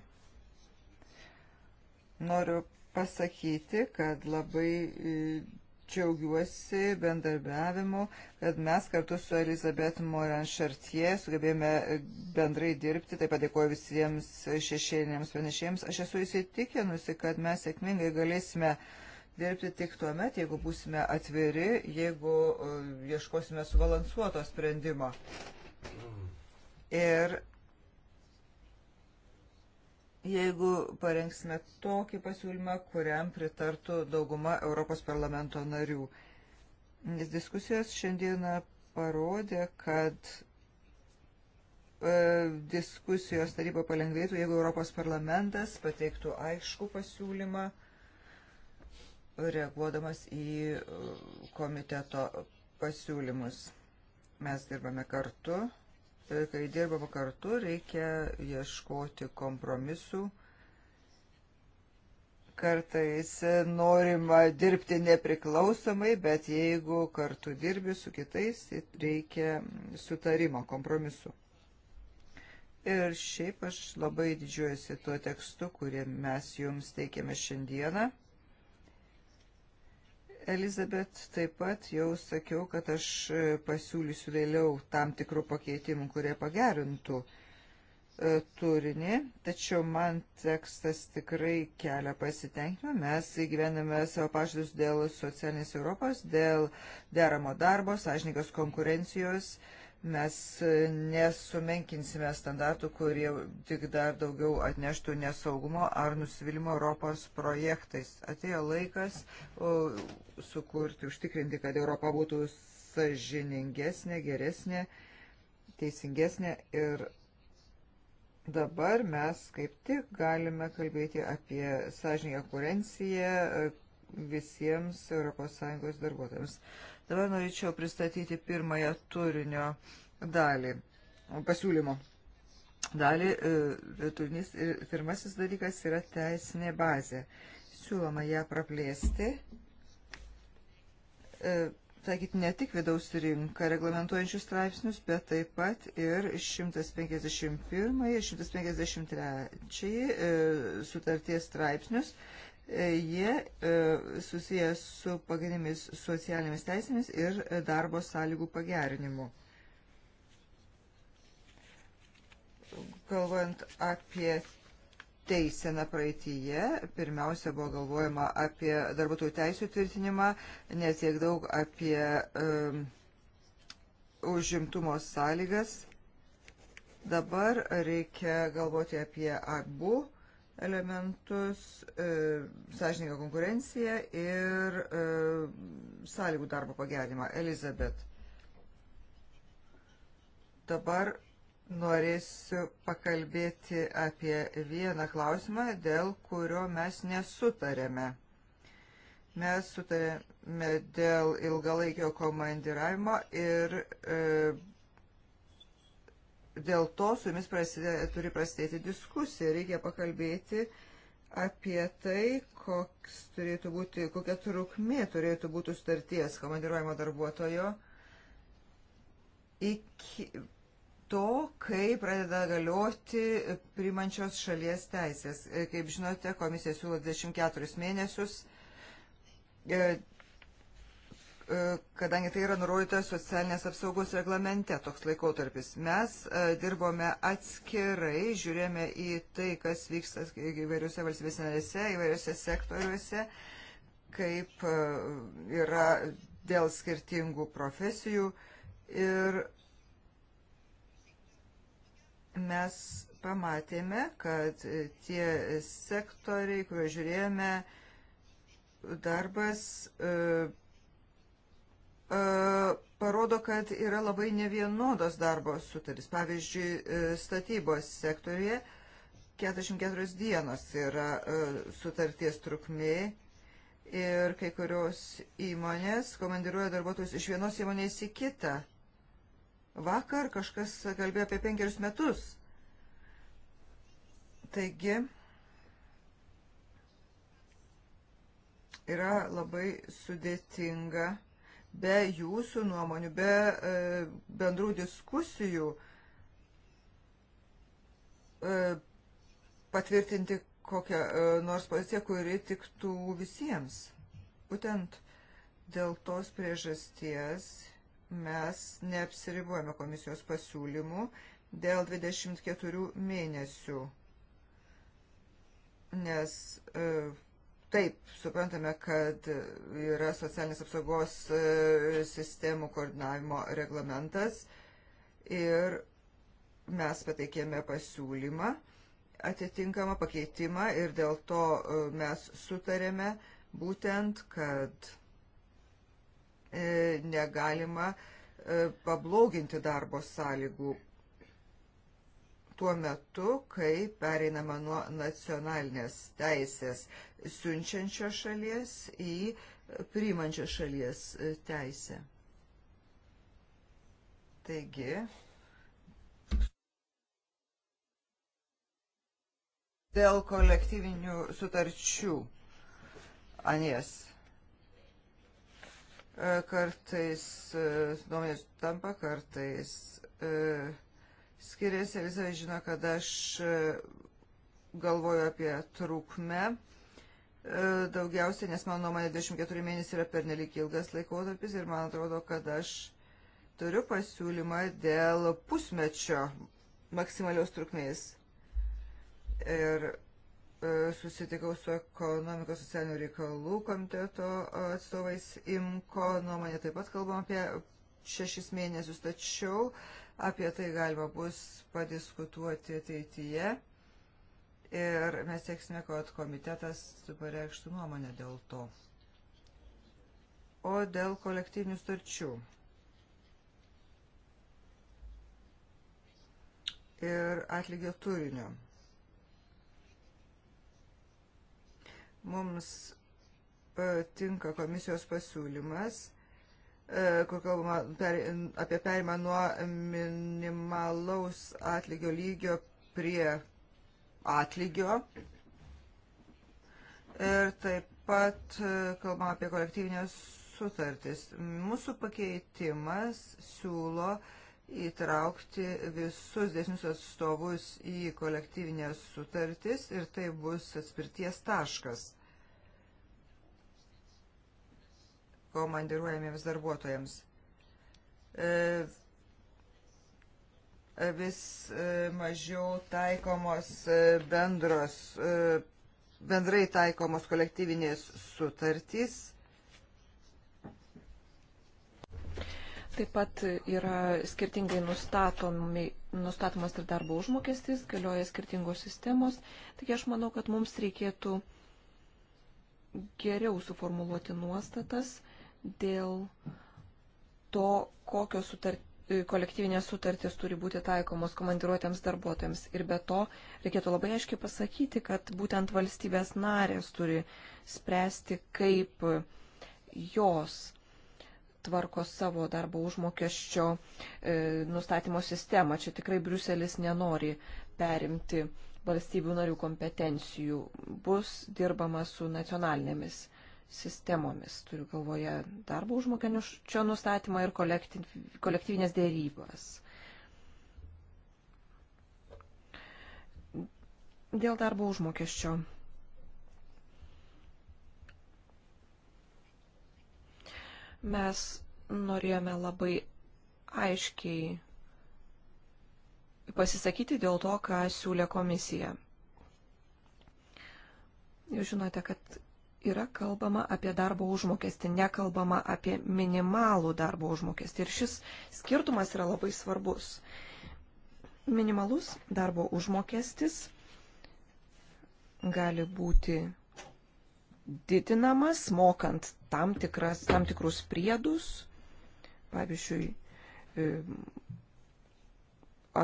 Noriu pasakyti, kad labai e, džiaugiuosi bendarbiavimu, kad mes kartu su Elizabet Moran Šartie sugebėjome bendrai dirbti. Taip pat dėkuoju visiems šešėliniams pranešėjams. Aš esu įsitikinusi, kad mes sėkmingai galėsime uh, dirbti tik tuo met, jeigu būsime atviri, jeigu e, ieškosime subalansuoto sprendimo. Ir jeigu parengsime tokį pasiūlymą, kuriam pritartų dauguma Europos parlamento narių. Nes diskusijos šiandieną parodė, kad e, diskusijos taryba palengvėtų, jeigu Europos parlamentas pateiktų aišku pasiūlymą. E, reaguodamas į e, komiteto pasiūlymus. Mes dirbame kartu ir e, kai dirbame kartu, reikia ieškoti kompromisų. Kartais norima dirbti nepriklausomai, bet jeigu kartu dirbi su kitais, tai reikia sutarimo, kompromisu. Ir šiaip aš labai didžiuojuosi tuo tekstu, kurį mes jums teikėme šiandieną. Elizabet, taip pat jau sakiau, kad aš e, pasiūlysiu vėliau tam tikrų pakeitimų, kurie pagerintų e, turinį, tačiau man tekstas tikrai kelia pasitenkinimą. Mes įgyvename savo pažadus dėl socialinės Europos, dėl deramo darbo, sąžininkos konkurencijos, e, mes e, nesumenkinsime standartų, kurie tik dar daugiau atneštų nesaugumo ar nusivylimą Europos projektais. Atėjo laikas sukurti, užtikrinti, kad Europa būtų sažiningesnė, geresnė, teisingesnė ir dabar mes kaip tik galime kalbėti apie sąžininką konkurenciją e, visiems ES darbuotojams. Dabar norėčiau pristatyti pirmąją turinio dalį, pasiūlymo dalį. E, Turinys ir pirmasis dalykas yra teisinė bazė. Siūloma ją praplėsti, e, taikyti ne tik vidaus rinką reglamentuojančius straipsnius, bet taip pat ir 151 ir 153 e, sutarties straipsnius Jie e, susijęs su pagrindinėmis socialinėmis teisėmis ir darbo sąlygų pagerinimu. Galvojant apie teiseną praeitįje, pirmiausia buvo galvojama apie darbuotojų teisų tvirtinimą, netiek daug apie um, užimtumo sąlygas. Dabar reikia galvoti apie abu elementus e, - sąžininką konkurenciją ir e, sąlygų darbo pagerinimą. Elizabet, dabar norėsiu pakalbėti apie vieną klausimą, dėl kurio mes nesutarėme. Mes sutarėme dėl ilgalaikio komandiravimo ir e, dėl to su jumis prasidė, turi prasidėti diskusija. Reikia pakalbėti apie tai, koks turėtų būti, kokia trukmė turėtų būti sutarties komandiruojamo darbuotojo iki to, kai pradeda galioti primančios šalies teisės. Kaip žinote, komisija siūlo 24 mėnesius e, E, kadangi tai yra nurodyta socialinės apsaugos reglamente toks laikotarpis. Mes e, dirbome atskirai, žiūrėjome į tai, kas vyksta įvairiuose valstybės narėse, įvairiuose sektoriuose, kaip e, yra dėl skirtingų profesijų ir mes pamatėme, kad tie sektoriai, kuriuos žiūrėjome, darbas E, parodo, kad yra labai nevienodos darbo sutartys. Pavyzdžiui, e, statybos sektorėje 44 dienos yra e, sutarties trukmė ir kai kurios įmonės komandiruoja darbuotojus iš vienos įmonės į kitą. Vakar kažkas kalbėjo apie penkerius metus. Taigi, yra labai sudėtinga be jūsų nuomonių, be e, bendrų diskusijų e, patvirtinti kokią e, nors poziciją, kuri tiktų visiems. Būtent dėl tos priežasties mes neapsiribuojame komisijos pasiūlymų dėl 24 mėnesių, nes Taip, suprantame, kad yra socialinės apsaugos e, sistemų koordinavimo reglamentas ir mes pateikėme pasiūlymą atitinkamą pakeitimą ir dėl to e, mes sutarėme būtent, kad e, negalima pabloginti darbo sąlygų tuo metu, kai pereinama nuo nacionalinės teisės siunčiančios šalies į priimančios šalies teisę. Taigi, dėl kolektyvinių sutarčių, Anies, e, kartais e, nuomonės tampa, kartais e, skiriasi. Elizabeth žino, kad aš e, galvoju apie trukmę e, daugiausiai, nes mano nuomonė 24 mėnesiai yra pernelik ilgas laikotarpis ir man atrodo, kad aš turiu pasiūlymą dėl pusmečio maksimalios trukmės. Ir e, susitikau su ekonomikos socialinių reikalų komiteto atstovais IMKO, nuomonė taip pat kalbam apie šešis mėnesius, tačiau Apie tai galima bus padiskutuoti ateityje. Ir mes sieksime, kad komitetas pareikštų nuomonę dėl to. O dėl kolektyvinių starčių. Ir atlygio turinio. Mums e, tinka komisijos pasiūlymas E, kur kalbama per, apie perimą nuo minimalaus atlygio lygio prie atlygio. Ir taip pat e, kalbama apie kolektyvinės sutartis. Mūsų pakeitimas siūlo įtraukti visus dėsnius atstovus į kolektyvinės sutartis ir tai bus atspirties taškas. komandiruojamiems darbuotojams. E, vis e, mažiau taikomos e, bendros, bendrai taikomos kolektyvinės sutartys. Taip pat yra skirtingai nustatomas ir darbo užmokestis, galioja skirtingos sistemos. Taigi aš manau, kad mums reikėtų geriau suformuluoti nuostatas, dėl to, kokios sutart, kolektyvinės sutartys turi būti taikomos komandiruotėms darbuotojams. Ir be to reikėtų labai aiškiai pasakyti, kad būtent valstybės narės turi spręsti, kaip jos tvarko savo darbo užmokesčio e, nustatymo sistemą. Čia tikrai Bruselis nenori perimti valstybių narių kompetencijų. Bus dirbama su nacionalinėmis sistemomis. Turiu galvoje darbo užmokesčio nustatymą ir kolektyvinės dėrybas. Dėl darbo užmokesčio. Mes norėjome labai aiškiai pasisakyti dėl to, ką siūlė komisija. Jūs žinote, kad yra kalbama apie darbo užmokestį, nekalbama apie minimalų darbo užmokestį. Ir šis skirtumas yra labai svarbus. Minimalus darbo užmokestis gali būti didinamas, mokant tam, tikras, tam tikrus priedus, pavyzdžiui, e,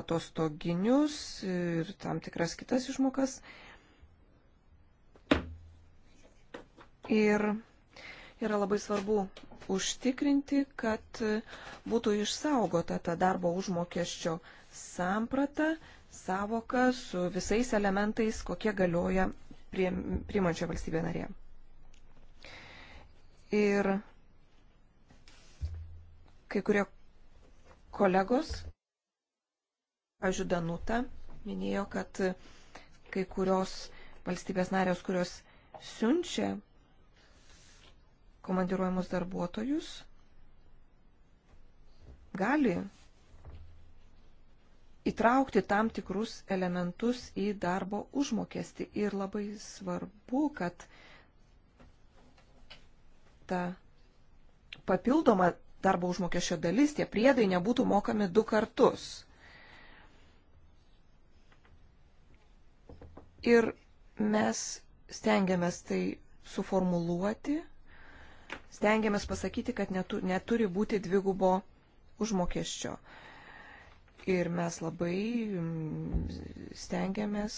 atostoginius ir tam tikras kitas išmokas. Ir yra labai svarbu užtikrinti, kad būtų išsaugota ta darbo užmokesčio samprata, savoka su visais elementais, kokie galioja prie, priimančio valstybė narė. Ir kai kurie kolegos, pažiūrėjau, Danuta minėjo, kad kai kurios valstybės narės, kurios siunčia komandiruojamus darbuotojus gali įtraukti tam tikrus elementus į darbo užmokestį. Ir labai svarbu, kad ta papildoma darbo užmokesčio dalis, tie priedai nebūtų mokami du kartus. Ir mes stengiamės tai suformuluoti stengiamės pasakyti, kad netu, neturi būti dvigubo užmokesčio. Ir mes labai mm, stengiamės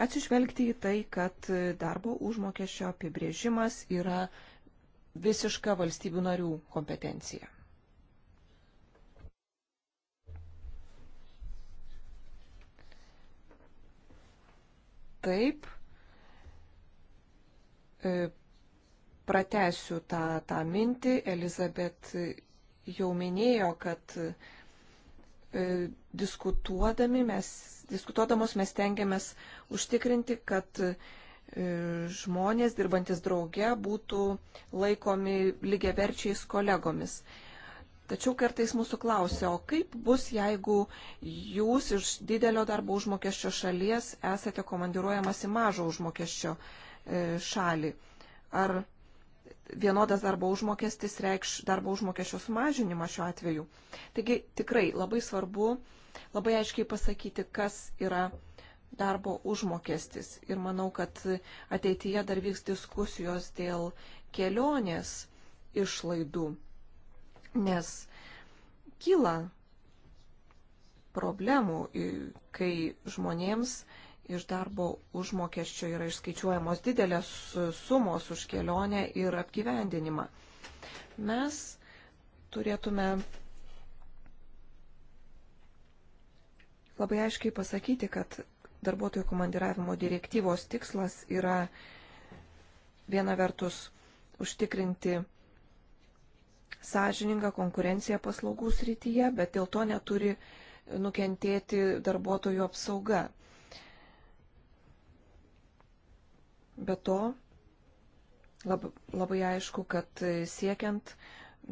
atsižvelgti į tai, kad darbo užmokesčio apibrėžimas yra visiška valstybių narių kompetencija. Taip, e, pratesiu tą, tą mintį. Elizabet jau minėjo, kad e, diskutuodami mes, diskutuodamos mes tengiamės užtikrinti, kad e, žmonės dirbantis drauge būtų laikomi lygiaverčiais kolegomis. Tačiau kartais mūsų klausia, o kaip bus, jeigu jūs iš didelio darbo užmokesčio šalies esate komandiruojamas į mažo užmokesčio e, šalį? Ar vienodas darbo užmokestis reikš darbo užmokesčio sumažinimą šiuo atveju. Taigi tikrai labai svarbu labai aiškiai pasakyti, kas yra darbo užmokestis. Ir manau, kad ateityje dar vyks diskusijos dėl kelionės išlaidų, nes kyla problemų, kai žmonėms iš darbo užmokesčio yra išskaičiuojamos didelės sumos už kelionę ir apgyvendinimą. Mes turėtume labai aiškiai pasakyti, kad darbuotojų komandiravimo direktyvos tikslas yra viena vertus užtikrinti sąžiningą konkurenciją paslaugų srityje, bet dėl to neturi nukentėti darbuotojų apsauga. Be to, lab, labai aišku, kad siekiant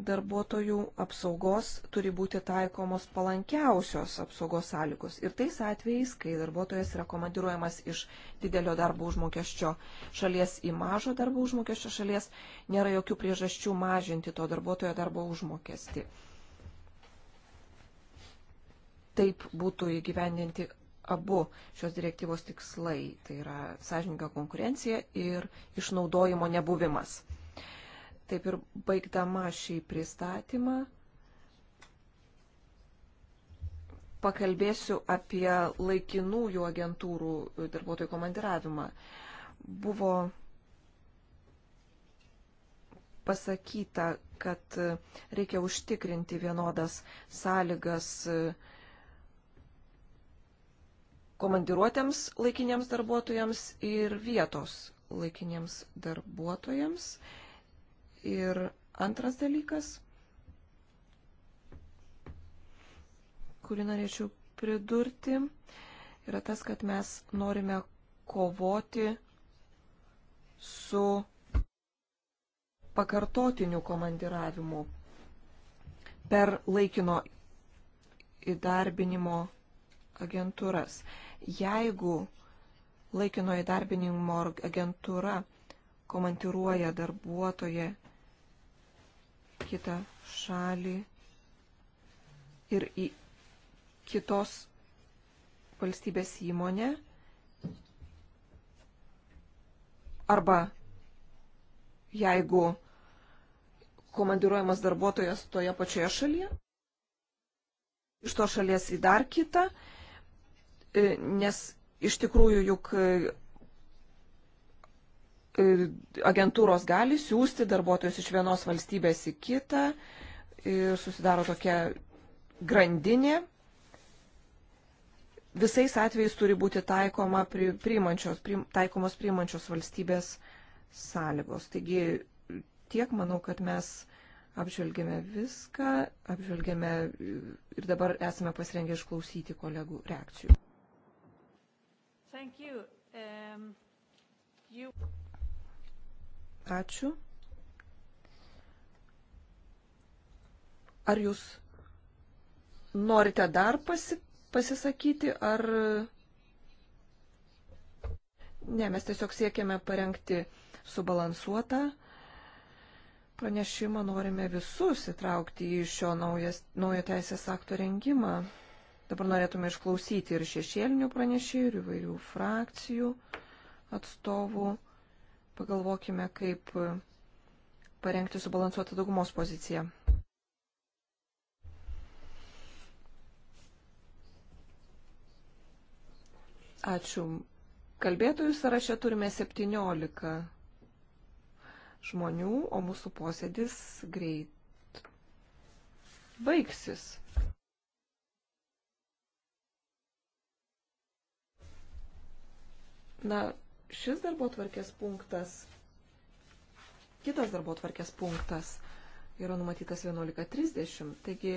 darbuotojų apsaugos turi būti taikomos palankiausios apsaugos sąlygos. Ir tais atvejais, kai darbuotojas yra komandiruojamas iš didelio darbo užmokesčio šalies į mažo darbo užmokesčio šalies, nėra jokių priežasčių mažinti to darbuotojo darbo užmokestį. Taip būtų įgyvendinti abu šios direktyvos tikslai - tai yra sąžininga konkurencija ir išnaudojimo nebuvimas. Taip ir baigdama šį pristatymą, pakalbėsiu apie laikinųjų agentūrų darbuotojų komandiravimą. Buvo pasakyta, kad reikia užtikrinti vienodas sąlygas komandiruotėms laikiniems darbuotojams ir vietos laikiniems darbuotojams. Ir antras dalykas, kurį norėčiau pridurti, yra tas, kad mes norime kovoti su pakartotiniu komandiravimu per laikino įdarbinimo agentūras. Jeigu laikino įdarbinimo agentūra komantiruoja darbuotoje kitą šalį ir į kitos valstybės įmonę arba jeigu komandiruojamas darbuotojas toje pačioje šalyje, iš to šalies į dar kitą, E, nes iš tikrųjų juk e, e, agentūros gali siūsti darbuotojus iš vienos valstybės į kitą ir susidaro tokia grandinė. Visais atvejais turi būti taikoma pri, priimančios, pri, taikomos priimančios valstybės sąlygos. Taigi tiek manau, kad mes apžvelgėme viską, apžvelgėme ir dabar esame pasirengę išklausyti kolegų reakcijų. Thank you. Um, you... Ačiū. Ar jūs norite dar pasi, pasisakyti, ar... Ne, mes tiesiog siekiame parengti subalansuotą pranešimą, norime visus įtraukti į šio naujas, naujo teisės akto rengimą. Dabar norėtume išklausyti ir šešėlinių pranešėjų, ir įvairių frakcijų atstovų. Pagalvokime, kaip parengti subalansuotą daugumos poziciją. Ačiū. Kalbėtojų sąraše turime 17 žmonių, o mūsų posėdis greit baigsis. Na, šis darbo tvarkės punktas, kitas darbo tvarkės punktas yra numatytas 11.30, taigi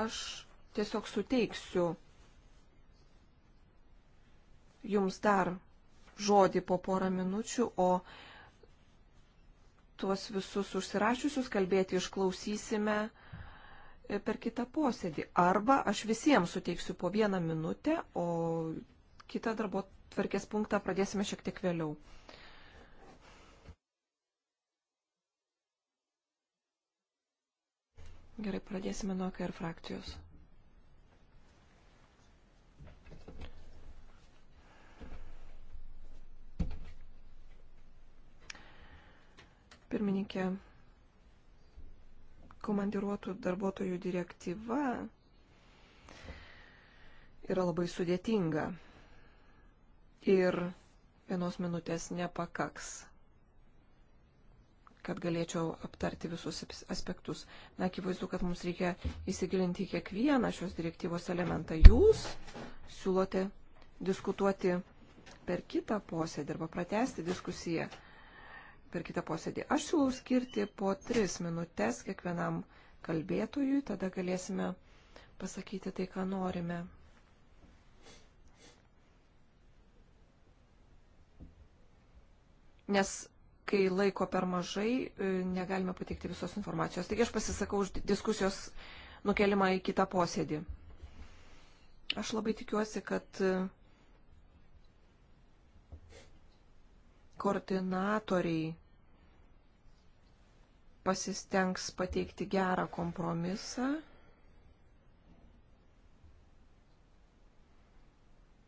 aš tiesiog suteiksiu jums dar žodį po porą minučių, o tuos visus užsirašiusius kalbėti išklausysime per kitą posėdį. Arba aš visiems suteiksiu po vieną minutę, o kitą darbo tvarkės punktą pradėsime šiek tiek vėliau. Gerai, pradėsime nuo KR frakcijos. Pirmininkė, komandiruotų darbuotojų direktyva yra labai sudėtinga ir vienos minutės nepakaks, kad galėčiau aptarti visus aspektus. Na, akivaizdu, kad mums reikia įsigilinti kiekvieną šios direktyvos elementą. Jūs siūlote diskutuoti per kitą posėdį arba pratesti diskusiją per kitą posėdį. Aš siūlau skirti po tris minutės kiekvienam kalbėtojui, tada galėsime pasakyti tai, ką norime. Nes kai laiko per mažai, e, negalime pateikti visos informacijos. Taigi aš pasisakau už diskusijos nukelimą į kitą posėdį. Aš labai tikiuosi, kad e, koordinatoriai pasistengs pateikti gerą kompromisą.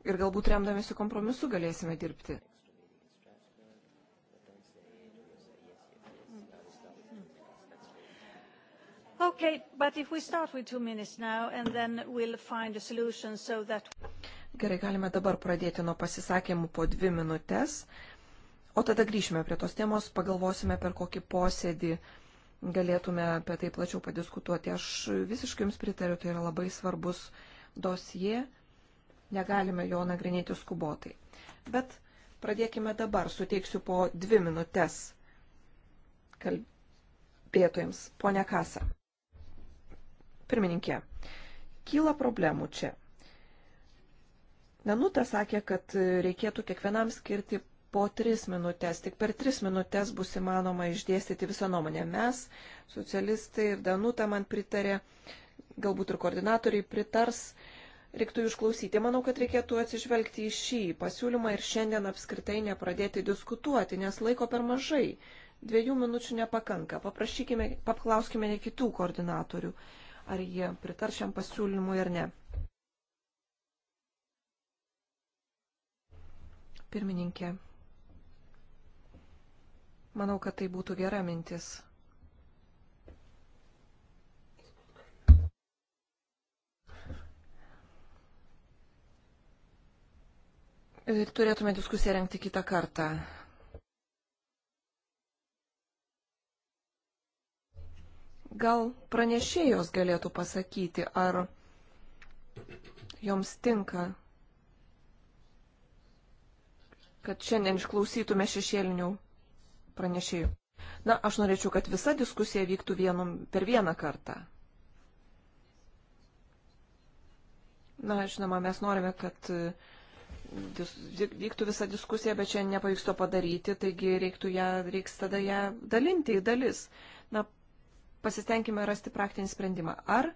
Ir galbūt remdamėsi kompromisu galėsime dirbti. Okay, now, we'll so that... Gerai, galime dabar pradėti nuo pasisakymų po dvi minutės, o tada grįšime prie tos temos, pagalvosime per kokį posėdį uh, galėtume apie tai plačiau padiskutuoti. Aš visiškai Jums pritariu, tai yra labai svarbus dosie, negalime jo nagrinėti skubotai. Bet pradėkime dabar, suteiksiu po dvi minutės kalbėtojams. Pone Kasa. Pirmininkė, kyla problemų čia. Nanuta sakė, kad reikėtų kiekvienam skirti po tris minutės. Tik per tris minutės bus įmanoma išdėstyti visą nuomonę. Mes, socialistai ir Danuta man pritarė, galbūt ir koordinatoriai pritars, reiktų jų išklausyti. Manau, kad reikėtų atsižvelgti į šį pasiūlymą ir šiandien apskritai nepradėti diskutuoti, nes laiko per mažai. Dviejų minučių nepakanka. Paprašykime, paklauskime ne kitų koordinatorių, ar jie pritar šiam pasiūlymui ar ne. Pirmininkė. Manau, kad tai būtų gera mintis. Ir turėtume diskusiją renkti kitą kartą. Gal pranešėjos galėtų pasakyti, ar joms tinka, kad šiandien išklausytume šešėlinių pranešėjų. Na, aš norėčiau, kad visa diskusija vyktų vienu, per vieną kartą. Na, žinoma, mes norime, kad e, dis, vyktų visa diskusija, bet čia nepavyks to padaryti, taigi reiktų ją, reiks tada ją dalinti į dalis. Na, pasistengime rasti praktinį sprendimą. Ar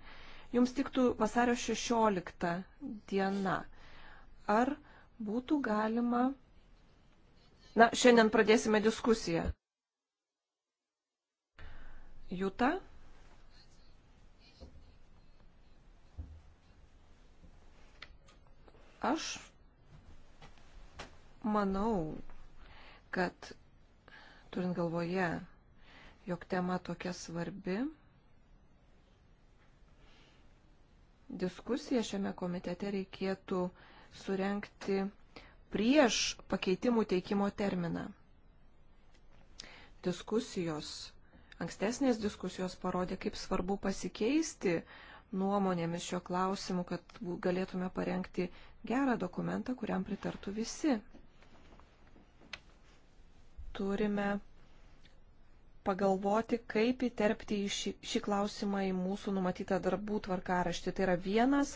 jums tiktų vasario 16 diena? Ar būtų galima Na, šiandien pradėsime diskusiją. Jūta? Aš manau, kad turint galvoje, jog tema tokia svarbi, diskusiją šiame komitete reikėtų surenkti prieš pakeitimų teikimo terminą. Diskusijos, ankstesnės diskusijos parodė, kaip svarbu pasikeisti nuomonėmis šiuo klausimu, kad galėtume parengti gerą dokumentą, kuriam pritartų visi. Turime pagalvoti, kaip įterpti šį, šį klausimą į mūsų numatytą darbų tvarkaraštį. Tai yra vienas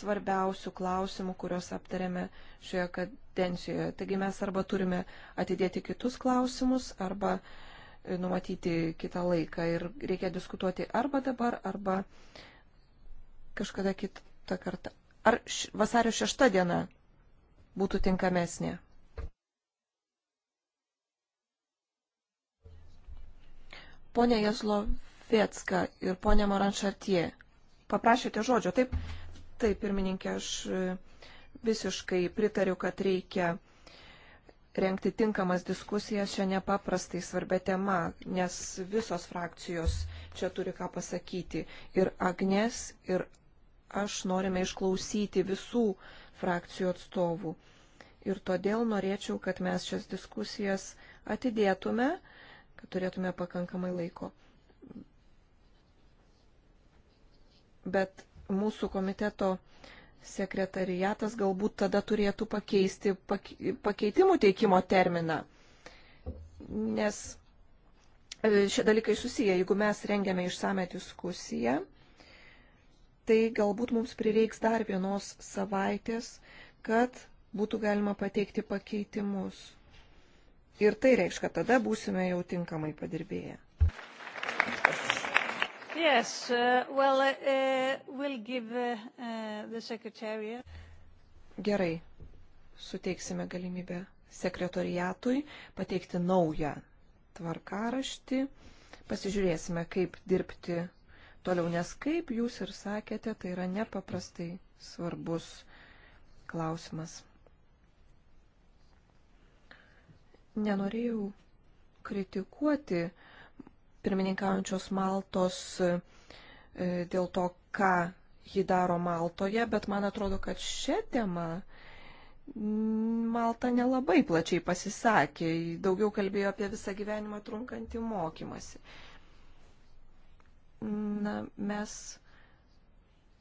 svarbiausių klausimų, kuriuos aptarėme šioje kad, kadencijoje. Taigi mes arba turime atidėti kitus klausimus, arba e, numatyti kitą laiką ir reikia diskutuoti arba dabar, arba kažkada kitą kartą. Ar vasario šešta diena būtų tinkamesnė? Pone Jaslovėcka ir pone Moranšartie, paprašėte žodžio, taip? Taip, pirmininkė, aš e, visiškai pritariu, kad reikia renkti tinkamas diskusijas šią nepaprastai svarbę temą, nes visos frakcijos čia turi ką pasakyti. Ir Agnes, ir aš norime išklausyti visų frakcijų atstovų. Ir todėl norėčiau, kad mes šias diskusijas atidėtume, kad turėtume pakankamai laiko. Bet mūsų komiteto uh, sekretariatas galbūt tada turėtų pakeisti pakeitimų teikimo terminą. Nes e, šie dalykai susiję. Jeigu mes rengiame išsame diskusiją, tai galbūt mums prireiks dar vienos savaitės, kad būtų galima pateikti pakeitimus. Ir tai reiškia, kad tada būsime jau tinkamai padirbėję. Thank you. Yes, uh, well, uh, uh we'll give uh, uh, the secretariat. Gerai, suteiksime galimybę sekretoriatui pateikti naują tvarkaraštį. Pasižiūrėsime, kaip dirbti toliau, nes kaip jūs ir sakėte, tai yra nepaprastai svarbus klausimas. Nenorėjau kritikuoti uh, pirmininkaujančios Maltos e, dėl to, ką ji daro Maltoje, bet man atrodo, kad šią temą Malta nelabai plačiai pasisakė, daugiau kalbėjo apie visą gyvenimą trunkantį mokymasi. Na, mes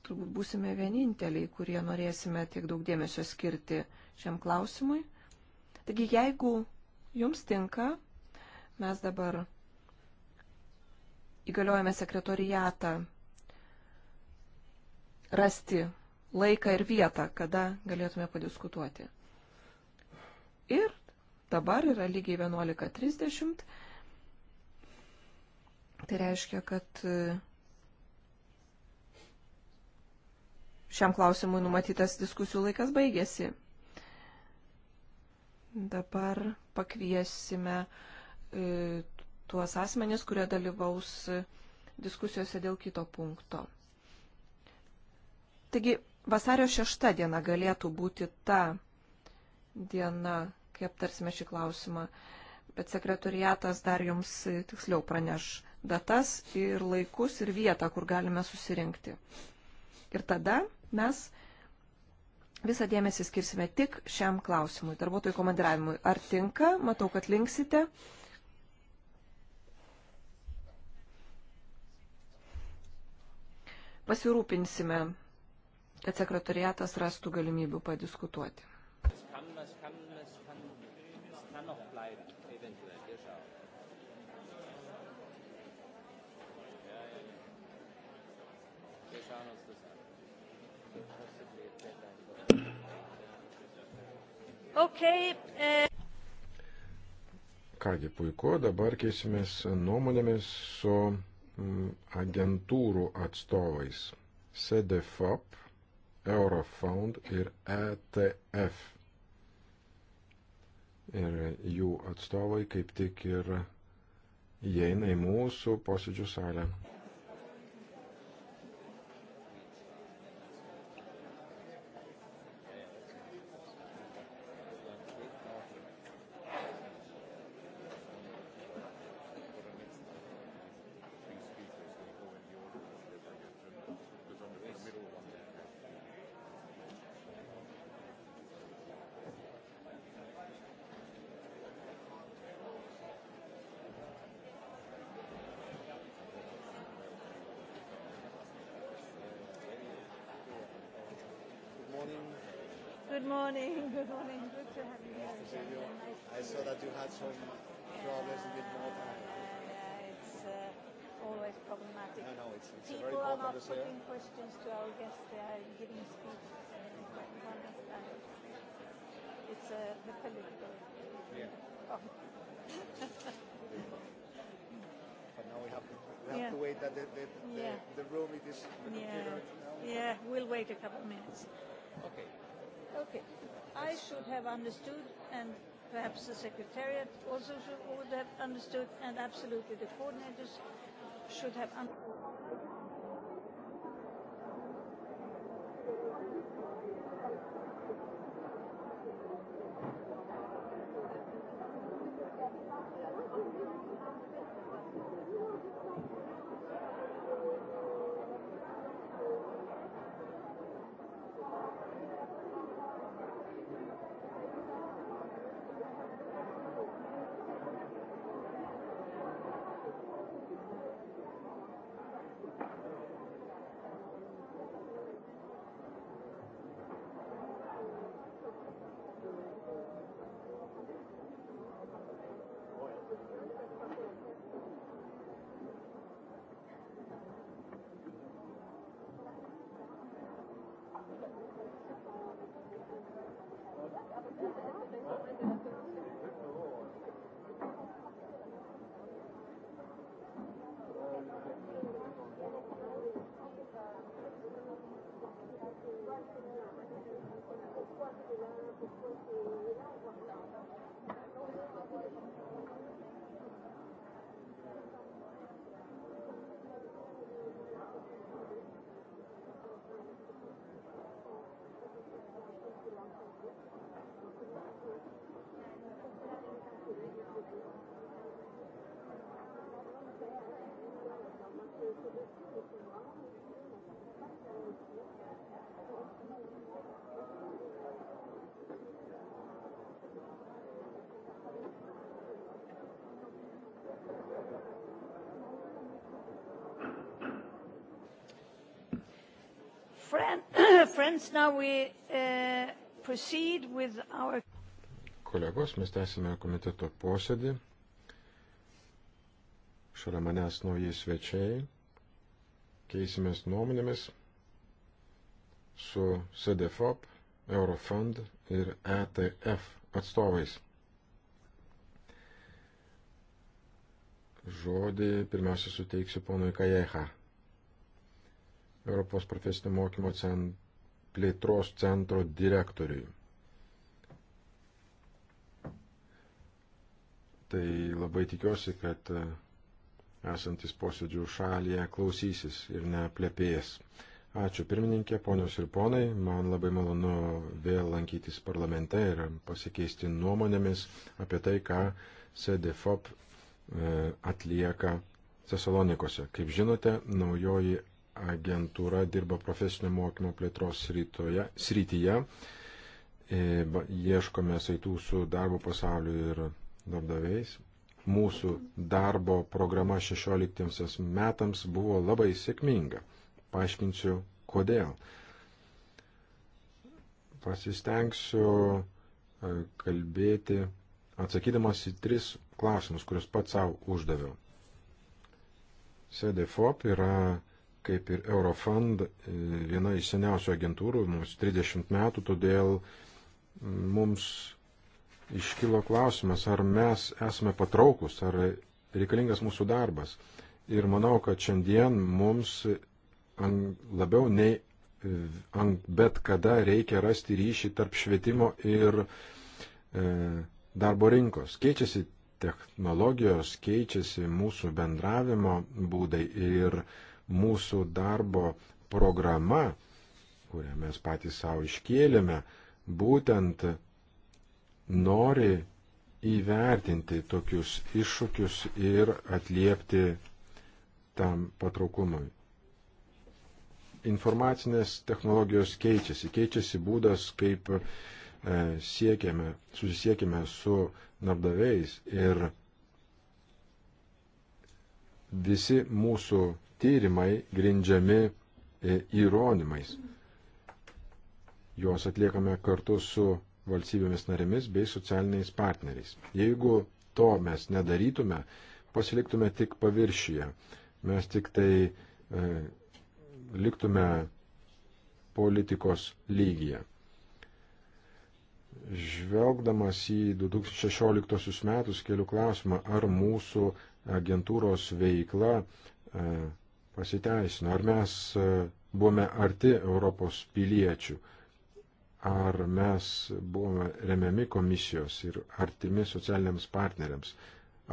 turbūt būsime vieninteliai, kurie norėsime tiek daug dėmesio skirti šiam klausimui. Taigi, jeigu jums tinka, mes dabar įgaliojame sekretorijatą rasti laiką ir vietą, kada galėtume padiskutuoti. Ir dabar yra lygiai 11.30. Tai reiškia, kad e, šiam klausimui numatytas diskusijų laikas baigėsi. Dabar pakviesime e, tuos asmenis, kurie dalyvaus diskusijose dėl kito punkto. Taigi, vasario šešta diena galėtų būti ta diena, kai aptarsime šį klausimą, bet sekretoriatas dar jums tiksliau praneš datas ir laikus ir vietą, kur galime susirinkti. Ir tada mes visą dėmesį skirsime tik šiam klausimui, darbuotojų komandiravimui. Ar tinka? Matau, kad linksite. pasirūpinsime, kad sekretariatas rastų galimybių padiskutuoti. Okay. Eh. Kągi puiku, dabar keisimės nuomonėmis su Mm, agentūrų atstovais CDFOP, Eurofound ir ETF. Ir jų atstovai kaip tik ir įeina į mūsų posėdžių salę. have understood, and perhaps the Secretariat also should, would have understood, and absolutely the coordinators should have understood. Thank you. Friends, now we uh, proceed with our. Kolegos, mes tęsime komiteto posėdį. Šalia manęs nauji svečiai keisimės nuomonėmis su CDFOP, Eurofund ir ETF atstovais. Žodį pirmiausia suteiksiu ponui Kajeha. Europos profesinio mokymo cent... plėtros centro direktoriui. Tai labai tikiuosi, kad esantis posėdžių šalyje klausysis ir neplepėjęs. Ačiū pirmininkė, ponios ir ponai, man labai malonu vėl lankytis parlamente ir pasikeisti nuomonėmis apie tai, ką CDFOP e, atlieka Tesalonikose. Kaip žinote, naujoji agentūra dirba profesinio mokymo plėtros srytoje, srityje, e, ieškome saitų su darbo pasauliu ir darbdaviais, Mūsų darbo programa 16 metams buvo labai sėkminga. Paaiškinsiu, kodėl. Pasistengsiu e, kalbėti atsakydamas į tris klausimus, kuriuos pats savo uždaviau. CDFOP yra kaip ir Eurofund e, viena iš seniausių agentūrų, mums 30 metų, todėl mums iškilo klausimas, ar mes esame patraukus, ar reikalingas mūsų darbas. Ir manau, kad šiandien mums labiau nei e, bet kada reikia rasti ryšį tarp švietimo ir e, darbo rinkos. Keičiasi technologijos, keičiasi mūsų bendravimo būdai ir mūsų darbo programa, kurią mes patys savo iškėlėme, būtent nori įvertinti tokius iššūkius ir atliepti tam patraukumui. Informacinės technologijos keičiasi, keičiasi būdas, kaip e, siekiame, susisiekime su darbdaviais ir visi mūsų tyrimai grindžiami e, įrodymais. Juos atliekame kartu su valstybėmis narėmis bei socialiniais partneriais. Jeigu to mes nedarytume, pasiliktume tik paviršyje. Mes tik tai e, liktume politikos lygyje. Žvelgdamas į 2016 metus keliu klausimą, ar mūsų agentūros veikla e, pasiteisino, ar mes e, buvome arti Europos piliečių, ar mes buvome remiami komisijos ir artimi socialiniams partneriams.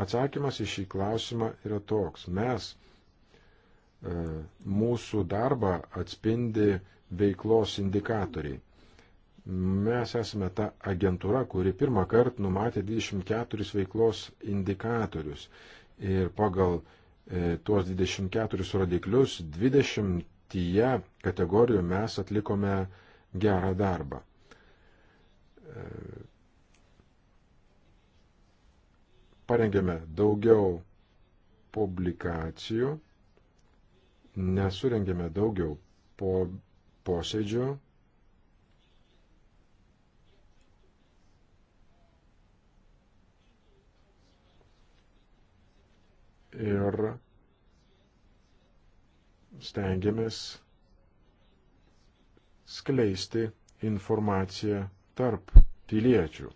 Atsakymas į šį klausimą yra toks. Mes e, mūsų darbą atspindi veiklos indikatoriai. Mes esame ta agentūra, kuri pirmą kartą numatė 24 veiklos indikatorius. Ir pagal e, tuos 24 rodiklius 20 kategorijų mes atlikome e, gerą darbą. Parengėme daugiau publikacijų, nesurengėme daugiau po posėdžių. Ir stengiamės skleisti informaciją tarp piliečių.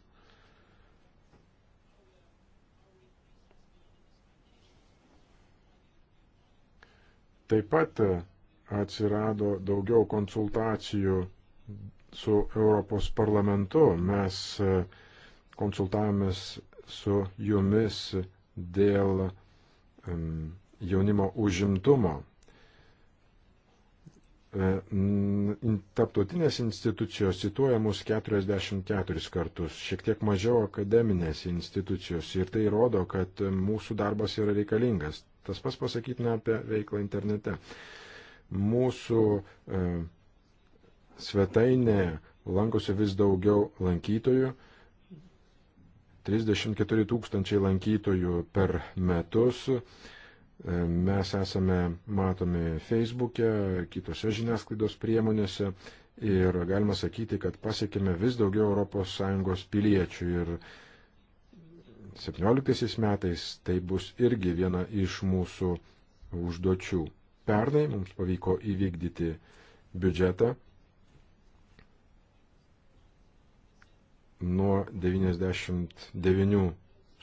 Taip pat atsirado daugiau konsultacijų su Europos parlamentu. Mes konsultavomės su jumis dėl jaunimo užimtumo E, Taptautinės institucijos cituojamos 44 kartus, šiek tiek mažiau akademinės institucijos ir tai rodo, kad mūsų darbas yra reikalingas. Tas pas pasakytina apie veiklą internete. Mūsų e, svetainė lankosi vis daugiau lankytojų, 34 tūkstančiai lankytojų per metus. E, Mes esame matomi Facebook'e, kitose žiniasklaidos priemonėse ir galima sakyti, kad pasiekėme vis daugiau ES piliečių ir 17 metais tai bus irgi viena iš mūsų užduočių. Pernai mums pavyko įvykdyti biudžetą nuo 99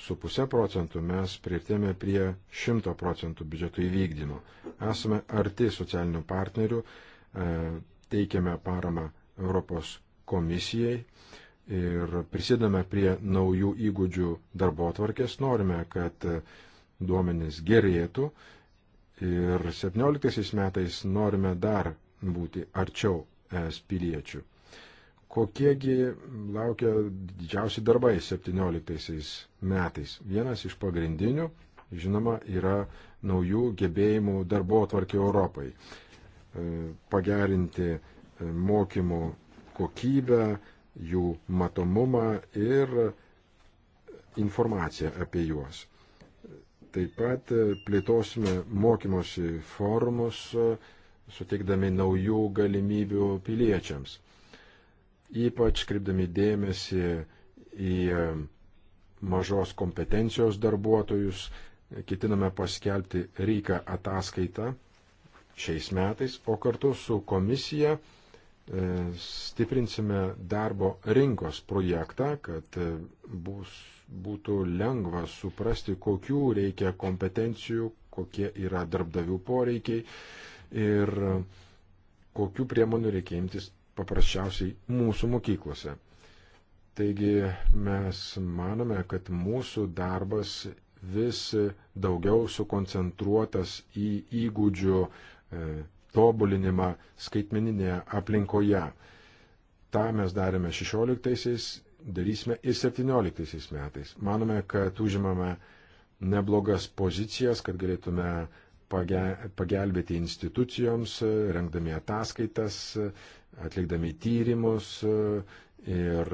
2,5 procentų mes prieartėme prie 100 procentų biudžeto įvykdymo. Esame arti socialinių partnerių, e, teikiame paramą Europos komisijai ir prisidame prie naujų įgūdžių darbo atvarkės. Norime, kad duomenys gerėtų ir 17 metais norime dar būti arčiau es piliečių kokiegi laukia didžiausi darbai 17 metais. Vienas iš pagrindinių, žinoma, yra naujų gebėjimų darbo atvarkė Europai. E, pagerinti e, mokymų kokybę, jų matomumą ir informaciją apie juos. Taip pat e, plėtosime mokymosi formus, suteikdami naujų galimybių piliečiams ypač kreipdami dėmesį į mažos kompetencijos darbuotojus. Ketiname paskelbti ryką ataskaitą šiais metais, o kartu su komisija e, stiprinsime darbo rinkos projektą, kad e, bus, būtų lengva suprasti, kokių reikia kompetencijų, kokie yra darbdavių poreikiai ir kokių priemonių reikia imtis paprasčiausiai mūsų mokyklose. Taigi mes manome, kad mūsų darbas vis daugiau sukoncentruotas į įgūdžių e, tobulinimą skaitmeninėje aplinkoje. Ta mes darėme 16-aisiais, darysime ir 17-aisiais metais. Manome, kad užimame neblogas pozicijas, kad galėtume pagelbėti institucijoms, rengdami ataskaitas, atlikdami tyrimus e, ir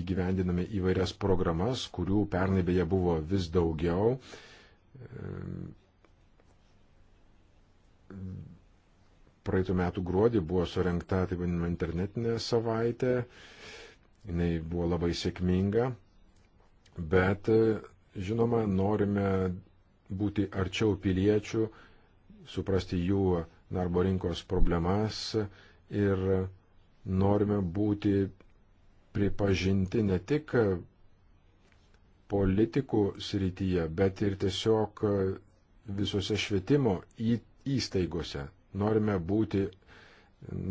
įgyvendinami įvairias programas, kurių pernai beje buvo vis daugiau. E, praeitų metų gruodį buvo surinkta taip vadinama internetinė savaitė, jinai buvo labai sėkminga, bet e, žinoma, norime būti arčiau piliečių, suprasti jų darbo rinkos problemas ir norime būti pripažinti ne tik politikų srityje, bet ir tiesiog visose švietimo įstaigose. Norime būti,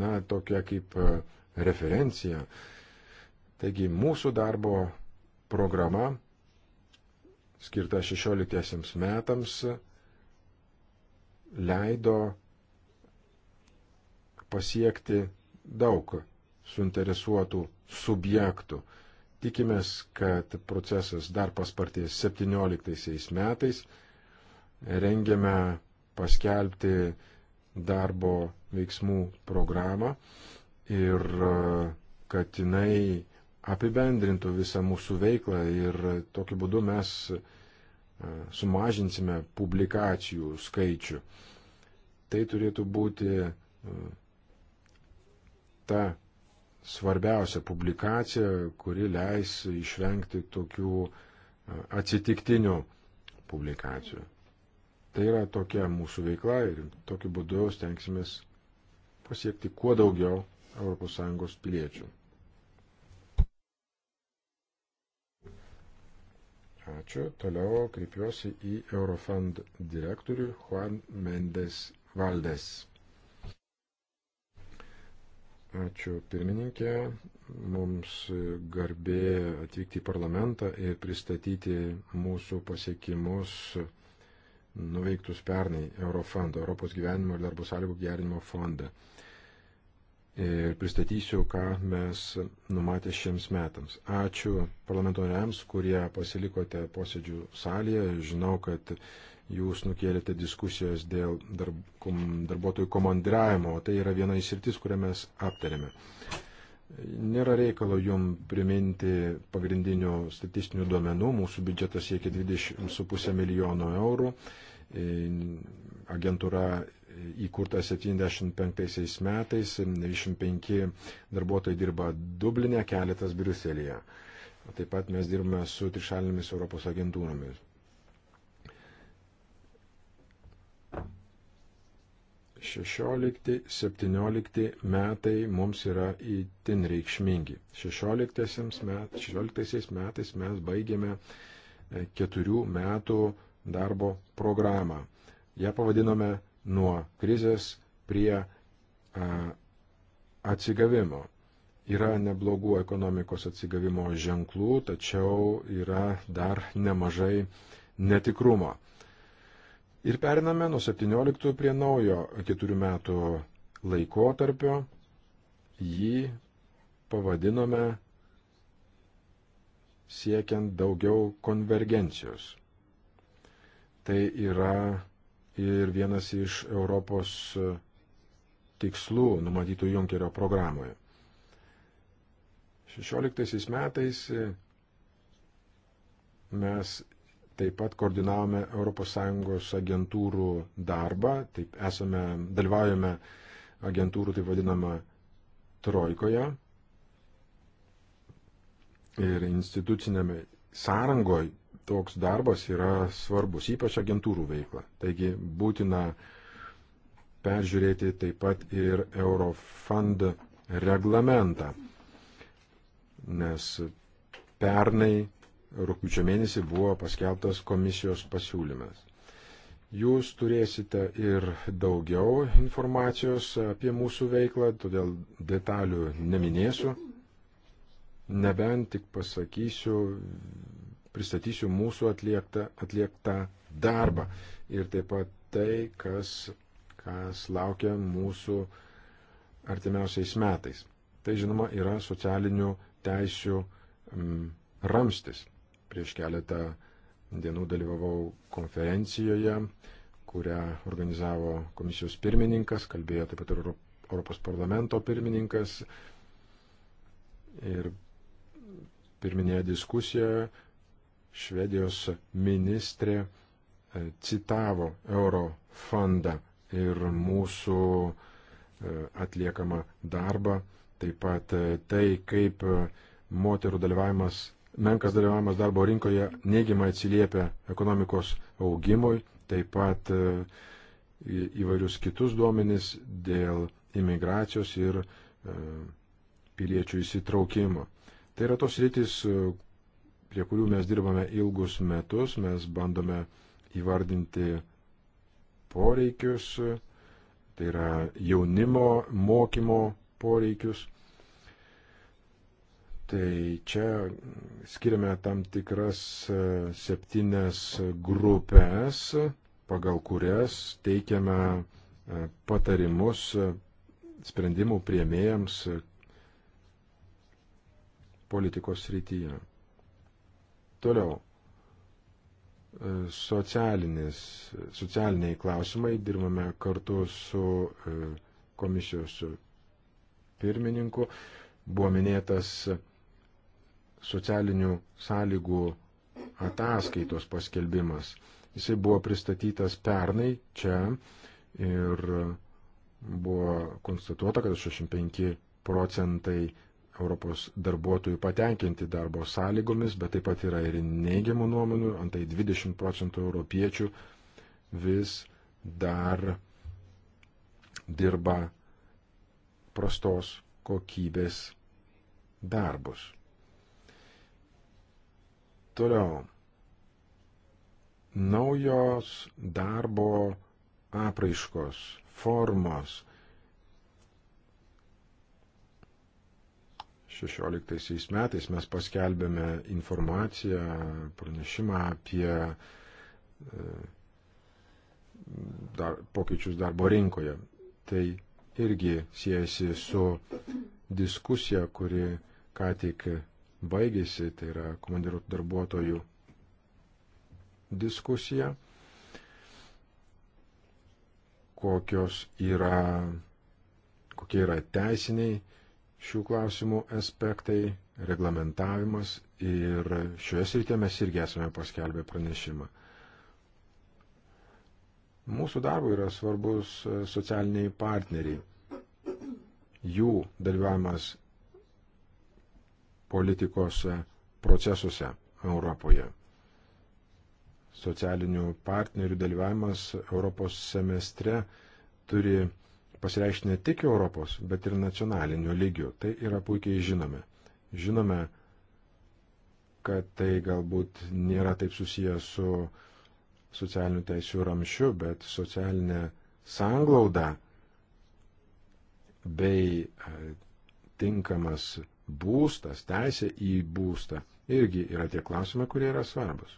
na, tokia kaip referencija. Taigi mūsų darbo programa skirta 16 metams leido pasiekti daug suinteresuotų subjektų. Tikimės, kad procesas dar paspartės 17 metais. Rengiame paskelbti darbo veiksmų programą ir e, kad jinai apibendrintų visą mūsų veiklą ir tokiu būdu mes e, sumažinsime publikacijų skaičių. Tai turėtų būti e, ta svarbiausia publikacija, kuri leis išvengti tokių atsitiktinių publikacijų. Tai yra tokia mūsų veikla ir tokiu būdu stengsimės pasiekti kuo daugiau ES piliečių. Ačiū. Toliau kreipiuosi į Eurofund direktorių Juan Mendes Valdes. Ačiū pirmininkė. Mums garbė atvykti į parlamentą ir pristatyti mūsų pasiekimus nuveiktus pernai Eurofondo, Europos gyvenimo ir darbo sąlygų gerinimo fondą. Ir pristatysiu, ką mes numatė šiems metams. Ačiū parlamento nariams, kurie pasilikote posėdžių salėje. Žinau, kad jūs nukėlėte diskusijos dėl darb, kom, darbuotojų komandiravimo, o tai yra viena iš sritis, kurią mes aptarėme. Nėra reikalo jum priminti pagrindinių statistinių duomenų, mūsų biudžetas siekia 20,5 milijono eurų, e, agentūra įkurta 75 metais, 95 darbuotojai dirba Dublinė, keletas Briuselėje. Taip pat mes dirbame su trišalinėmis Europos agentūromis. 16-17 metai mums yra įtin reikšmingi. 16 met, 16 metais mes baigėme e, keturių metų darbo programą. Ja pavadinome nuo krizės prie atsigavimo. Yra neblogų ekonomikos atsigavimo ženklų, tačiau yra dar nemažai netikrumo. Ir periname nuo 17 prie naujo 4 metų laikotarpio. Jį pavadinome siekiant daugiau konvergencijos. Tai yra ir vienas iš Europos tikslų numatytų Junkerio programoje. 16 metais mes Taip pat koordinavome ES agentūrų darbą, taip esame, dalyvaujame agentūrų, taip vadinama, trojkoje ir institucinėme sąrangoje toks darbas yra svarbus, ypač agentūrų veikla. Taigi būtina peržiūrėti taip pat ir Eurofund reglamentą, nes pernai rūpiučio mėnesį buvo paskelbtas komisijos pasiūlymas. Jūs turėsite ir daugiau informacijos apie mūsų veiklą, todėl detalių neminėsiu. Nebent tik pasakysiu, pristatysiu mūsų atliektą, atliektą darbą ir taip pat tai, kas, kas laukia mūsų artimiausiais metais. Tai žinoma yra socialinių teisių mm, ramstis. Prieš keletą dienų dalyvavau konferencijoje, kurią organizavo komisijos pirmininkas, kalbėjo taip pat ir Europos parlamento pirmininkas. Ir pirminėje diskusijoje Švedijos ministrė e, citavo euro fondą ir mūsų e, atliekamą darbą, taip pat e, tai, kaip moterų dalyvavimas menkas dalyvavimas darbo rinkoje neigiamai atsiliepia ekonomikos augimui, taip pat e, įvairius kitus duomenis dėl imigracijos ir e, piliečių įsitraukimo. Tai yra tos rytis, e, prie kurių mes dirbame ilgus metus, mes bandome įvardinti poreikius, tai yra jaunimo mokymo poreikius, Tai čia skiriame tam tikras e, septynes grupės, pagal kurias teikiame e, patarimus e, sprendimų prieimėjams politikos srityje. Toliau. Socialiniai klausimai dirbame kartu su komisijos pirmininku. Buvo minėtas socialinių sąlygų ataskaitos paskelbimas. Jisai buvo pristatytas pernai čia ir buvo konstatuota, kad 65 procentai Europos darbuotojų patenkinti darbo sąlygomis, bet taip pat yra ir neigiamų nuomonių, antai 20 procentų europiečių vis dar dirba prastos kokybės darbus. Toliau. Naujos darbo apraiškos, formos. 16 metais mes paskelbėme informaciją, pranešimą apie e, dar, pokyčius darbo rinkoje. Tai irgi siejasi su diskusija, kuri ką tik baigėsi, tai yra komandiruotų darbuotojų diskusija, kokios yra, kokie yra teisiniai šių klausimų aspektai, reglamentavimas ir šioje srityje mes irgi esame paskelbę pranešimą. Mūsų darbo yra svarbus socialiniai partneriai. Jų dalyvavimas politikos procesuose Europoje. Socialinių partnerių dalyvavimas Europos semestre turi pasireikšti ne tik Europos, bet ir nacionaliniu lygiu. Tai yra puikiai žinome. Žinome, kad tai galbūt nėra taip susijęs su socialinių teisų ramšiu, bet socialinė sanglauda bei e, tinkamas būstas, teisė į būstą, irgi yra tie klausimai, kurie yra svarbus.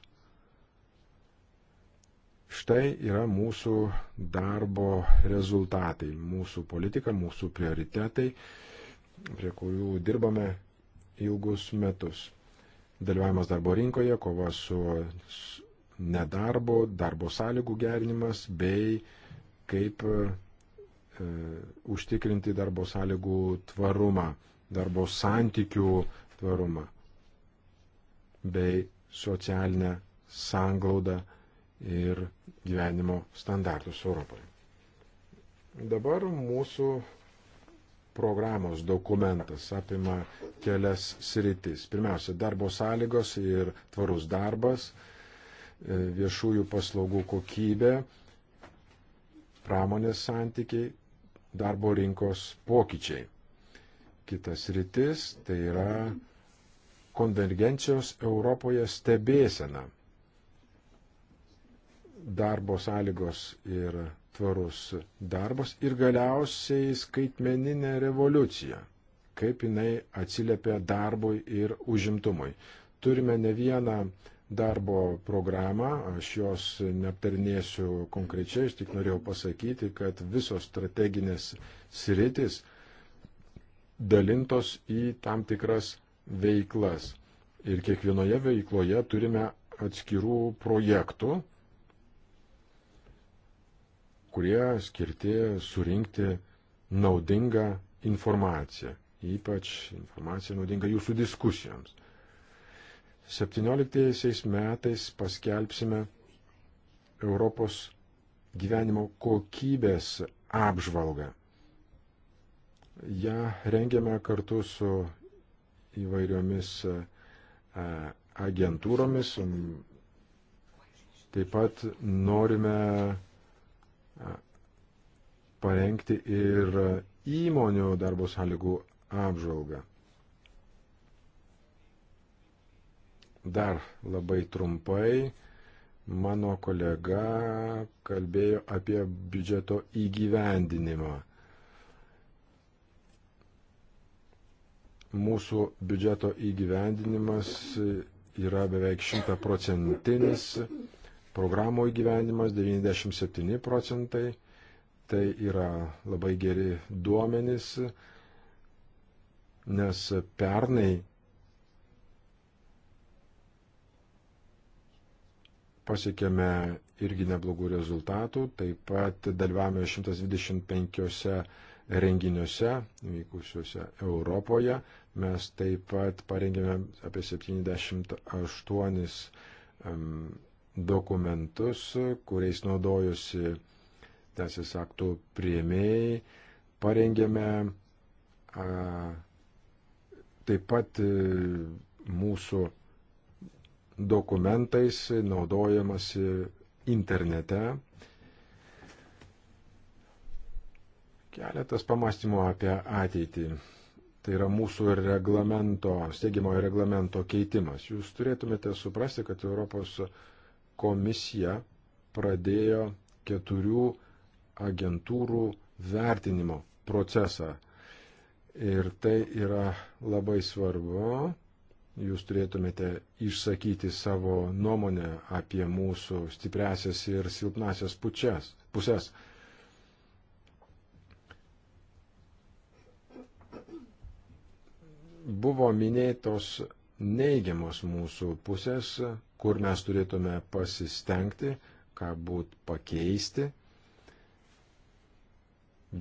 Štai yra mūsų darbo rezultatai, mūsų politika, mūsų prioritetai, prie kurių dirbame ilgus metus. Dalyvavimas darbo rinkoje, kova su nedarbo, darbo sąlygų gerinimas bei kaip e, užtikrinti darbo sąlygų tvarumą darbo santykių tvarumą bei socialinę sanglaudą ir gyvenimo standartus Europoje. Dabar mūsų programos dokumentas apima kelias sritis. Pirmiausia, darbo sąlygos ir tvarus darbas, e, viešųjų paslaugų kokybė, pramonės santykiai, darbo rinkos pokyčiai kitas rytis, tai yra konvergencijos Europoje stebėsena. Darbo sąlygos ir tvarus darbas ir galiausiai skaitmeninė revoliucija, kaip jinai atsiliepia darbui ir užimtumui. Turime ne vieną darbo programą, aš jos neaptarnėsiu konkrečiai, aš tik norėjau pasakyti, kad visos strateginės sritis dalintos į tam tikras veiklas. Ir kiekvienoje veikloje turime atskirų projektų, kurie skirti surinkti naudingą informaciją, ypač informaciją naudingą jūsų diskusijoms. 17 metais paskelbsime Europos gyvenimo kokybės apžvalgą ją rengiame kartu su įvairiomis e, agentūromis. Taip pat norime e, parengti ir įmonių darbo sąlygų apžvalgą. Dar labai trumpai mano kolega kalbėjo apie biudžeto įgyvendinimą. mūsų biudžeto įgyvendinimas yra beveik 100 procentinis, programų įgyvendinimas 97 procentai. Tai yra labai geri duomenys, nes pernai pasiekėme irgi neblogų rezultatų, taip pat dalyvavome 125 renginiuose vykusiuose Europoje, Mes taip pat parengėme apie 78 dokumentus, kuriais naudojusi teisės aktų prieimėjai. Parengėme a, taip pat e, mūsų dokumentais naudojamasi internete. Keletas pamastymų apie ateitį. Tai yra mūsų reglamento, steigimojo reglamento keitimas. Jūs turėtumėte suprasti, kad Europos komisija pradėjo keturių agentūrų vertinimo procesą. Ir tai yra labai svarbu. Jūs turėtumėte išsakyti savo nuomonę apie mūsų stipresias ir silpnasias pučias, pusės. buvo minėtos neigiamos mūsų pusės, kur mes turėtume pasistengti, ką būt pakeisti.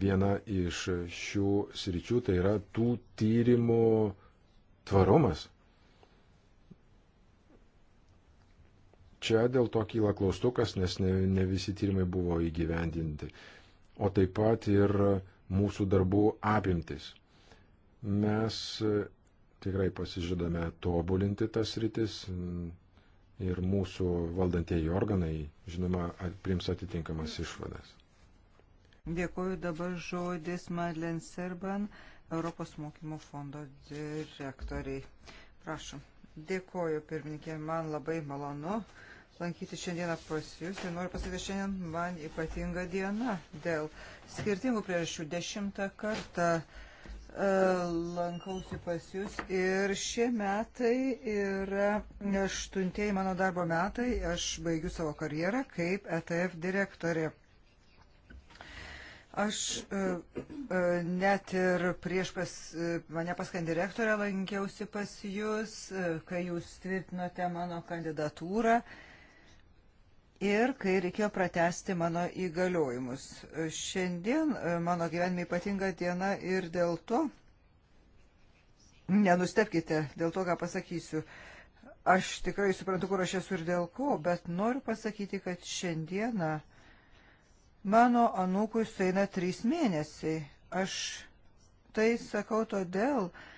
Viena iš šių sričių tai yra tų tyrimų tvarumas. Čia dėl to kyla klaustukas, nes ne, ne visi tyrimai buvo įgyvendinti. O taip pat ir mūsų darbų apimtis Mes e, tikrai pasižadame tobulinti tas rytis ir mūsų valdantieji organai, žinoma, prims atitinkamas išvadas. Dėkuoju dabar žodis Madlen Serban, Europos mokymo fondo direktoriai. Prašom. Dėkuoju, pirmininkė, man labai malonu lankyti šiandieną pas Jūs ir noriu pasakyti, šiandien man ypatinga diena dėl skirtingų priežasčių. Dešimtą kartą uh, E, lankausi pas Jūs ir šie metai yra aštuntieji mano darbo metai. Aš baigiu savo karjerą kaip ETF direktorė. Aš e, e, net ir prieš pas, mane paskant direktorę lankiausi pas Jūs, kai Jūs tvirtinote mano kandidatūrą ir kai reikėjo pratesti mano įgaliojimus. Šiandien e, mano gyvenime ypatinga diena ir dėl to, nenustepkite dėl to, ką pasakysiu, aš tikrai suprantu, kur aš esu ir dėl ko, bet noriu pasakyti, kad šiandieną mano anūkui sueina trys mėnesiai. Aš tai sakau todėl, kad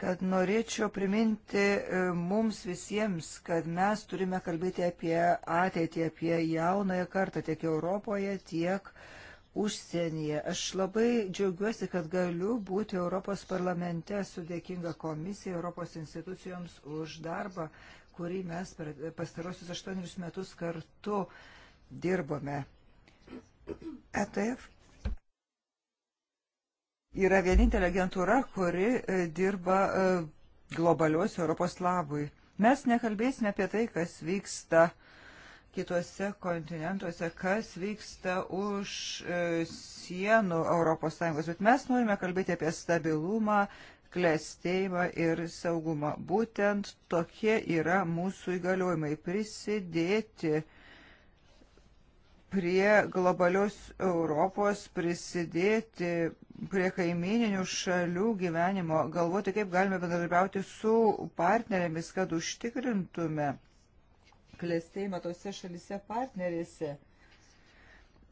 kad norėčiau priminti e, mums visiems, kad mes turime kalbėti apie ateitį, apie jaunąją kartą tiek Europoje, tiek užsienyje. Aš labai džiaugiuosi, kad galiu būti Europos parlamente su dėkinga komisija, Europos institucijoms už darbą, kurį mes per pastarosius aštuonerius metus kartu dirbome. ETF yra vienintelė agentūra, kuri e, dirba e, globalios Europos labui. Mes nekalbėsime apie tai, kas vyksta kitose kontinentuose, kas vyksta už e, sienų ES, bet mes norime kalbėti apie stabilumą, klėstėjimą ir saugumą. Būtent tokie yra mūsų įgaliojimai prisidėti prie globalios Europos prisidėti prie kaimininių šalių gyvenimo, galvoti, kaip galime bendradarbiauti su partnerėmis, kad užtikrintume klėstėjimą tose šalise partnerėse.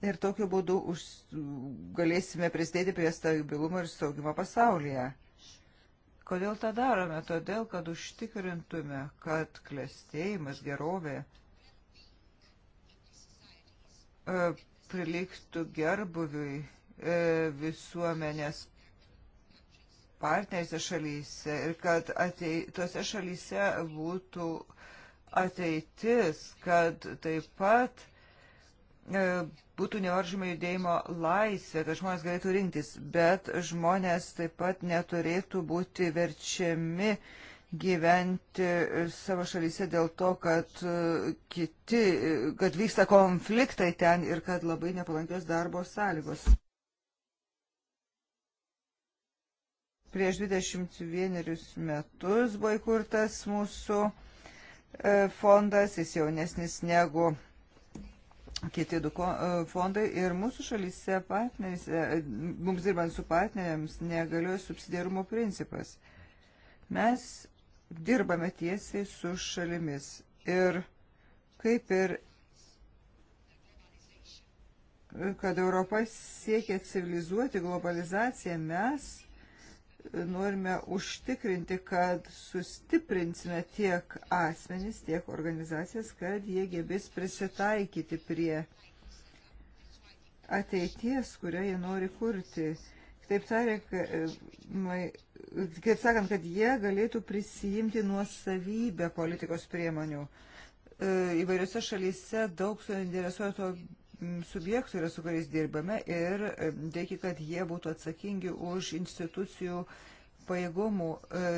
Ir tokiu būdu už, galėsime prisidėti prie stabilumo ir saugimo pasaulyje. Kodėl tą darome? Todėl, kad užtikrintume, kad klėstėjimas, gerovė E, priliktų gerbuviui e, visuomenės partnerėse šalyse ir kad atei, tose šalyse būtų ateitis, kad taip pat e, būtų nevaržymai judėjimo laisvė, kad žmonės galėtų rinktis, bet žmonės taip pat neturėtų būti verčiami e, gyventi e, savo šalyse dėl to, kad e, kiti, e, kad vyksta konfliktai ten ir kad labai nepalankios darbo sąlygos. Prieš 21 metus buvo įkurtas mūsų fondas, jis jaunesnis negu kiti du fondai ir mūsų šalyse partneris, mums dirbant su partneriams, negalioja subsidiarumo principas. Mes dirbame tiesiai su šalimis. Ir kaip ir kad Europa siekia civilizuoti globalizaciją, mes norime užtikrinti, kad sustiprinsime tiek asmenys, tiek organizacijas, kad jie gebės prisitaikyti prie ateities, kurią jie nori kurti. Kitaip tariant, kaip sakant, kad jie galėtų prisijimti nuosavybę politikos priemonių. E, įvairiose šalyse daug suinteresuoto subjektų yra, su kuriais dirbame ir reikia, kad jie būtų atsakingi už institucijų pajėgumų e,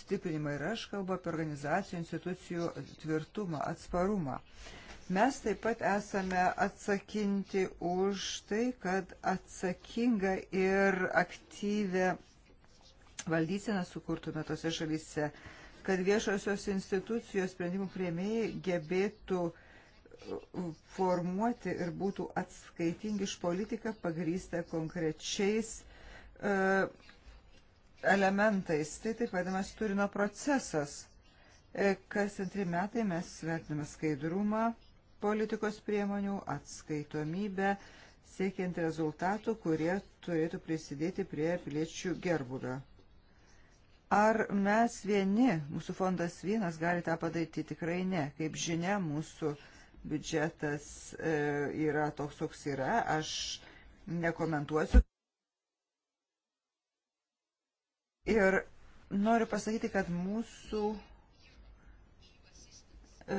stiprinimą ir aš kalbu apie organizacijų institucijų tvirtumą, atsparumą. Mes taip pat esame atsakinti už tai, kad atsakinga ir aktyvė valdyseną sukurtume tose šalyse, kad viešosios institucijos sprendimų prieimėjai gebėtų uh, formuoti ir būtų atskaitingi iš politiką pagrįstą konkrečiais e, elementais. Tai taip vadinamas Turino procesas. E, kas antrį metai mes vertiname skaidrumą, politikos priemonių, atskaitomybę, siekiant rezultatų, kurie turėtų prisidėti prie piliečių gerbuvio. Ar mes vieni, mūsų fondas vienas gali tą padaryti? Tikrai ne. Kaip žinia, mūsų biudžetas e, yra toks, koks yra. Aš nekomentuosiu. Ir noriu pasakyti, kad mūsų e,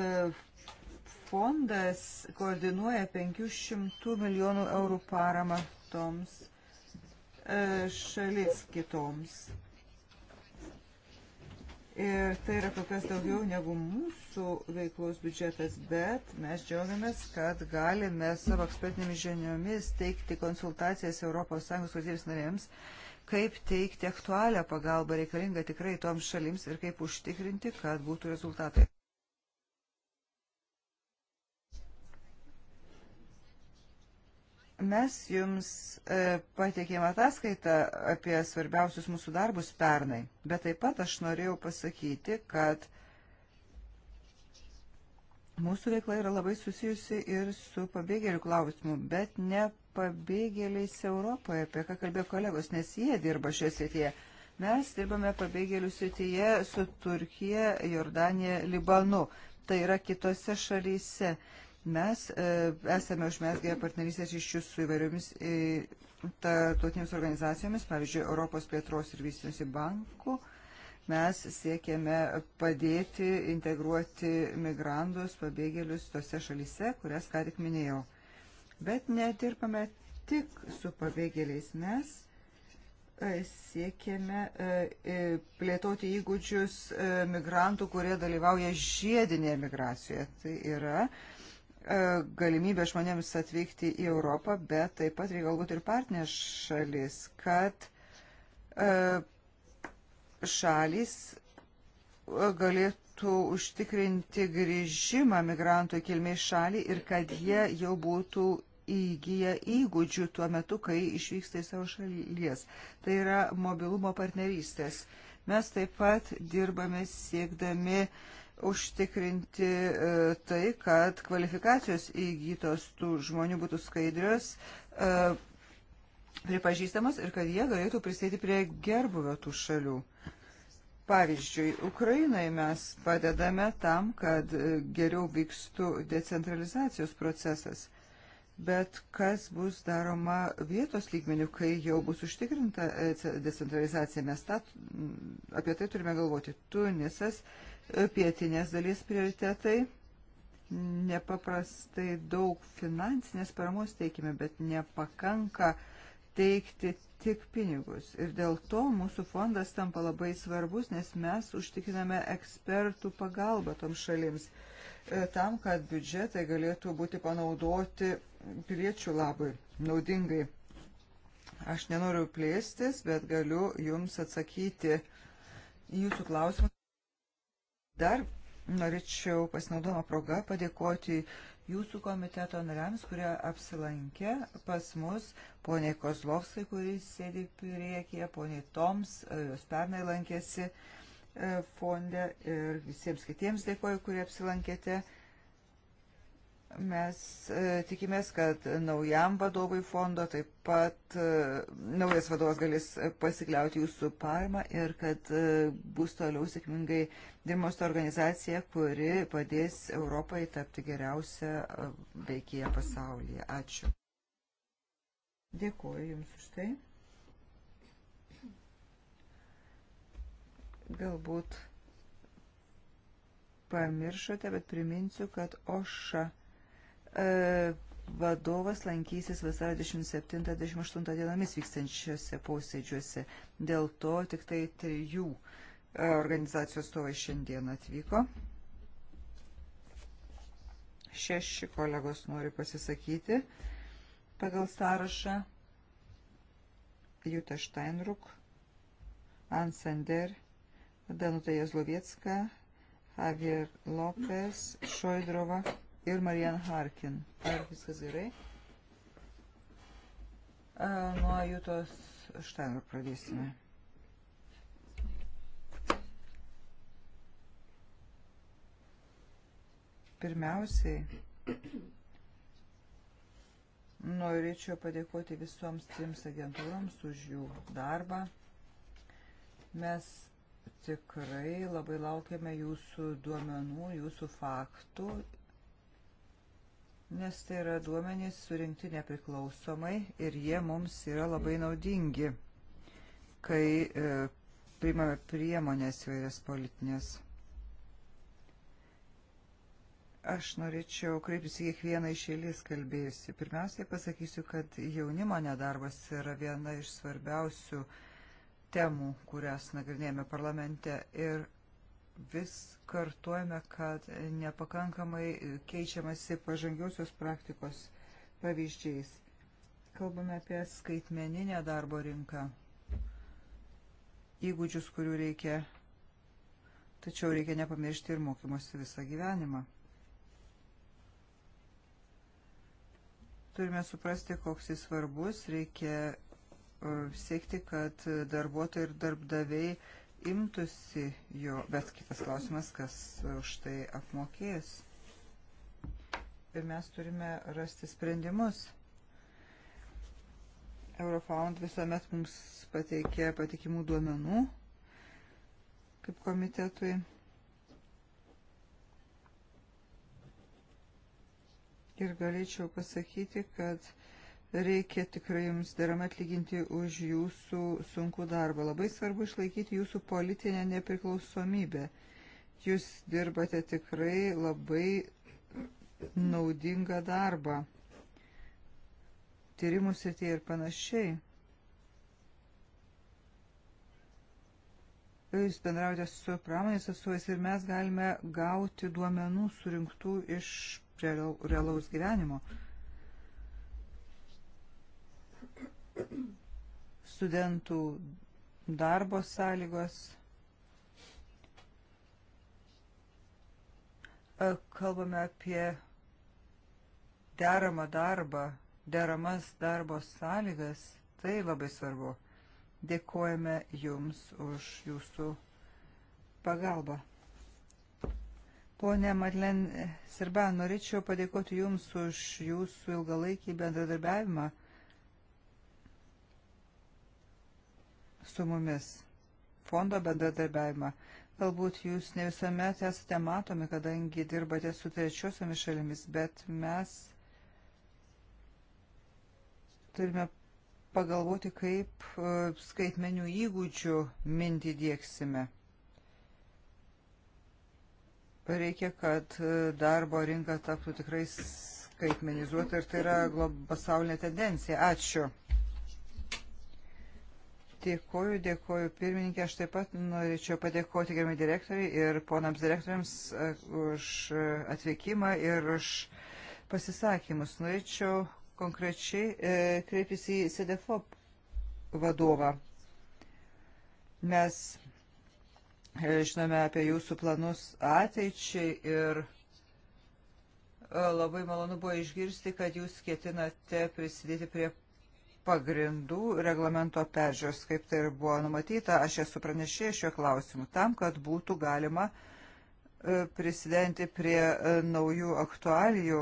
fondas koordinuoja 500 milijonų eurų paramą toms e, šalis kitoms. Ir tai yra kol kas daugiau negu mūsų veiklos biudžetas, bet mes džiaugiamės, kad galime savo ekspertinėmis žiniomis teikti konsultacijas ES valstybės narėms kaip teikti aktualią pagalbą reikalingą tikrai toms šalims ir kaip užtikrinti, kad būtų rezultatai. Mes jums e, pateikėme ataskaitą apie svarbiausius mūsų darbus pernai, bet taip pat aš norėjau pasakyti, kad mūsų veikla yra labai susijusi ir su pabėgėlių klausimu, bet ne pabėgėliais Europoje, apie ką kalbėjo kolegos, nes jie dirba šioje srityje. Mes dirbame pabėgėlių srityje su Turkija, Jordanija, Libanu. Tai yra kitose šalyse. Mes e, esame užmesgę partnerystės ryšius su įvairiomis e, tarptautinėms organizacijomis, pavyzdžiui, Europos plėtros ir vystymosi banku. Mes siekėme padėti integruoti migrantus, pabėgėlius tose šalise, kurias ką tik minėjau. Bet netirbame tik su pabėgėliais. Mes e, siekėme plėtoti įgūdžius migrantų, kurie dalyvauja žiedinėje migracijoje. Tai yra E, galimybę žmonėms atvykti į Europą, bet taip pat reikia galbūt ir partnės šalis, kad e, šalis e, galėtų užtikrinti grįžimą migrantų į kilmės šalį ir kad jie jau būtų įgyja įgūdžių tuo metu, kai išvyksta į savo šalies. Tai yra mobilumo partnerystės. Mes taip pat dirbame siekdami uh, užtikrinti e, tai, kad kvalifikacijos įgytos tų žmonių būtų skaidrios, e, pripažįstamos ir kad jie galėtų prisėti prie gerbuvio tų šalių. Pavyzdžiui, Ukrainai mes padedame tam, kad geriau vykstų decentralizacijos procesas. Bet kas bus daroma vietos lygmenių, kai jau bus užtikrinta e, decentralizacija, mes tą, apie tai turime galvoti. Tunisas, uh, pietinės dalies prioritetai. Nepaprastai daug finansinės paramos teikime, bet nepakanka teikti tik pinigus. Ir dėl to mūsų fondas tampa labai svarbus, nes mes užtikriname ekspertų pagalbą toms šalims, e, tam, kad biudžetai galėtų būti panaudoti piliečių labai naudingai. Aš nenoriu plėstis, bet galiu Jums atsakyti jūsų klausimą. Dar norėčiau pasinaudodama progą padėkoti jūsų komiteto nariams, kurie apsilankė pas mus, poniai Kozlovskai, kuris sėdi priekyje, poniai Toms, jos pernai lankėsi e, fonde ir visiems kitiems dėkoju, kurie apsilankėte. Mes e, tikimės, kad naujam vadovui fondo taip pat e, naujas vadovas galės pasikliauti jūsų parmą ir kad e, bus toliau sėkmingai dirbamos ta organizacija, kuri padės Europai tapti geriausią veikėją pasaulyje. Ačiū. Dėkuoju Jums už tai. Galbūt pamiršote, bet priminsiu, kad OŠA E, vadovas lankysis vasarą 27-28 dienomis vykstančiuose posėdžiuose. Dėl to tik tai trijų e, organizacijos stovai šiandien atvyko. Šeši kolegos nori pasisakyti pagal sąrašą. Jutta Steinruk, Ansander, Danutė Jazlovietska, Javier Lopez, Šoidrova ir Marian Harkin. Ar viskas gerai? Nuo Jūtos Štainro pradėsime. Pirmiausiai, norėčiau padėkoti visoms trims agentūroms už jų darbą. Mes tikrai labai laukiame jūsų duomenų, jūsų faktų nes tai yra duomenys surinkti nepriklausomai ir jie mums yra labai naudingi, kai e, priimame priemonės įvairias politinės. Aš norėčiau kreiptis į kiekvieną iš eilės kalbėjusi. Pirmiausiai pasakysiu, kad jaunimo nedarbas yra viena iš svarbiausių temų, kurias nagrinėjame parlamente ir vis kartuojame, kad nepakankamai keičiamasi pažangiausios praktikos pavyzdžiais. Kalbame apie skaitmeninę darbo rinką, įgūdžius, kurių reikia, tačiau reikia nepamiršti ir mokymosi visą gyvenimą. Turime suprasti, koks jis svarbus, reikia uh, siekti, kad darbuotojai ir darbdaviai imtųsi jo, bet kitas klausimas, kas už tai apmokės. Ir mes turime rasti sprendimus. Eurofound visuomet mums pateikė patikimų duomenų kaip komitetui. Ir galėčiau pasakyti, kad reikia tikrai jums deramai atlyginti už jūsų sunkų darbą. Labai svarbu išlaikyti jūsų politinę nepriklausomybę. Jūs dirbate tikrai labai naudingą darbą. Tyrimų srityje ir panašiai. Jūs bendraujate su pramonės atstovais ir mes galime gauti duomenų surinktų iš realaus gyvenimo. Mhm. studentų darbo sąlygos. E, kalbame apie deramą darbą, deramas darbo sąlygas. Tai labai svarbu. Dėkojame Jums už Jūsų pagalbą. Pone Marlen Sirba, norėčiau padėkoti Jums už Jūsų ilgalaikį bendradarbiavimą su mumis fondo bendradarbiavimą. Galbūt jūs ne visuomet esate matomi, kadangi dirbate su trečiosiomis šalimis, bet mes turime pagalvoti, kaip e, skaitmenių įgūdžių mintį dėksime. Reikia, kad e, darbo rinka taptų tikrai skaitmenizuota ir tai yra pasaulinė tendencija. Ačiū. Dėkoju, dėkoju pirmininkė. Aš taip pat norėčiau padėkoti gerbiamai direktoriai ir ponams direktoriams e, už e, atvykimą ir už pasisakymus. Norėčiau konkrečiai e, kreiptis į SEDEFOP vadovą. Mes e, žinome apie jūsų planus ateičiai ir labai malonu buvo išgirsti, kad jūs ketinate prisidėti prie pagrindų reglamento peržiūros, kaip tai ir buvo numatyta. Aš esu pranešėjęs šio klausimu tam, kad būtų galima e, prisidengti prie e, naujų aktualijų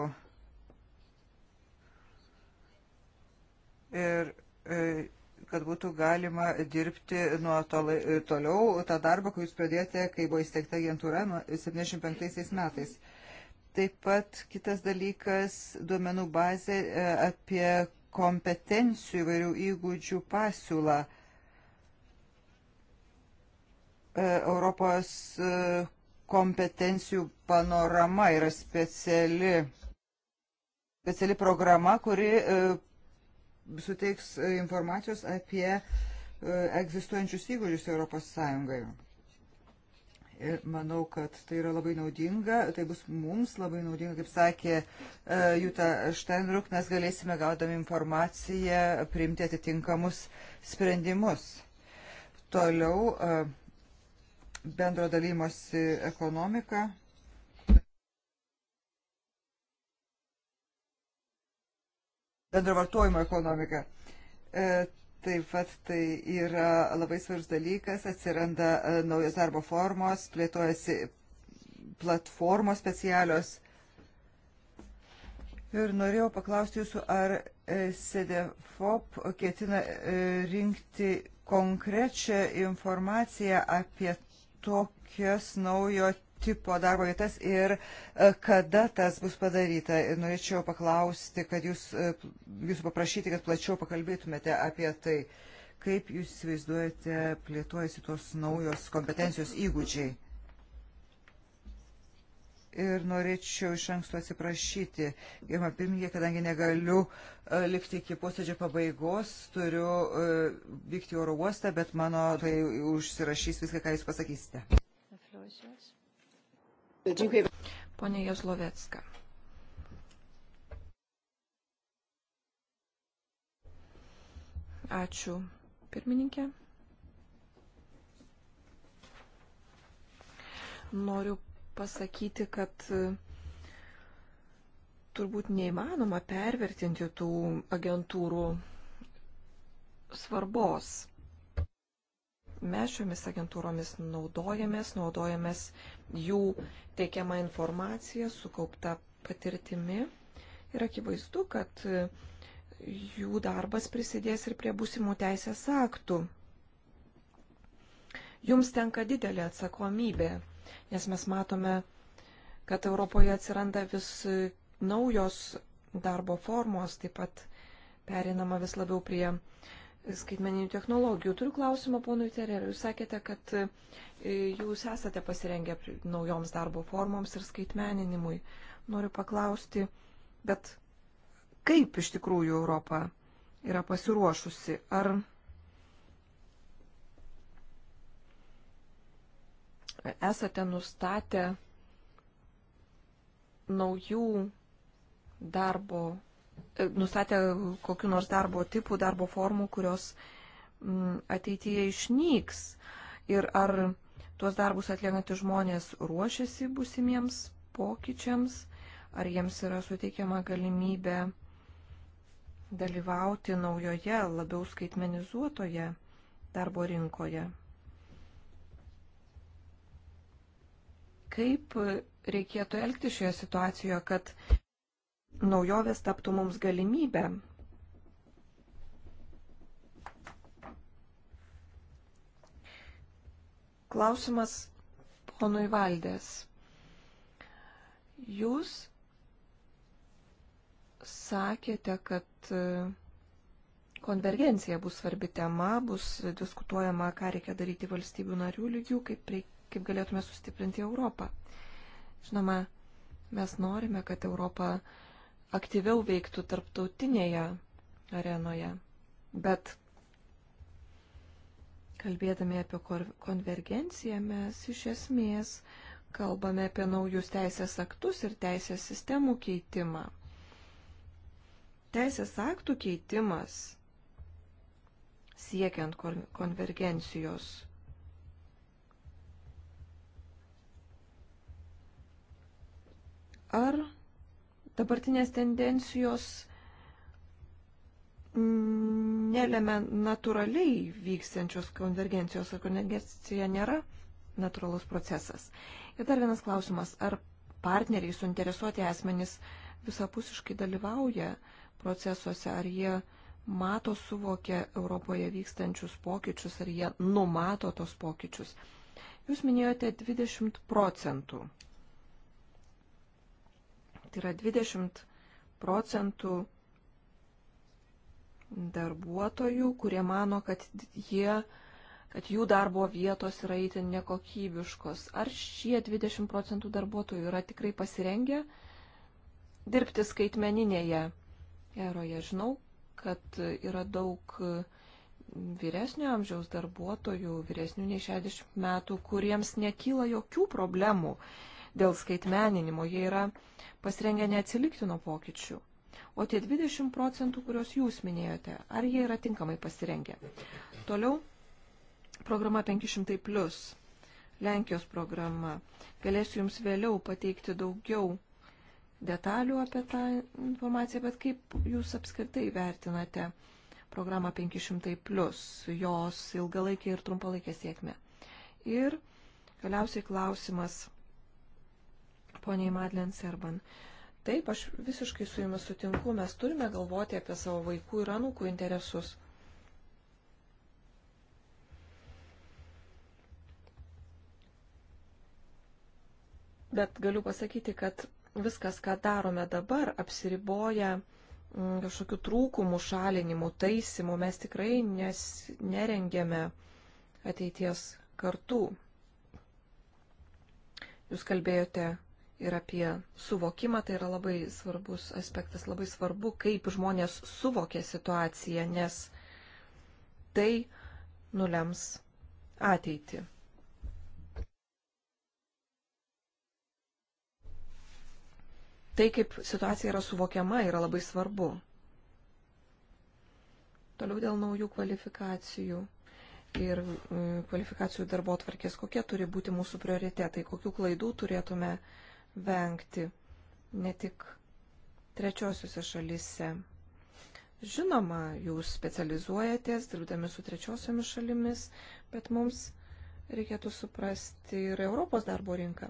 ir e, kad būtų galima dirbti nuo to, toliau tą darbą, kurį jūs pradėjote, kai buvo įsteigta agentūra nuo 75 metais. Taip pat kitas dalykas - duomenų bazė, apie kompetencijų įvairių įgūdžių pasiūlą. E, Europos e, kompetencijų panorama yra speciali, speciali programa, kuri e, suteiks informacijos apie egzistuojančius įgūdžius Europos Sąjungoje. Ir manau, kad tai yra labai naudinga, tai bus mums labai naudinga, kaip sakė e, Jūta Steinruk, mes galėsime gaudami informaciją priimti atitinkamus sprendimus. Toliau e, bendro dalymosi ekonomika. Bendro vartojimo ekonomika. E, Taip pat tai yra labai svarbus dalykas, atsiranda e, naujos darbo formos, plėtojasi platformos specialios. Ir norėjau paklausti jūsų, ar e, SEDEFOP ketina e, rinkti konkrečią informaciją apie tokias naujo tipo darbo vietas ir e, kada tas bus padaryta. Ir norėčiau paklausti, kad jūs, e, jūs paprašyti, kad plačiau pakalbėtumėte apie tai, kaip jūs įsivaizduojate plėtojasi tos naujos kompetencijos įgūdžiai. Ir norėčiau iš anksto atsiprašyti, germa pirmininkė, kadangi negaliu e, likti iki posėdžio pabaigos, turiu vykti oro uostą, bet mano tai užsirašys viską, ką jūs pasakysite. The floor is yours. Pone Jazlovecka. Ačiū, pirmininkė. Noriu pasakyti, kad e, turbūt neįmanoma pervertinti tų agentūrų svarbos. Mes šiomis agentūromis naudojamės, naudojamės jų teikiama informacija, sukaupta patirtimi. Ir akivaizdu, kad e, jų darbas prisidės ir prie būsimų teisės aktų. Jums tenka didelė atsakomybė, nes mes matome, kad Europoje atsiranda vis e, naujos darbo formos, taip pat perinama vis labiau prie skaitmeninių technologijų. Turiu klausimą ponui Tereriui. Jūs sakėte, kad e, jūs esate pasirengę naujoms darbo formoms ir skaitmeninimui. Noriu paklausti, bet kaip iš tikrųjų Europa yra pasiruošusi? Ar esate nustatę naujų darbo nustatė kokiu nors darbo tipų, darbo formų, kurios mm, ateityje išnyks. Ir ar tuos darbus atliekantys žmonės ruošiasi būsimiems pokyčiams, ar jiems yra suteikiama galimybė dalyvauti naujoje, labiau skaitmenizuotoje darbo rinkoje. Kaip reikėtų elgti šioje situacijoje, kad naujovės taptų mums galimybę. Klausimas ponui Valdės. Jūs sakėte, kad e, konvergencija bus svarbi tema, bus diskutuojama, ką reikia daryti valstybių narių lygių, kaip, reik, kaip galėtume sustiprinti Europą. Žinoma, mes norime, kad Europa aktyviau veiktų tarptautinėje arenoje. Bet kalbėdami apie konvergenciją mes iš esmės kalbame apie naujus teisės aktus ir teisės sistemų keitimą. Teisės aktų keitimas siekiant konvergencijos ar Dabartinės tendencijos mm, nelėmė natūraliai vykstančios konvergencijos, ar konvergencija nėra natūralus procesas. Ir dar vienas klausimas, ar partneriai, suinteresuoti asmenys visapusiškai dalyvauja procesuose, ar jie mato, suvokia Europoje vykstančius pokyčius, ar jie numato tos pokyčius. Jūs minėjote 20 procentų Tai yra 20 procentų darbuotojų, kurie mano, kad, jie, kad jų darbo vietos yra įtin nekokybiškos. Ar šie 20 procentų darbuotojų yra tikrai pasirengę dirbti skaitmeninėje eroje? Žinau, kad yra daug vyresnio amžiaus darbuotojų, vyresnių nei 60 metų, kuriems nekyla jokių problemų dėl skaitmeninimo. Jie yra pasirengę neatsilikti nuo pokyčių. O tie 20 procentų, kuriuos jūs minėjote, ar jie yra tinkamai pasirengę? Toliau, programa 500 plus, Lenkijos programa. Galėsiu jums vėliau pateikti daugiau detalių apie tą informaciją, bet kaip jūs apskritai vertinate programą 500 plus, jos ilgalaikį ir trumpalaikę sėkmę. Ir galiausiai klausimas poniai Madlen Serban. Taip, aš visiškai su jumis sutinku, mes turime galvoti apie savo vaikų ir anūkų interesus. Bet galiu pasakyti, kad viskas, ką darome dabar, apsiriboja mm, kažkokių trūkumų šalinimų, taisimų. Mes tikrai nes, nerengėme ateities kartų. Jūs kalbėjote ir apie suvokimą, tai yra labai svarbus aspektas, labai svarbu, kaip žmonės suvokia situaciją, nes tai nulems ateitį. Tai, kaip situacija yra suvokiama, yra labai svarbu. Toliau dėl naujų kvalifikacijų ir mm, kvalifikacijų darbo atvarkės, kokie turi būti mūsų prioritetai, kokių klaidų turėtume uh, vengti, ne tik trečiosiuose šalise. Žinoma, jūs specializuojatės, dirbdami su trečiosiomis šalimis, bet mums reikėtų suprasti ir Europos darbo rinką.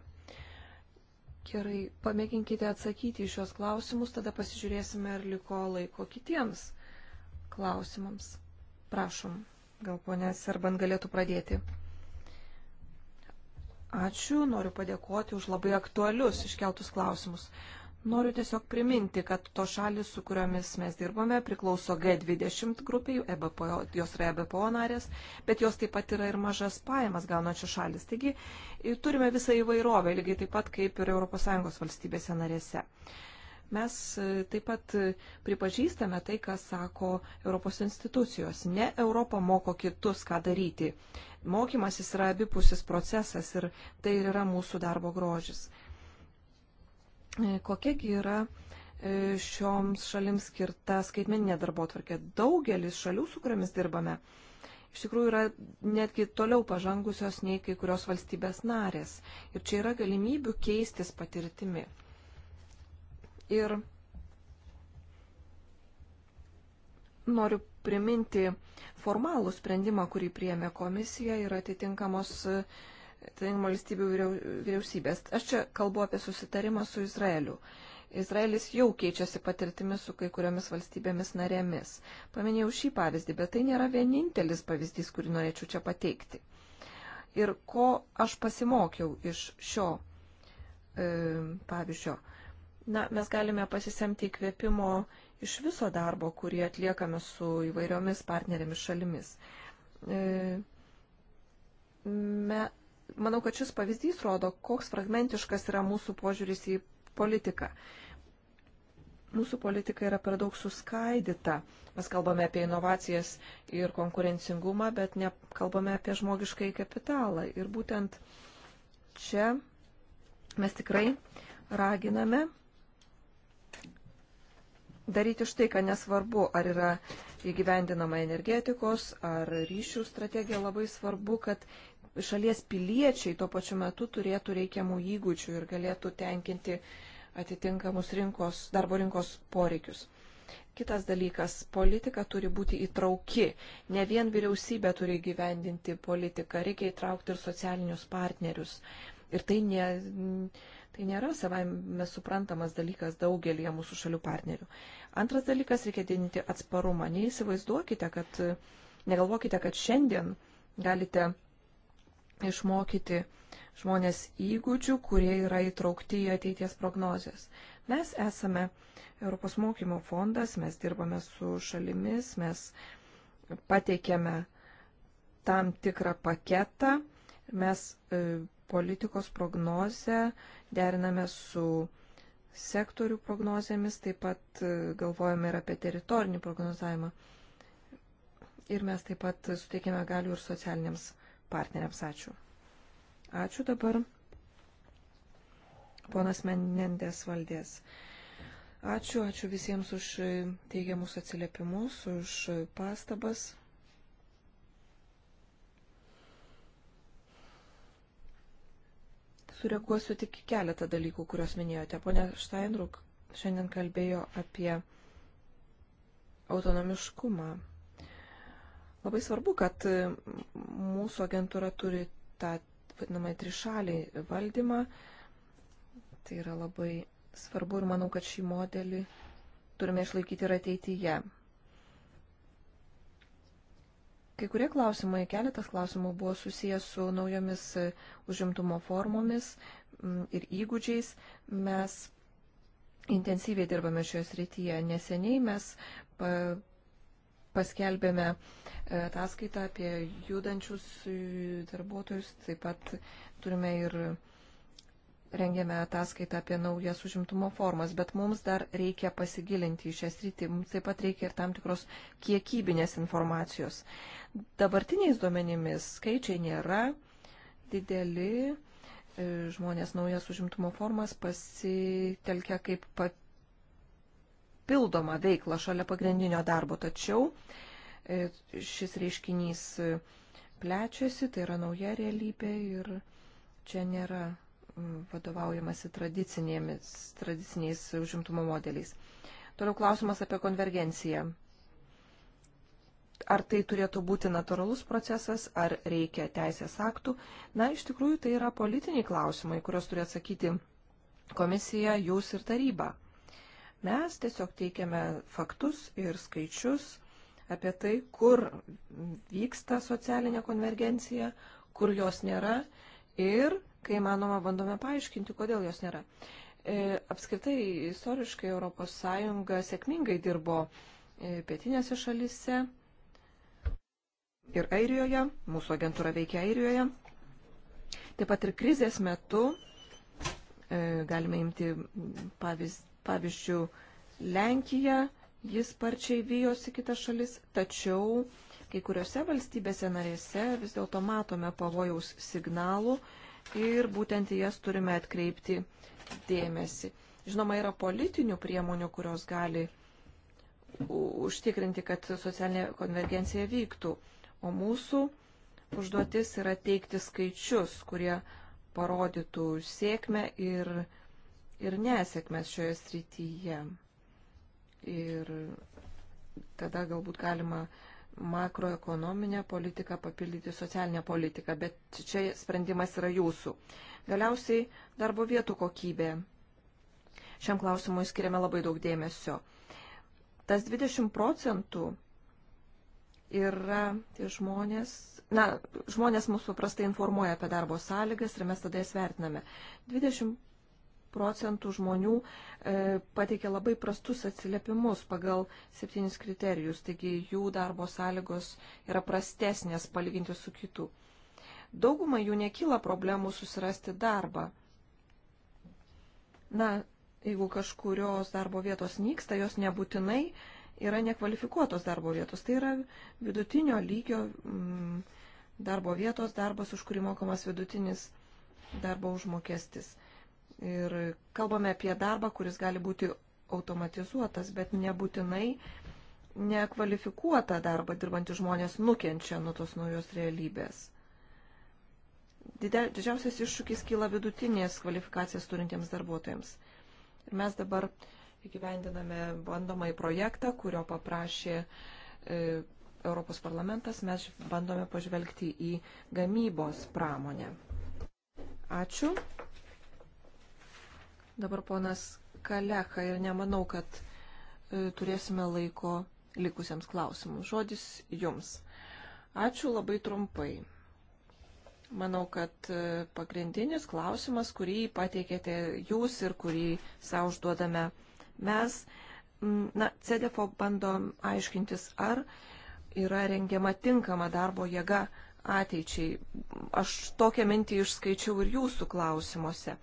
Gerai, pamėginkite atsakyti į šios klausimus, tada pasižiūrėsime, ar liko laiko kitiems klausimams. Prašom, gal ponė Serban galėtų pradėti. Ačiū, noriu padėkoti už labai aktualius iškeltus klausimus. Noriu tiesiog priminti, kad to šalis, su kuriomis mes dirbame, priklauso G20 grupiai, EBPO, jos yra EBPO narės, bet jos taip pat yra ir mažas pajamas gaunančios šalis. Taigi turime visą įvairovę, lygiai taip pat kaip ir ES valstybėse narėse. Mes e, taip pat e, pripažįstame tai, ką sako Europos institucijos. Ne Europa moko kitus, ką daryti. Mokymasis yra abipusis procesas ir tai ir yra mūsų darbo grožis. E, kokiagi yra e, šioms šalims skirta skaitmeninė darbo tvarkė? Daugelis šalių, su kuriamis dirbame, iš tikrųjų yra netgi toliau pažangusios nei kai kurios valstybės narės. Ir čia yra galimybių keistis patirtimi. Ir noriu priminti formalų sprendimą, kurį priėmė komisija ir atitinkamos e, atitinkamo valstybių vyriausybės. Aš čia kalbu apie susitarimą su Izraeliu. Izraelis jau keičiasi patirtimis su kai kuriomis valstybėmis narėmis. Paminėjau šį pavyzdį, bet tai nėra vienintelis pavyzdys, kurį norėčiau čia pateikti. Ir ko aš pasimokiau iš šio e, pavyzdžio? Na, mes galime pasisemti įkvėpimo iš viso darbo, kurį atliekame su įvairiomis partnerėmis šalimis. E, me, manau, kad šis pavyzdys rodo, koks fragmentiškas yra mūsų požiūris į politiką. Mūsų politika yra per daug suskaidyta. Mes kalbame apie inovacijas ir konkurencingumą, bet nekalbame apie žmogiškai kapitalą. Ir būtent čia mes tikrai raginame daryti štai, kad nesvarbu, ar yra įgyvendinama energetikos, ar ryšių strategija, labai svarbu, kad šalies piliečiai tuo pačiu metu turėtų reikiamų įgūdžių ir galėtų tenkinti atitinkamus rinkos, darbo rinkos poreikius. Kitas dalykas - politika turi būti įtrauki. Ne vien vyriausybė turi gyvendinti politiką, reikia įtraukti ir socialinius partnerius. Ir tai ne, Tai nėra savaime suprantamas dalykas daugelie mūsų šalių partnerių. Antras dalykas, reikia didinti atsparumą. Neįsivaizduokite, kad, negalvokite, kad šiandien galite išmokyti žmonės įgūdžių, kurie yra įtraukti į ateities prognozijas. Mes esame Europos mokymo fondas, mes dirbame su šalimis, mes pateikėme tam tikrą paketą, mes e, politikos prognozę deriname su sektorių prognozėmis, taip pat e, galvojame ir apie teritorinį prognozavimą. Ir mes taip pat suteikėme galių ir socialiniams partneriams. Ačiū. Ačiū dabar. Ponas Menendės valdės. Ačiū, ačiū visiems už teigiamus atsiliepimus, už pastabas. sureaguosiu tik keletą dalykų, kuriuos minėjote. Pone Steinruk šiandien kalbėjo apie autonomiškumą. Labai svarbu, kad mūsų agentūra turi tą vadinamą trišalį valdymą. Tai yra labai svarbu ir manau, kad šį modelį turime išlaikyti ir ateityje. Kai kurie klausimai, keletas klausimų buvo susijęs su naujomis e, užimtumo formomis mm, ir įgūdžiais. Mes intensyviai dirbame šioje srityje. Neseniai mes paskelbėme e, ataskaitą apie judančius e, darbuotojus, taip pat turime ir rengėme ataskaitą apie naujas užimtumo formas, bet mums dar reikia pasigilinti į šią sritį, mums taip pat reikia ir tam tikros kiekybinės informacijos. Dabartiniais duomenimis skaičiai nėra dideli, e, žmonės naujas užimtumo formas pasitelkia kaip papildomą veiklą šalia pagrindinio darbo, tačiau e, šis reiškinys e, plečiasi, tai yra nauja realybė ir čia nėra vadovaujamasi tradiciniais užimtumo modeliais. Toliau klausimas apie konvergenciją. Ar tai turėtų būti natūralus procesas, ar reikia teisės aktų? Na, iš tikrųjų, tai yra politiniai klausimai, kurios turi atsakyti komisija, jūs ir taryba. Mes tiesiog teikiame faktus ir skaičius apie tai, kur vyksta socialinė konvergencija, kur jos nėra ir kai manoma bandome paaiškinti, kodėl jos nėra. E, apskritai, istoriškai ES sėkmingai dirbo e, pietinėse šalise ir Airijoje, mūsų agentūra veikia Airijoje. Taip pat ir krizės metu e, galime imti pavyz, pavyzdžių Lenkiją, jis parčiai vyjosi kitas šalis, tačiau kai kuriuose valstybėse narėse vis dėlto matome pavojaus signalų ir būtent į jas turime atkreipti dėmesį. Žinoma, yra politinių priemonių, kurios gali užtikrinti, kad socialinė konvergencija vyktų, o mūsų užduotis yra teikti skaičius, kurie parodytų sėkmę ir, ir nesėkmės šioje srityje. Ir tada galbūt galima uh, makroekonominę politiką papildyti socialinę politiką, bet čia sprendimas yra jūsų. Galiausiai darbo vietų kokybė. Šiam klausimui skiriame labai daug dėmesio. Tas 20 procentų yra tie žmonės, na, žmonės mūsų paprastai informuoja apie darbo sąlygas ir mes tada jas vertiname. 20 procentų žmonių e, pateikė labai prastus atsiliepimus pagal septynis kriterijus, taigi jų darbo sąlygos yra prastesnės palyginti su kitų. Daugumai jų nekyla problemų susirasti darbą. Na, jeigu kažkurios darbo vietos nyksta, jos nebūtinai yra nekvalifikuotos darbo vietos. Tai yra vidutinio lygio mm, darbo vietos darbas, už kurį mokamas vidutinis darbo užmokestis. Ir kalbame apie darbą, kuris gali būti automatizuotas, bet nebūtinai nekvalifikuotą darbą dirbantys žmonės nukenčia nuo tos naujos realybės. Didžiausias iššūkis kyla vidutinės kvalifikacijas turintiems darbuotojams. Ir mes dabar įgyvendiname bandomąjį projektą, kurio paprašė e, Europos parlamentas. Mes bandome pažvelgti į gamybos pramonę. Ačiū. Dabar ponas Kalecha ir nemanau, kad e, turėsime laiko likusiems klausimams. Žodis jums. Ačiū labai trumpai. Manau, kad e, pagrindinis klausimas, kurį pateikėte jūs ir kurį savo užduodame mes, na, CDFO bando aiškintis, ar yra rengiama tinkama darbo jėga ateičiai. Aš tokią mintį išskaičiau ir jūsų klausimuose.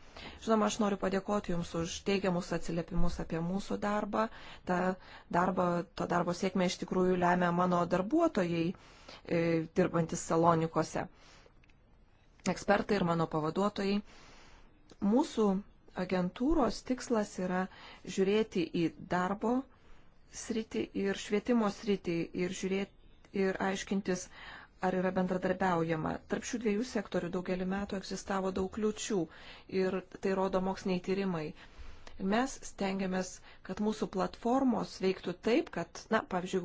Žinoma, aš noriu padėkoti Jums už teigiamus atsiliepimus apie mūsų darbą. Ta darbo, to darbo sėkmė iš tikrųjų lemia mano darbuotojai e, dirbantis salonikose. Ekspertai ir mano pavaduotojai. Mūsų agentūros tikslas yra žiūrėti į darbo sritį ir švietimo sritį ir žiūrėti ir aiškintis, ar yra bendradarbiaujama. Tarp šių dviejų sektorių daugelį metų egzistavo daug kliučių ir tai rodo moksliniai tyrimai. Mes stengiamės, kad mūsų platformos veiktų taip, kad, na, pavyzdžiui,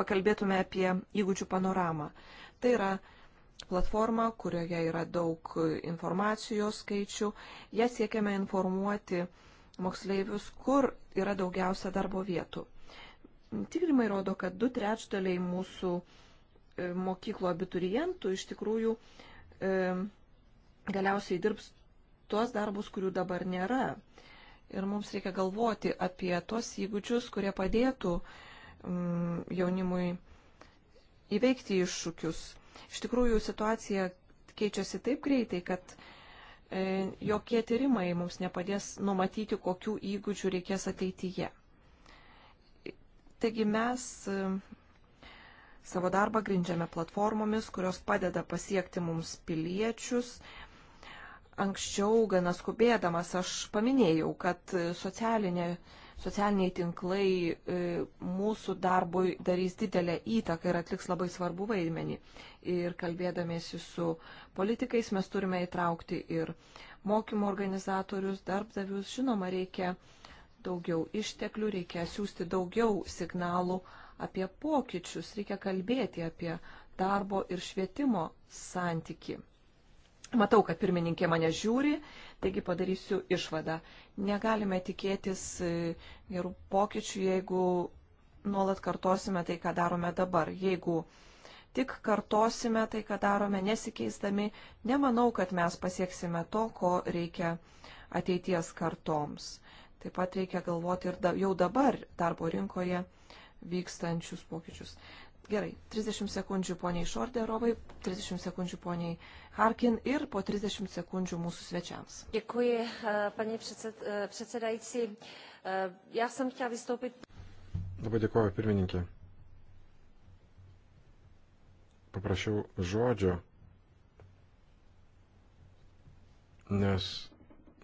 pakalbėtume apie įgūdžių panoramą. Tai yra platforma, kurioje yra daug informacijos skaičių. Ją siekiame informuoti moksleivius, kur yra daugiausia darbo vietų. Tyrimai rodo, kad du trečdaliai mūsų uh, E, mokyklų abiturientų iš tikrųjų e, galiausiai dirbs tuos darbus, kurių dabar nėra. Ir mums reikia galvoti apie tuos įgūdžius, kurie padėtų mm, jaunimui įveikti iššūkius. Iš tikrųjų, situacija keičiasi taip greitai, kad e, jokie tyrimai mums nepadės numatyti, kokių įgūdžių reikės ateityje. Taigi mes Savo darbą grindžiame platformomis, kurios padeda pasiekti mums piliečius. Anksčiau, gana skubėdamas, aš paminėjau, kad socialinė, socialiniai tinklai e, mūsų darbui darys didelę įtaką ir atliks labai svarbų vaidmenį. Ir kalbėdamėsi su politikais mes turime įtraukti ir mokymo organizatorius, darbdavius. Žinoma, reikia daugiau išteklių, reikia siūsti daugiau signalų apie pokyčius, reikia kalbėti apie darbo ir švietimo santyki. Matau, kad pirmininkė mane žiūri, taigi padarysiu išvadą. Negalime tikėtis e, gerų pokyčių, jeigu nuolat kartosime tai, ką darome dabar. Jeigu tik kartosime tai, ką darome, nesikeisdami, nemanau, kad mes pasieksime to, ko reikia ateities kartoms. Taip pat reikia galvoti ir da, jau dabar darbo rinkoje vykstančius pokyčius. Gerai, 30 sekundžių poniai Šorderovai, 30 sekundžių poniai Harkin ir po 30 sekundžių mūsų svečiams. Dėkui, eh, panie predsedajci. Eh, eh, ja sam chtěla vystoupit. Labai dėkuoju, pirmininkė. Paprašiau žodžio, nes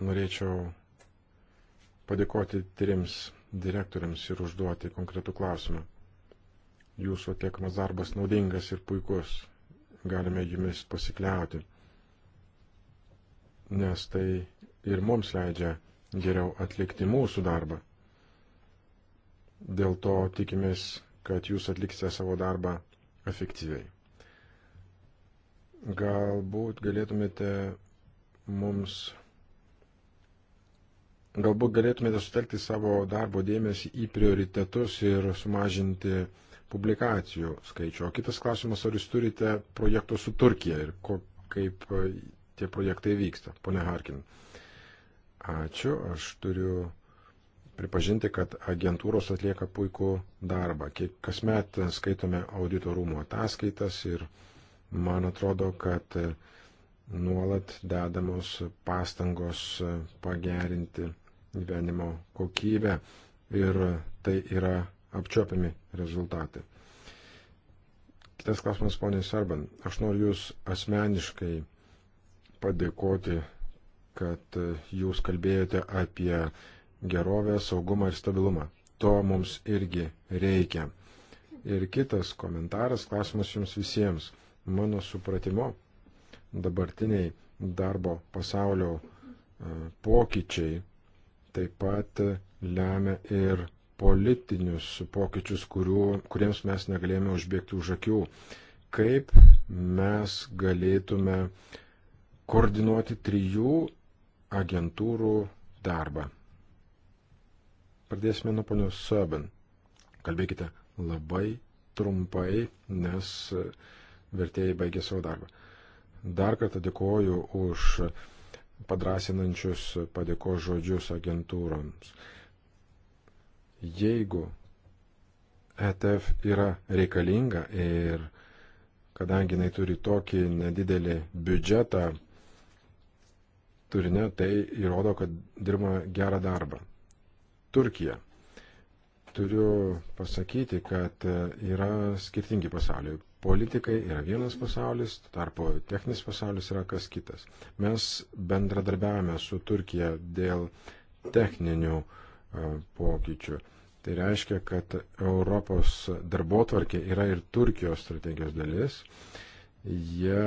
norėčiau padėkoti trims direktoriams ir užduoti konkretų klausimą. Jūsų atliekamas darbas naudingas ir puikus, galime jumis pasikliauti, nes tai ir mums leidžia geriau atlikti mūsų darbą. Dėl to tikimės, kad jūs atliksite savo darbą efektyviai. Galbūt galėtumėte mums Galbūt galėtumėte sutelkti savo darbo dėmesį į prioritetus ir sumažinti publikacijų skaičių. O kitas klausimas, ar jūs turite projektų su Turkija ir ko, kaip e, tie projektai vyksta, ponė Harkin. Ačiū, aš turiu pripažinti, kad agentūros atlieka puikų darbą. Kiek kasmet skaitome audito rūmų ataskaitas ir man atrodo, kad e, nuolat dedamos pastangos e, pagerinti gyvenimo kokybę ir tai yra apčiopiami rezultatai. Kitas klausimas, ponė Sarban, aš noriu Jūs asmeniškai padėkoti, kad Jūs kalbėjote apie gerovę, saugumą ir stabilumą. To mums irgi reikia. Ir kitas komentaras, klausimas Jums visiems. Mano supratimo, dabartiniai darbo pasaulio e, pokyčiai taip pat lemia ir politinius pokyčius, kurių, kuriems mes negalėjome užbėgti už akių. Kaip mes galėtume koordinuoti trijų agentūrų darbą. Pradėsime nuo ponios Saban. Kalbėkite labai trumpai, nes vertėjai baigė savo darbą. Dar kartą dėkoju už uh, padrasinančius padėko žodžius agentūroms. Jeigu ETF yra reikalinga ir kadangi jinai turi tokį nedidelį biudžetą turinio, tai įrodo, kad dirba gerą darbą. Turkija. Turiu pasakyti, kad yra skirtingi pasauliai politikai yra vienas pasaulis, tarpo techninis pasaulis yra kas kitas. Mes bendradarbiavame su Turkija dėl techninių e, pokyčių. Tai reiškia, kad Europos darbotvarkė yra ir Turkijos strategijos dalis. Jie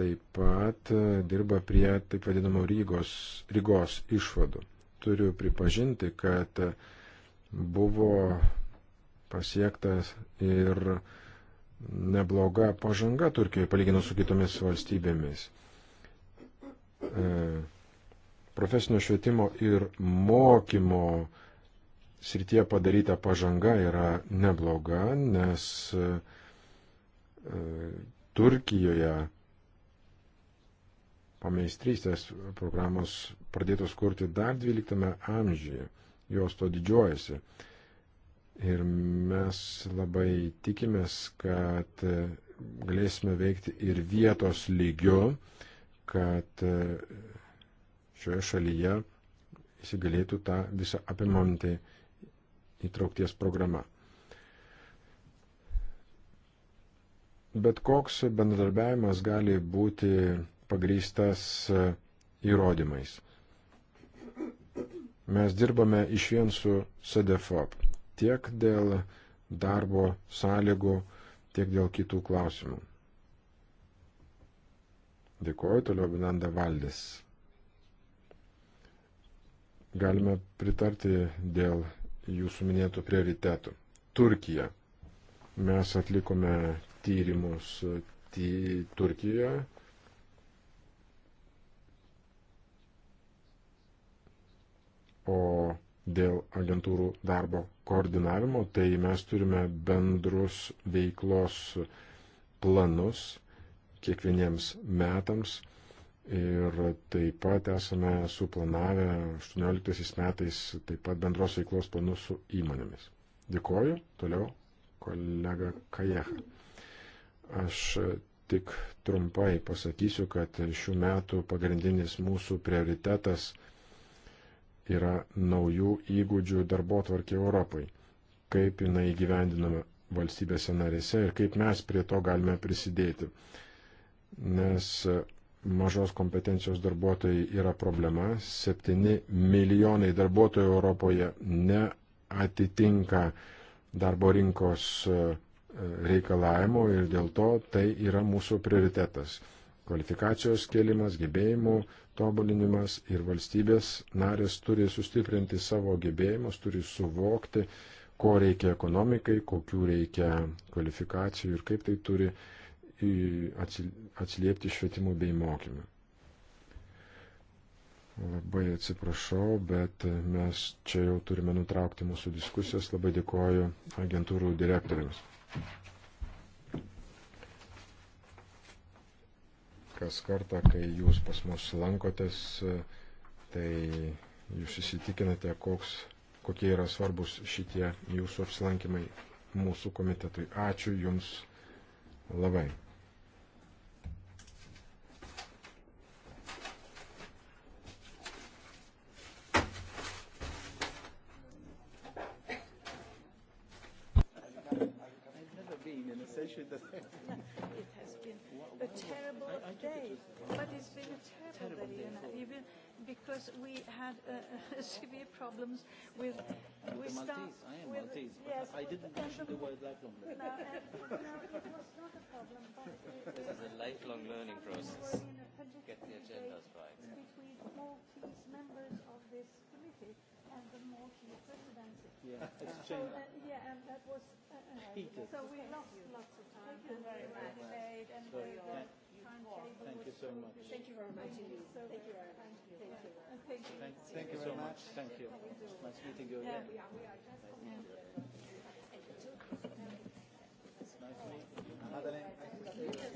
taip pat e, dirba prie taip vadinamo Rygos, Rygos išvadų. Turiu pripažinti, kad buvo pasiektas ir uh, nebloga pažanga Turkijoje palyginus su kitomis valstybėmis. E, profesinio švietimo ir mokymo srityje padaryta pažanga yra nebloga, nes e, e, Turkijoje pameistrystės programos pradėtos kurti dar 12 amžiuje. Jos to didžiuojasi. Ir mes labai tikimės, kad galėsime veikti ir vietos lygiu, kad šioje šalyje įsigalėtų tą visą apimantį įtraukties programą. Bet koks bendradarbiavimas gali būti pagrystas įrodymais. Mes dirbame iš vien su SDFOP tiek dėl darbo sąlygų, tiek dėl kitų klausimų. Dėkuoju, toliau Vinanda Valdis. Galime pritarti dėl jūsų minėtų prioritetų. Turkija. Mes atlikome tyrimus ty Turkijoje. O dėl agentūrų darbo koordinavimo, tai mes turime bendrus veiklos planus kiekvieniems metams ir taip pat esame suplanavę 18 metais taip pat bendros veiklos planus su įmonėmis. Dėkoju, toliau kolega Kajeha. Aš tik trumpai pasakysiu, kad šių metų pagrindinis mūsų prioritetas – yra naujų įgūdžių darbo tvarkė Europai, kaip jinai gyvendinama valstybėse narėse ir kaip mes prie to galime prisidėti. Nes mažos kompetencijos darbuotojai yra problema, 7 milijonai darbuotojų Europoje neatitinka darbo rinkos e, reikalavimų ir dėl to tai yra mūsų prioritetas. Kvalifikacijos kėlimas, gebėjimų tobulinimas ir valstybės narės turi sustiprinti savo gebėjimus, turi suvokti, ko reikia ekonomikai, kokių reikia kvalifikacijų ir kaip tai turi atsiliepti švietimu bei mokymu. Labai atsiprašau, bet mes čia jau turime nutraukti mūsų diskusijas. Labai dėkoju agentūrų direktoriams. Kas kartą, kai jūs pas mus lankotės, tai jūs įsitikinate, koks, kokie yra svarbus šitie jūsų apsilankimai mūsų komitetui. Ačiū Jums labai. terrible day for Libya because we had uh, severe problems with, with the Maltese. I am with, Maltese. Yes, I didn't mention the word lifelong learning. No, and, no, it was not a problem. But it, it, this is a lifelong learning process. Get the agendas right. Between Maltese members of this committee and the Maltese presidency. Yeah, it's so that, uh, yeah, and that was. Uh, uh, so we lost lots of time. Thank you very much. And very well. Thank you so much. Thank you very much. Thank you, so thank you very much. Thank you. Thank you. Thank, thank you so much. Thank you. Nice meeting you again. Yeah, we are, we are just nice meeting you again. It's nice meeting you. Madeleine, I can see you.